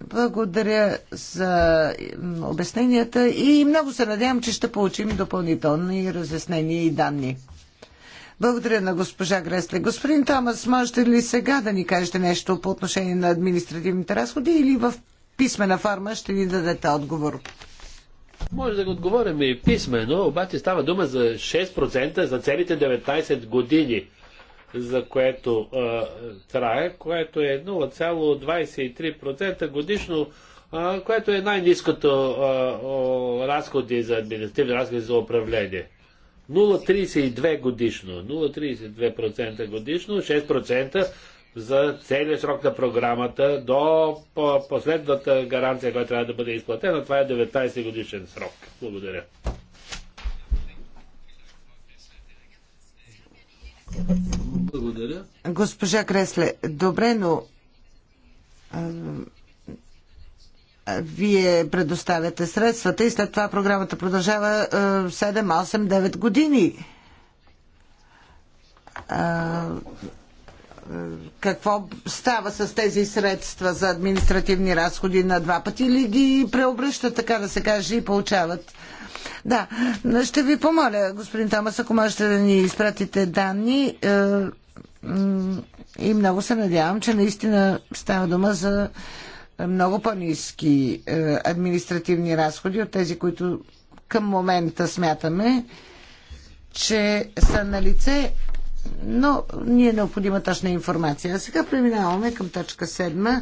благодаря за обясненията и много се надявам, че ще получим допълнителни разяснения и данни. Благодаря на госпожа Гресле. Господин Томас, можете ли сега да ни кажете нещо по отношение на административните разходи или в писмена форма ще ни дадете отговор? Може да го отговорим и писмено, обаче става дума за 6% за целите 19 години за което а, трае, което е 0,23% годишно, а, което е най-низкото разходи за административни разходи за управление. 0,32 годишно, 0,32% годишно, 6% за целият срок на програмата до последната гаранция, която трябва да бъде изплатена. Това е 19 годишен срок. Благодаря. Благодаря. Госпожа Кресле, добре, но а, вие предоставяте средствата и след това програмата продължава а, 7, 8, 9 години. А, какво става с тези средства за административни разходи на два пъти или ги преобръщат, така да се каже, и получават да, ще ви помоля, господин Томас, ако можете да ни изпратите данни. Е, и много се надявам, че наистина става дума за много по-низки е, административни разходи от тези, които към момента смятаме, че са на лице, но ни е необходима точна информация. А сега преминаваме към точка 7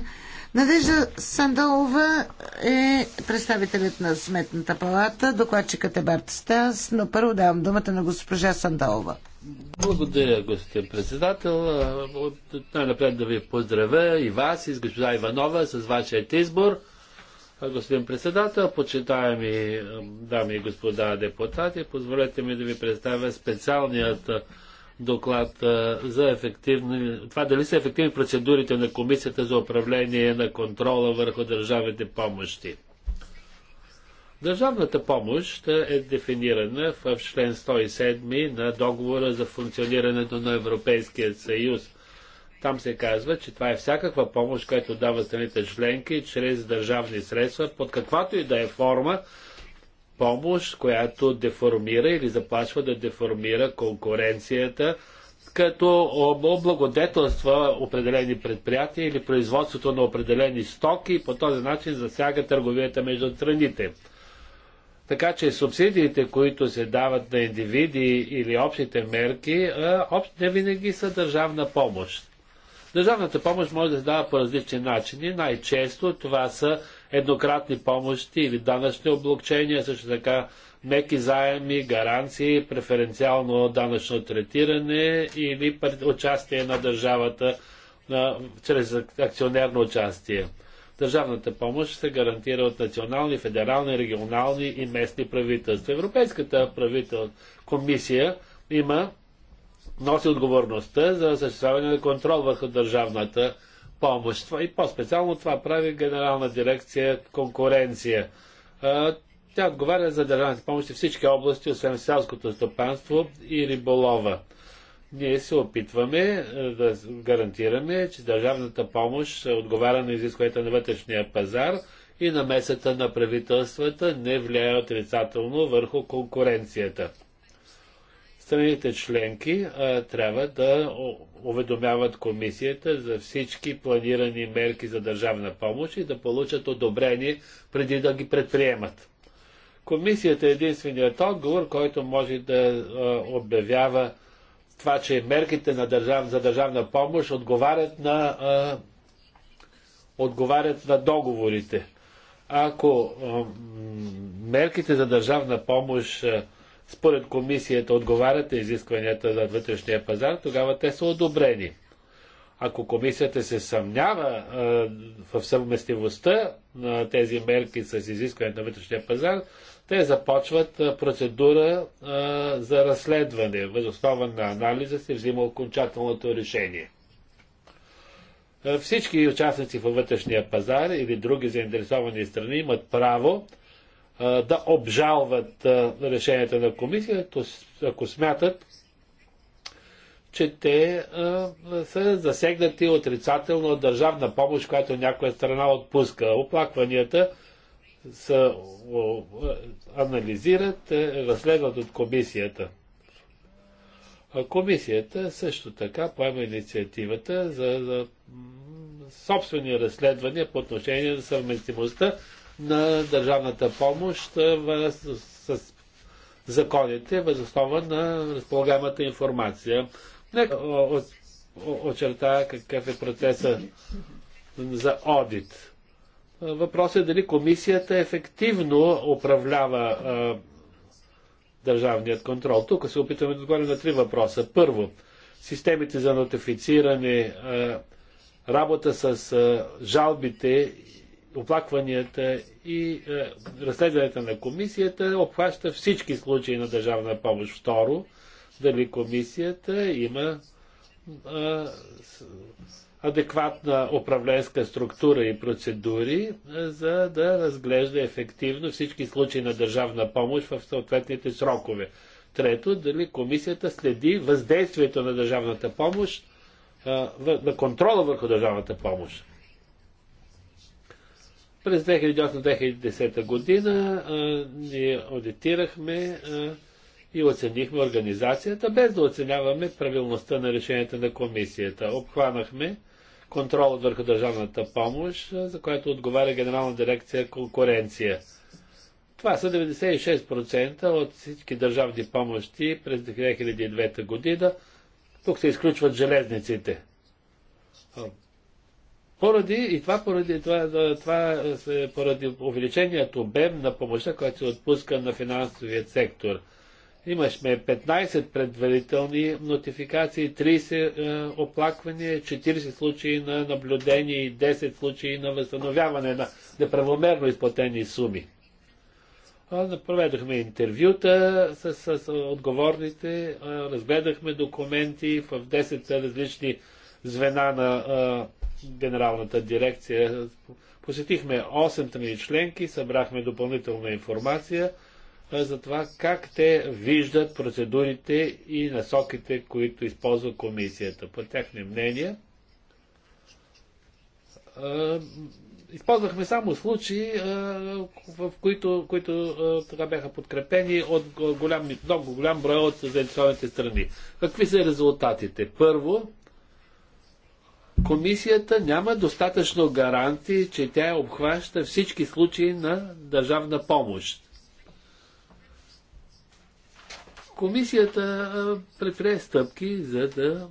Надежда Сандалова е представителят на Сметната палата, докладчикът е Барт Стас, но първо давам думата на госпожа Сандалова. Благодаря, господин председател. Най-напред да ви поздравя и вас, и с госпожа Иванова, с вашият избор. Господин председател, почитаеми дами и господа депутати, позволете ми да ви представя специалният доклад а, за ефективни, това дали са ефективни процедурите на Комисията за управление на контрола върху държавните помощи. Държавната помощ е дефинирана в член 107 на договора за функционирането на Европейския съюз. Там се казва, че това е всякаква помощ, която дава страните членки чрез държавни средства, под каквато и да е форма, помощ, която деформира или заплашва да деформира конкуренцията, като облагодетелства определени предприятия или производството на определени стоки и по този начин засяга търговията между страните. Така че субсидиите, които се дават на индивиди или общите мерки, не винаги са държавна помощ. Държавната помощ може да се дава по различни начини. Най-често това са еднократни помощи или данъчни облокчения, също така меки заеми, гаранции, преференциално данъчно третиране или участие на държавата на, чрез акционерно участие. Държавната помощ се гарантира от национални, федерални, регионални и местни правителства. Европейската правител комисия има носи отговорността за осъществяване на контрол върху държавната помощ. Това и по-специално това прави Генерална дирекция конкуренция. Тя отговаря за държавните помощи в всички области, освен селското стопанство и риболова. Ние се опитваме да гарантираме, че държавната помощ отговаря на изискването на вътрешния пазар и намесата на правителствата не влияе отрицателно върху конкуренцията. Страните членки а, трябва да уведомяват комисията за всички планирани мерки за държавна помощ и да получат одобрение преди да ги предприемат. Комисията е единственият отговор, който може да а, обявява това, че мерките на държав, за държавна помощ отговарят на, а, отговарят на договорите. Ако а, мерките за държавна помощ а, според комисията отговарят на изискванията за вътрешния пазар, тогава те са одобрени. Ако комисията се съмнява а, в съвместимостта на тези мерки с изискването на вътрешния пазар, те започват а, процедура а, за разследване. основа на анализа се взима окончателното решение. Всички участници във вътрешния пазар или други заинтересовани страни имат право да обжалват решенията на комисията, ако смятат, че те са засегнати отрицателно от държавна помощ, която някоя страна отпуска. Оплакванията се анализират, е, разследват от комисията. Комисията също така поема инициативата за, за собствени разследвания по отношение на съвместимостта на държавната помощ в, с, с законите, възоснова на разполагаемата информация. Нека очертая какъв е процеса за одит. Въпросът е дали комисията ефективно управлява а, държавният контрол. Тук се опитваме да отговорим на три въпроса. Първо, системите за нотифициране, а, работа с а, жалбите оплакванията и е, разследванията на комисията обхваща всички случаи на държавна помощ. Второ, дали комисията има е, адекватна управленска структура и процедури, е, за да разглежда ефективно всички случаи на държавна помощ в съответните срокове. Трето, дали комисията следи въздействието на държавната помощ, е, на контрола върху държавната помощ. През 2008-2010 година а, ние аудитирахме а, и оценихме организацията, без да оценяваме правилността на решенията на комисията. Обхванахме контрол върху държавната помощ, а, за която отговаря Генерална дирекция конкуренция. Това са 96% от всички държавни помощи през 2009 година. Тук се изключват железниците. Поради, и това, поради, това, това е поради увеличението обем на помощта, която се отпуска на финансовият сектор. Имашме 15 предварителни нотификации, 30 е, оплаквания, 40 случаи на наблюдение и 10 случаи на възстановяване на неправомерно изплатени суми. Проведохме интервюта с, с, с отговорните, разгледахме документи в 10 различни звена на генералната дирекция. Посетихме 8 страни членки, събрахме допълнителна информация за това как те виждат процедурите и насоките, които използва комисията. По тяхне мнения, използвахме само случаи, в които, които така бяха подкрепени от голям, много голям брой от заинтересованите страни. Какви са резултатите? Първо, комисията няма достатъчно гарантии, че тя обхваща всички случаи на държавна помощ. Комисията предприе стъпки за да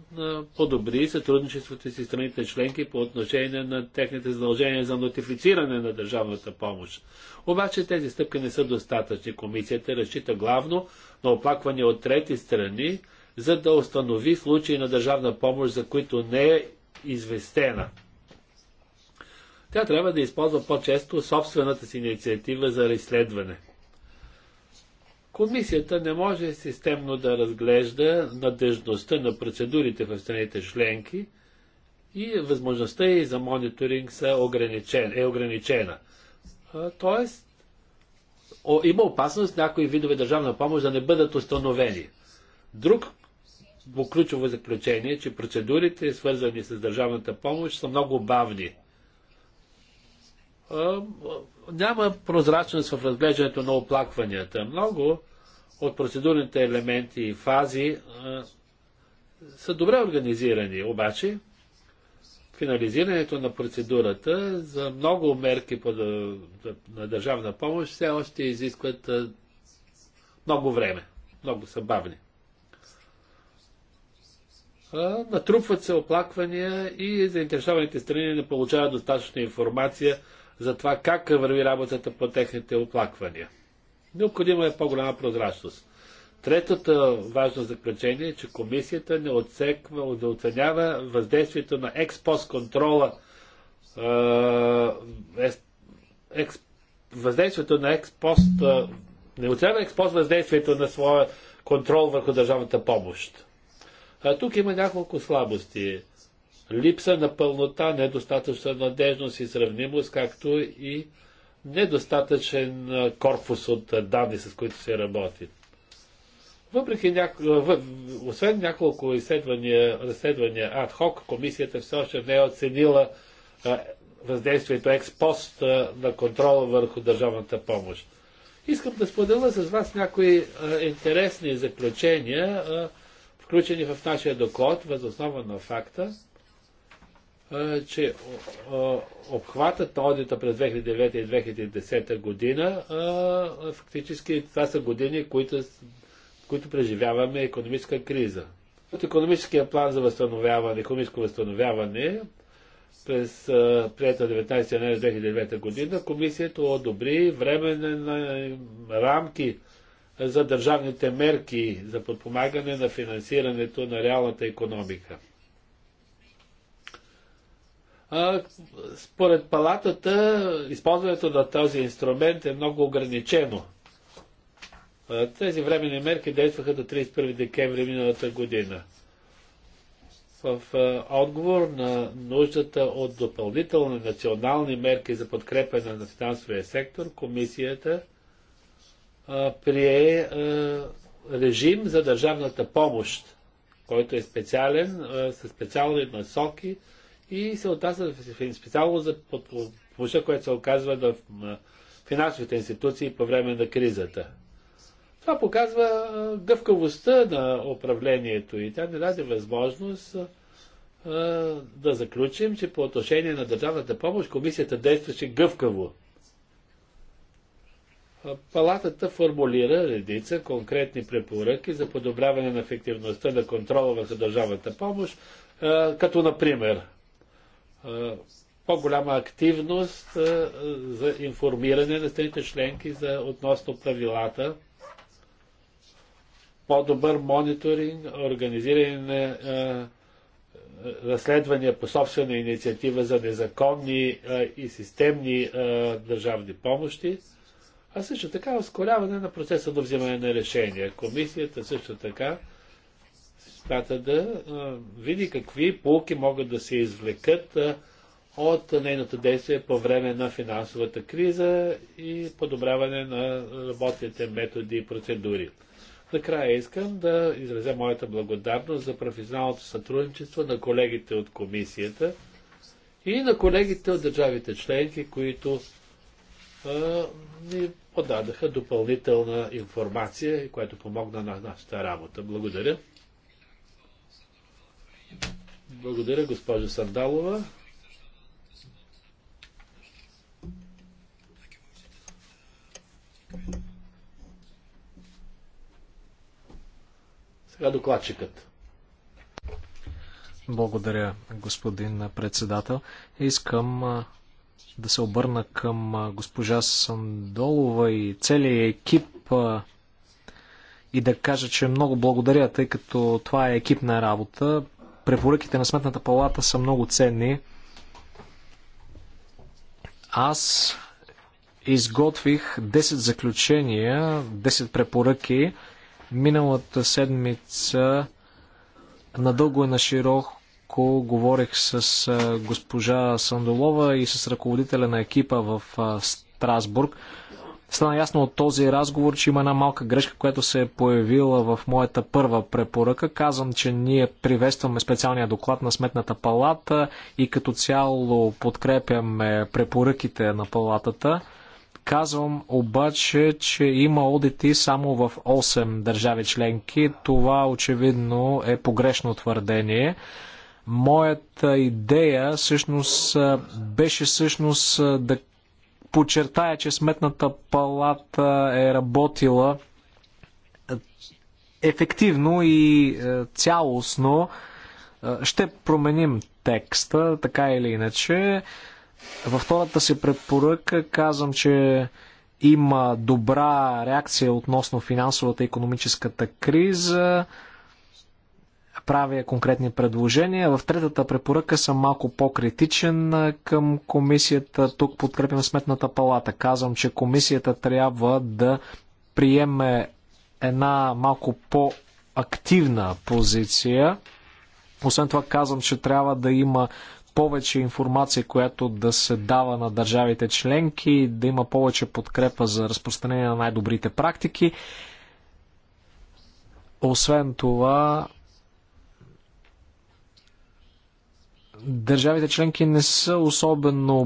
подобри сътрудничеството си страните членки по отношение на техните задължения за нотифициране на държавната помощ. Обаче тези стъпки не са достатъчни. Комисията разчита главно на оплаквания от трети страни, за да установи случаи на държавна помощ, за които не е известена. Тя трябва да използва по-често собствената си инициатива за изследване. Комисията не може системно да разглежда надежността на процедурите в страните членки и възможността и за мониторинг са ограничен, е ограничена. Тоест, има опасност някои видове държавна помощ да не бъдат установени. Друг по ключово заключение, че процедурите, свързани с държавната помощ, са много бавни. Няма прозрачност в разглеждането на оплакванията. Много от процедурните елементи и фази са добре организирани, обаче финализирането на процедурата за много мерки на държавна помощ все още изискват много време. Много са бавни натрупват се оплаквания и заинтересованите страни не получават достатъчна информация за това как върви работата по техните оплаквания. Необходима е по-голяма прозрачност. Третото важно заключение е, че комисията не, отсеква, не оценява въздействието на експост контрола, е, екс, въздействието на експост, не оценява експост въздействието на своя контрол върху държавната помощ. А тук има няколко слабости. Липса на пълнота, недостатъчна надежност и сравнимост, както и недостатъчен корпус от данни, с които се работи. Въпреки няк... освен няколко изследвания, разследвания ад-хок, комисията все още не е оценила въздействието експост на контрола върху държавната помощ. Искам да споделя с вас някои а, интересни заключения, включени в нашия доклад, възоснова на факта, че обхватът на одита през 2009 и 2010 година, фактически това са години, които, които преживяваме економическа криза. От економическия план за възстановяване, економическо възстановяване, през прията 19 януаря 2009 година, комисията одобри временни рамки за държавните мерки за подпомагане на финансирането на реалната економика. Според палатата, използването на този инструмент е много ограничено. Тези временни мерки действаха до 31 декември миналата година. В отговор на нуждата от допълнителни национални мерки за подкрепа на финансовия сектор, комисията прие режим за държавната помощ, който е специален, със специални насоки и се отнася специално за помощта, която се оказва в финансовите институции по време на кризата. Това показва гъвкавостта на управлението и тя ни даде възможност да заключим, че по отношение на държавната помощ комисията действаше гъвкаво. Палатата формулира редица конкретни препоръки за подобряване на ефективността на контрола върху държавната помощ, като например по-голяма активност за информиране на страните членки за относно правилата, по-добър мониторинг, организиране на разследвания по собствена инициатива за незаконни и системни държавни помощи, а също така ускоряване на процеса до взимане на решения. Комисията също така смята да а, види какви полки могат да се извлекат а, от нейното действие по време на финансовата криза и подобряване на работните методи и процедури. Накрая искам да изразя моята благодарност за професионалното сътрудничество на колегите от комисията и на колегите от държавите членки, които а, ни подадаха допълнителна информация, която помогна на нашата работа. Благодаря. Благодаря, госпожа Сандалова. Сега докладчикът. Благодаря, господин председател. Искам да се обърна към госпожа Сандолова и целия екип и да кажа, че много благодаря, тъй като това е екипна работа. Препоръките на Сметната палата са много ценни. Аз изготвих 10 заключения, 10 препоръки. Миналата седмица надълго и на широко кратко говорих с госпожа Сандолова и с ръководителя на екипа в Страсбург. Стана ясно от този разговор, че има една малка грешка, която се е появила в моята първа препоръка. Казвам, че ние приветстваме специалния доклад на Сметната палата и като цяло подкрепяме препоръките на палатата. Казвам обаче, че има одити само в 8 държави членки. Това очевидно е погрешно твърдение. Моята идея всъщност беше всъщност да подчертая, че Сметната палата е работила ефективно и цялостно. Ще променим текста, така или иначе. Във втората си предпоръка казвам, че има добра реакция относно финансовата и економическата криза правя конкретни предложения. В третата препоръка съм малко по-критичен към комисията. Тук подкрепям сметната палата. Казвам, че комисията трябва да приеме една малко по-активна позиция. Освен това казвам, че трябва да има повече информация, която да се дава на държавите членки, да има повече подкрепа за разпространение на най-добрите практики. Освен това, държавите членки не са особено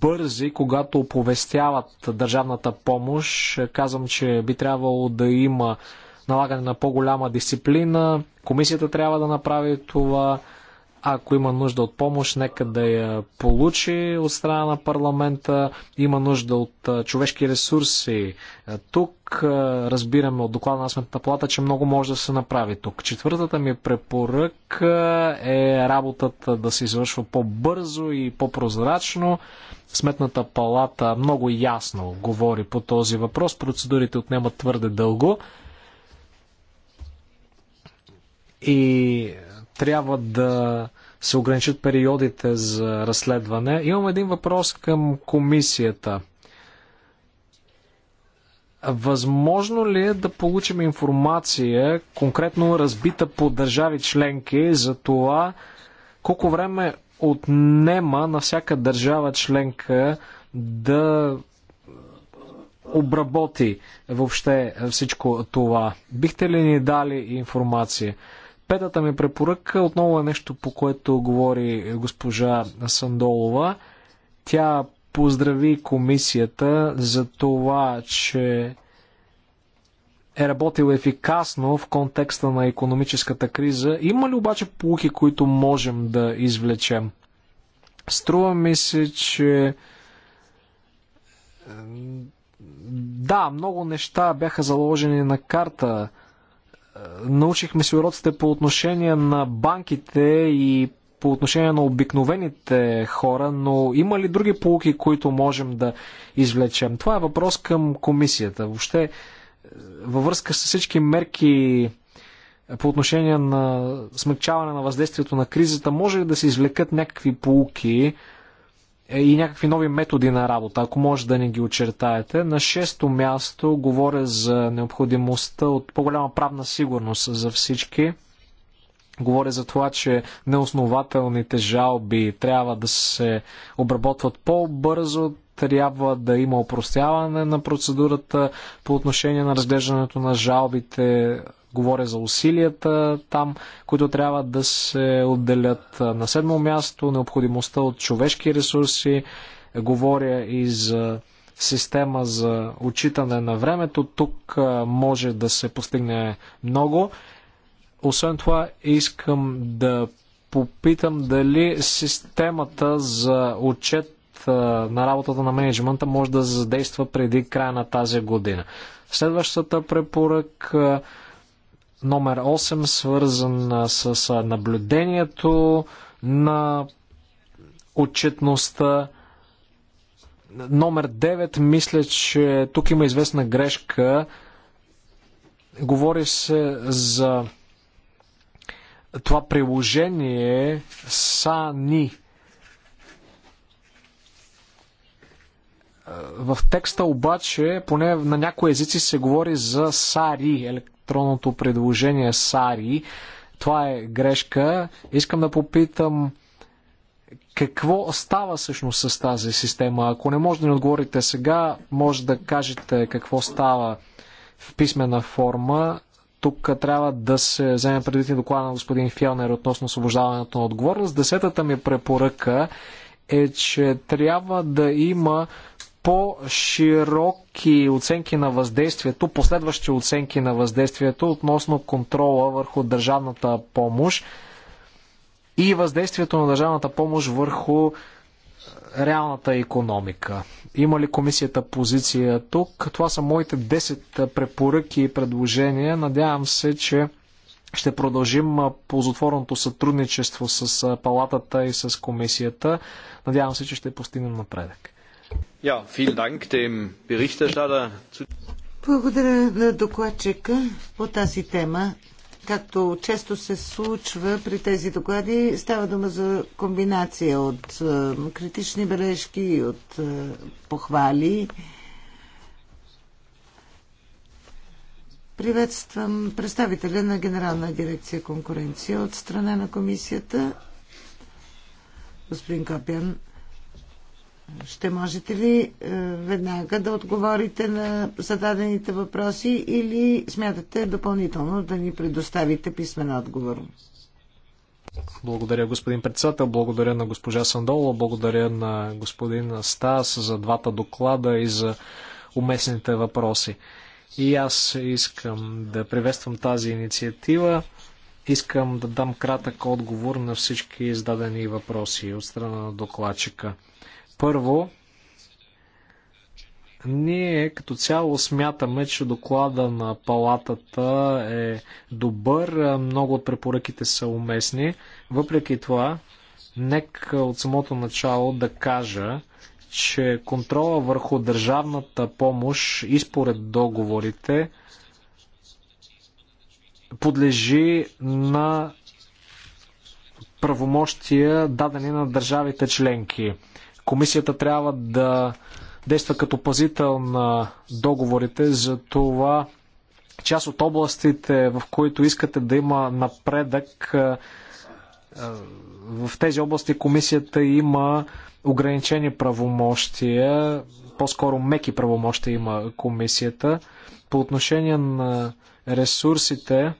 бързи, когато оповестяват държавната помощ. Казвам, че би трябвало да има налагане на по-голяма дисциплина. Комисията трябва да направи това. Ако има нужда от помощ, нека да я получи от страна на парламента. Има нужда от човешки ресурси. Тук разбираме от доклада на Сметната плата, че много може да се направи тук. Четвъртата ми препоръка е работата да се извършва по-бързо и по-прозрачно. Сметната палата много ясно говори по този въпрос. Процедурите отнемат твърде дълго. И трябва да се ограничат периодите за разследване. Имам един въпрос към комисията. Възможно ли е да получим информация, конкретно разбита по държави членки, за това колко време отнема на всяка държава членка да обработи въобще всичко това? Бихте ли ни дали информация? Петата ми препоръка отново е нещо, по което говори госпожа Сандолова. Тя поздрави комисията за това, че е работил ефикасно в контекста на економическата криза. Има ли обаче полуки, които можем да извлечем? Струва ми се, че да, много неща бяха заложени на карта научихме си уроците по отношение на банките и по отношение на обикновените хора, но има ли други полуки, които можем да извлечем? Това е въпрос към комисията. Въобще, е, във връзка с всички мерки е, по отношение на смъкчаване на въздействието на кризата, може ли да се извлекат някакви полуки? Е, и някакви нови методи на работа, ако може да ни ги очертаете. На шесто място говоря за необходимостта от по-голяма правна сигурност за всички. Говоря за това, че неоснователните жалби трябва да се обработват по-бързо, трябва да има опростяване на процедурата по отношение на разглеждането на жалбите, Говоря за усилията там, които трябва да се отделят на седмо място, необходимостта от човешки ресурси. Говоря и за система за отчитане на времето. Тук може да се постигне много. Освен това, искам да попитам дали системата за отчет на работата на менеджмента може да задейства преди края на тази година. Следващата препоръка, номер 8, свързан с наблюдението на отчетността. Номер 9, мисля, че тук има известна грешка. Говори се за това приложение САНИ. В текста обаче, поне на някои езици се говори за САРИ, електронното предложение Сари. Това е грешка. Искам да попитам какво става всъщност с тази система. Ако не може да ни отговорите сега, може да кажете какво става в писмена форма. Тук трябва да се вземе предвид и доклада на господин Фелнер относно освобождаването на отговорност. Десетата ми препоръка е, че трябва да има по-широки оценки на въздействието, последващи оценки на въздействието относно контрола върху държавната помощ и въздействието на държавната помощ върху е, реалната економика. Има ли комисията позиция тук? Това са моите 10 е, препоръки и предложения. Надявам се, че ще продължим е, ползотворното сътрудничество с палатата и с комисията. Надявам се, че ще постигнем напредък. Благодаря на докладчика по тази тема. Както често се случва при тези доклади, става дума за комбинация от е, критични бележки и от е, похвали. Приветствам представителя на Генерална дирекция конкуренция от страна на комисията, господин Копян. Ще можете ли е, веднага да отговорите на зададените въпроси или смятате допълнително да ни предоставите писмен отговор? Благодаря, господин председател. Благодаря на госпожа Сандола. Благодаря на господин Стас за двата доклада и за уместните въпроси. И аз искам да приветствам тази инициатива. Искам да дам кратък отговор на всички издадени въпроси от страна на докладчика. Първо, ние като цяло смятаме, че доклада на палатата е добър, много от препоръките са уместни. Въпреки това, нека от самото начало да кажа, че контрола върху държавната помощ и според договорите подлежи на правомощия дадени на държавите членки. Комисията трябва да действа като пазител на договорите, за това част от областите, в които искате да има напредък, е, е, в тези области комисията има ограничени правомощия, по-скоро меки правомощия има комисията. По отношение на ресурсите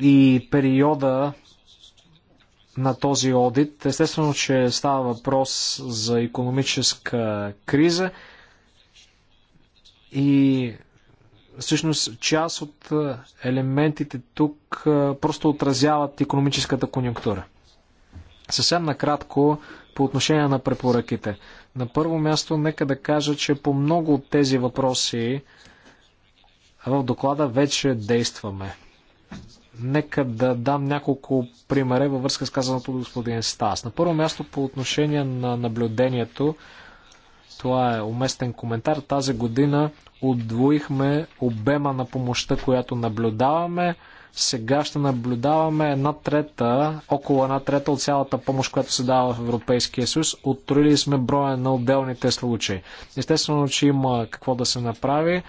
и периода на този одит. Естествено, че става въпрос за економическа криза и всъщност част от елементите тук просто отразяват економическата конъюнктура. Съвсем накратко по отношение на препоръките. На първо място, нека да кажа, че по много от тези въпроси в доклада вече действаме. Нека да дам няколко примера във връзка с казаното от господин Стас. На първо място по отношение на наблюдението, това е уместен коментар. Тази година отвоихме обема на помощта, която наблюдаваме. Сега ще наблюдаваме една трета, около една трета от цялата помощ, която се дава в Европейския съюз. Оттроили сме броя на отделните случаи. Естествено, че има какво да се направи,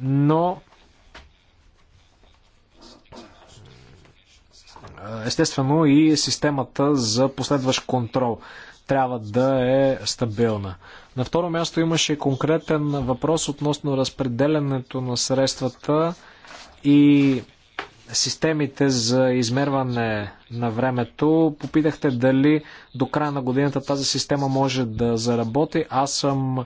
но Естествено и системата за последващ контрол трябва да е стабилна. На второ място имаше конкретен въпрос относно разпределянето на средствата и системите за измерване на времето. Попитахте дали до края на годината тази система може да заработи. Аз съм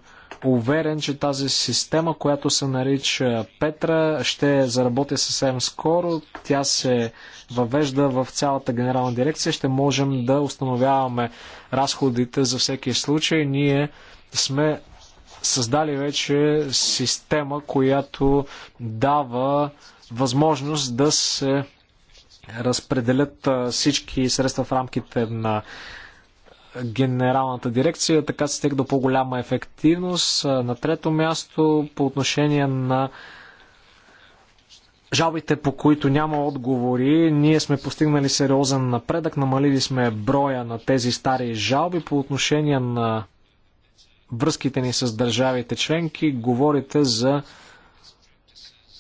уверен, че тази система, която се нарича Петра, ще заработи съвсем скоро. Тя се въвежда в цялата генерална дирекция. Ще можем да установяваме разходите за всеки случай. Ние сме създали вече система, която дава възможност да се разпределят всички средства в рамките на генералната дирекция, така се стигна до по-голяма ефективност. На трето място, по отношение на жалбите, по които няма отговори, ние сме постигнали сериозен напредък, намалили сме броя на тези стари жалби по отношение на връзките ни с държавите членки. Говорите за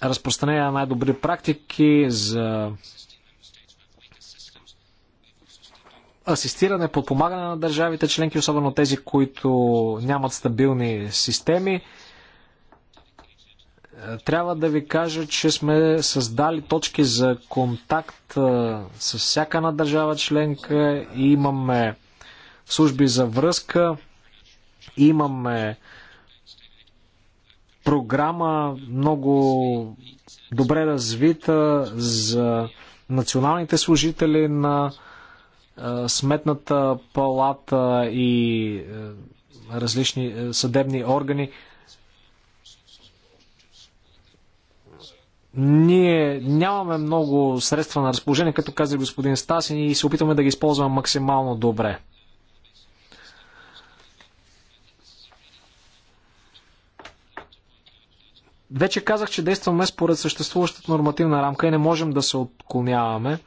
разпространение на най-добри практики, за асистиране, подпомагане на държавите членки, особено тези, които нямат стабилни системи. Трябва да ви кажа, че сме създали точки за контакт с всяка една държава членка и имаме служби за връзка, имаме програма много добре развита за националните служители на Сметната палата и е, различни е, съдебни органи. Ние нямаме много средства на разположение, като каза господин Стасин, и се опитваме да ги използваме максимално добре. Вече казах, че действаме според съществуващата нормативна рамка и не можем да се отклоняваме.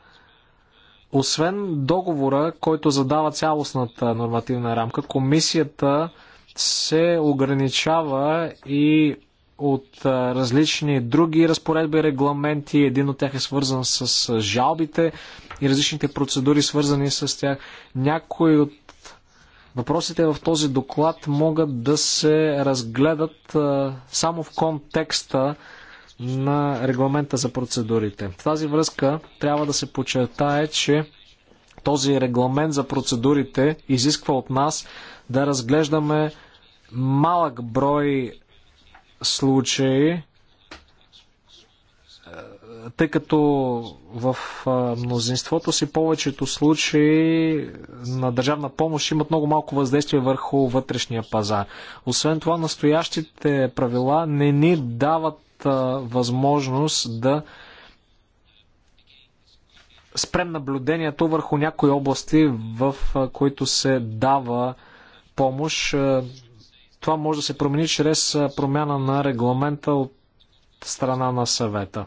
Освен договора, който задава цялостната нормативна рамка, комисията се ограничава и от различни други разпоредби, регламенти. Един от тях е свързан с жалбите и различните процедури, свързани с тях. Някои от въпросите в този доклад могат да се разгледат само в контекста на регламента за процедурите. В тази връзка трябва да се подчертае, че този регламент за процедурите изисква от нас да разглеждаме малък брой случаи, тъй като в мнозинството си повечето случаи на държавна помощ имат много малко въздействие върху вътрешния пазар. Освен това, настоящите правила не ни дават възможност да спрем наблюдението върху някои области, в които се дава помощ. Това може да се промени чрез промяна на регламента от страна на съвета.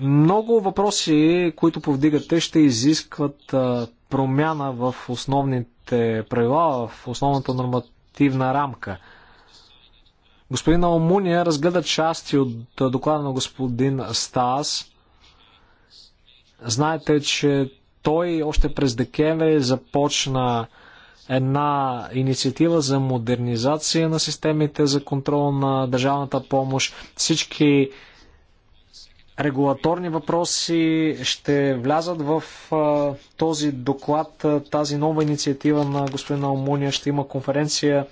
Много въпроси, които повдигате, ще изискват промяна в основните правила, в основната нормативна рамка – Господин Алмуния разгледа части от доклада на господин Стас. Знаете, че той още през декември започна една инициатива за модернизация на системите за контрол на държавната помощ. Всички регулаторни въпроси ще влязат в този доклад, тази нова инициатива на господин Алмуния. Ще има конференция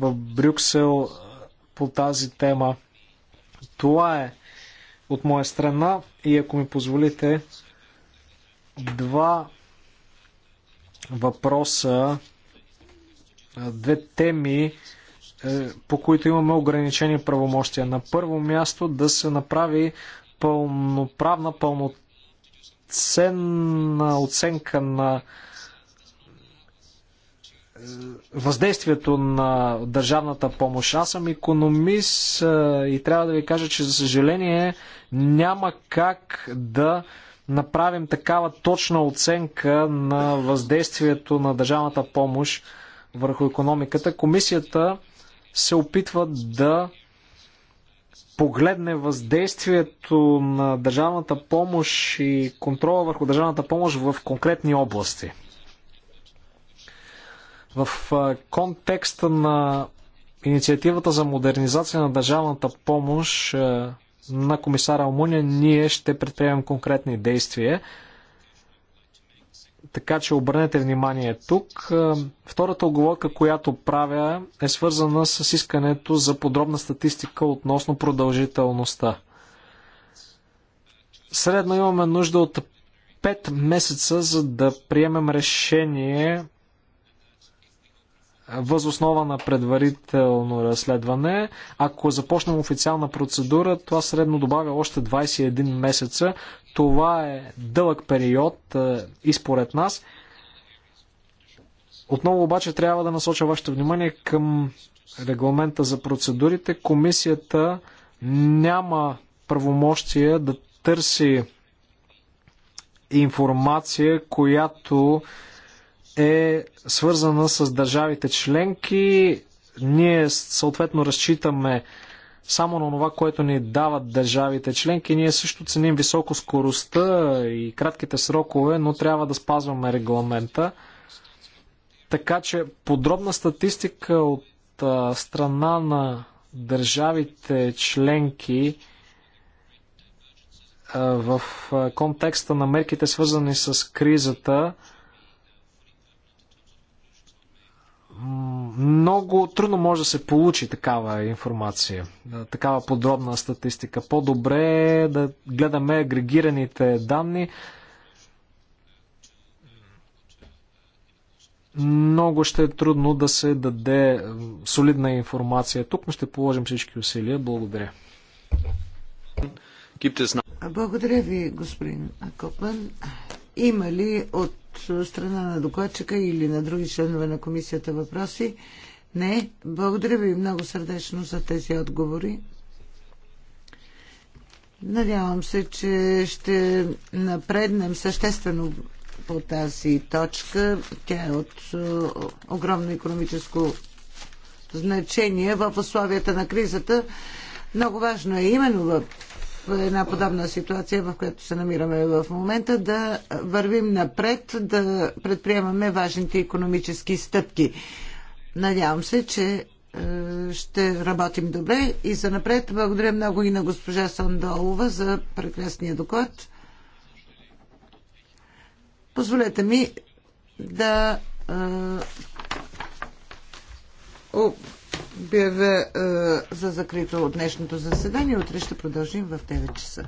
в Брюксел по тази тема. Това е от моя страна и ако ми позволите, два въпроса, две теми, е, по които имаме ограничени правомощия. На първо място да се направи пълноправна, пълноценна оценка на въздействието на държавната помощ. Аз съм економист и трябва да ви кажа, че за съжаление няма как да направим такава точна оценка на въздействието на държавната помощ върху економиката. Комисията се опитва да погледне въздействието на държавната помощ и контрола върху държавната помощ в конкретни области. В контекста на инициативата за модернизация на държавната помощ на комисара Алмуния ние ще предприемем конкретни действия. Така че обърнете внимание тук. Втората оговорка, която правя, е свързана с искането за подробна статистика относно продължителността. Средно имаме нужда от 5 месеца, за да приемем решение възоснова на предварително разследване. Ако започнем официална процедура, това средно добавя още 21 месеца. Това е дълъг период е, и според нас. Отново обаче трябва да насоча вашето внимание към регламента за процедурите. Комисията няма правомощия да търси информация, която е свързана с държавите членки. Ние съответно разчитаме само на това, което ни дават държавите членки. Ние също ценим високо скоростта и кратките срокове, но трябва да спазваме регламента. Така че подробна статистика от а, страна на държавите членки а, в а, контекста на мерките свързани с кризата, а, много трудно може да се получи такава информация, такава подробна статистика. По-добре е да гледаме агрегираните данни. Много ще е трудно да се даде солидна информация. Тук, но ще положим всички усилия. Благодаря. Благодаря ви, господин Акопан. Има ли от от страна на докладчика или на други членове на комисията въпроси? Не. Благодаря ви много сърдечно за тези отговори. Надявам се, че ще напреднем съществено по тази точка. Тя е от е, огромно економическо значение в условията на кризата. Много важно е именно в една подобна ситуация, в която се намираме в момента, да вървим напред, да предприемаме важните економически стъпки. Надявам се, че е, ще работим добре и за напред. Благодаря много и на госпожа Сандолова за прекрасния доклад. Позволете ми да е, бяха е, за закрито от днешното заседание. Утре ще продължим в 9 часа.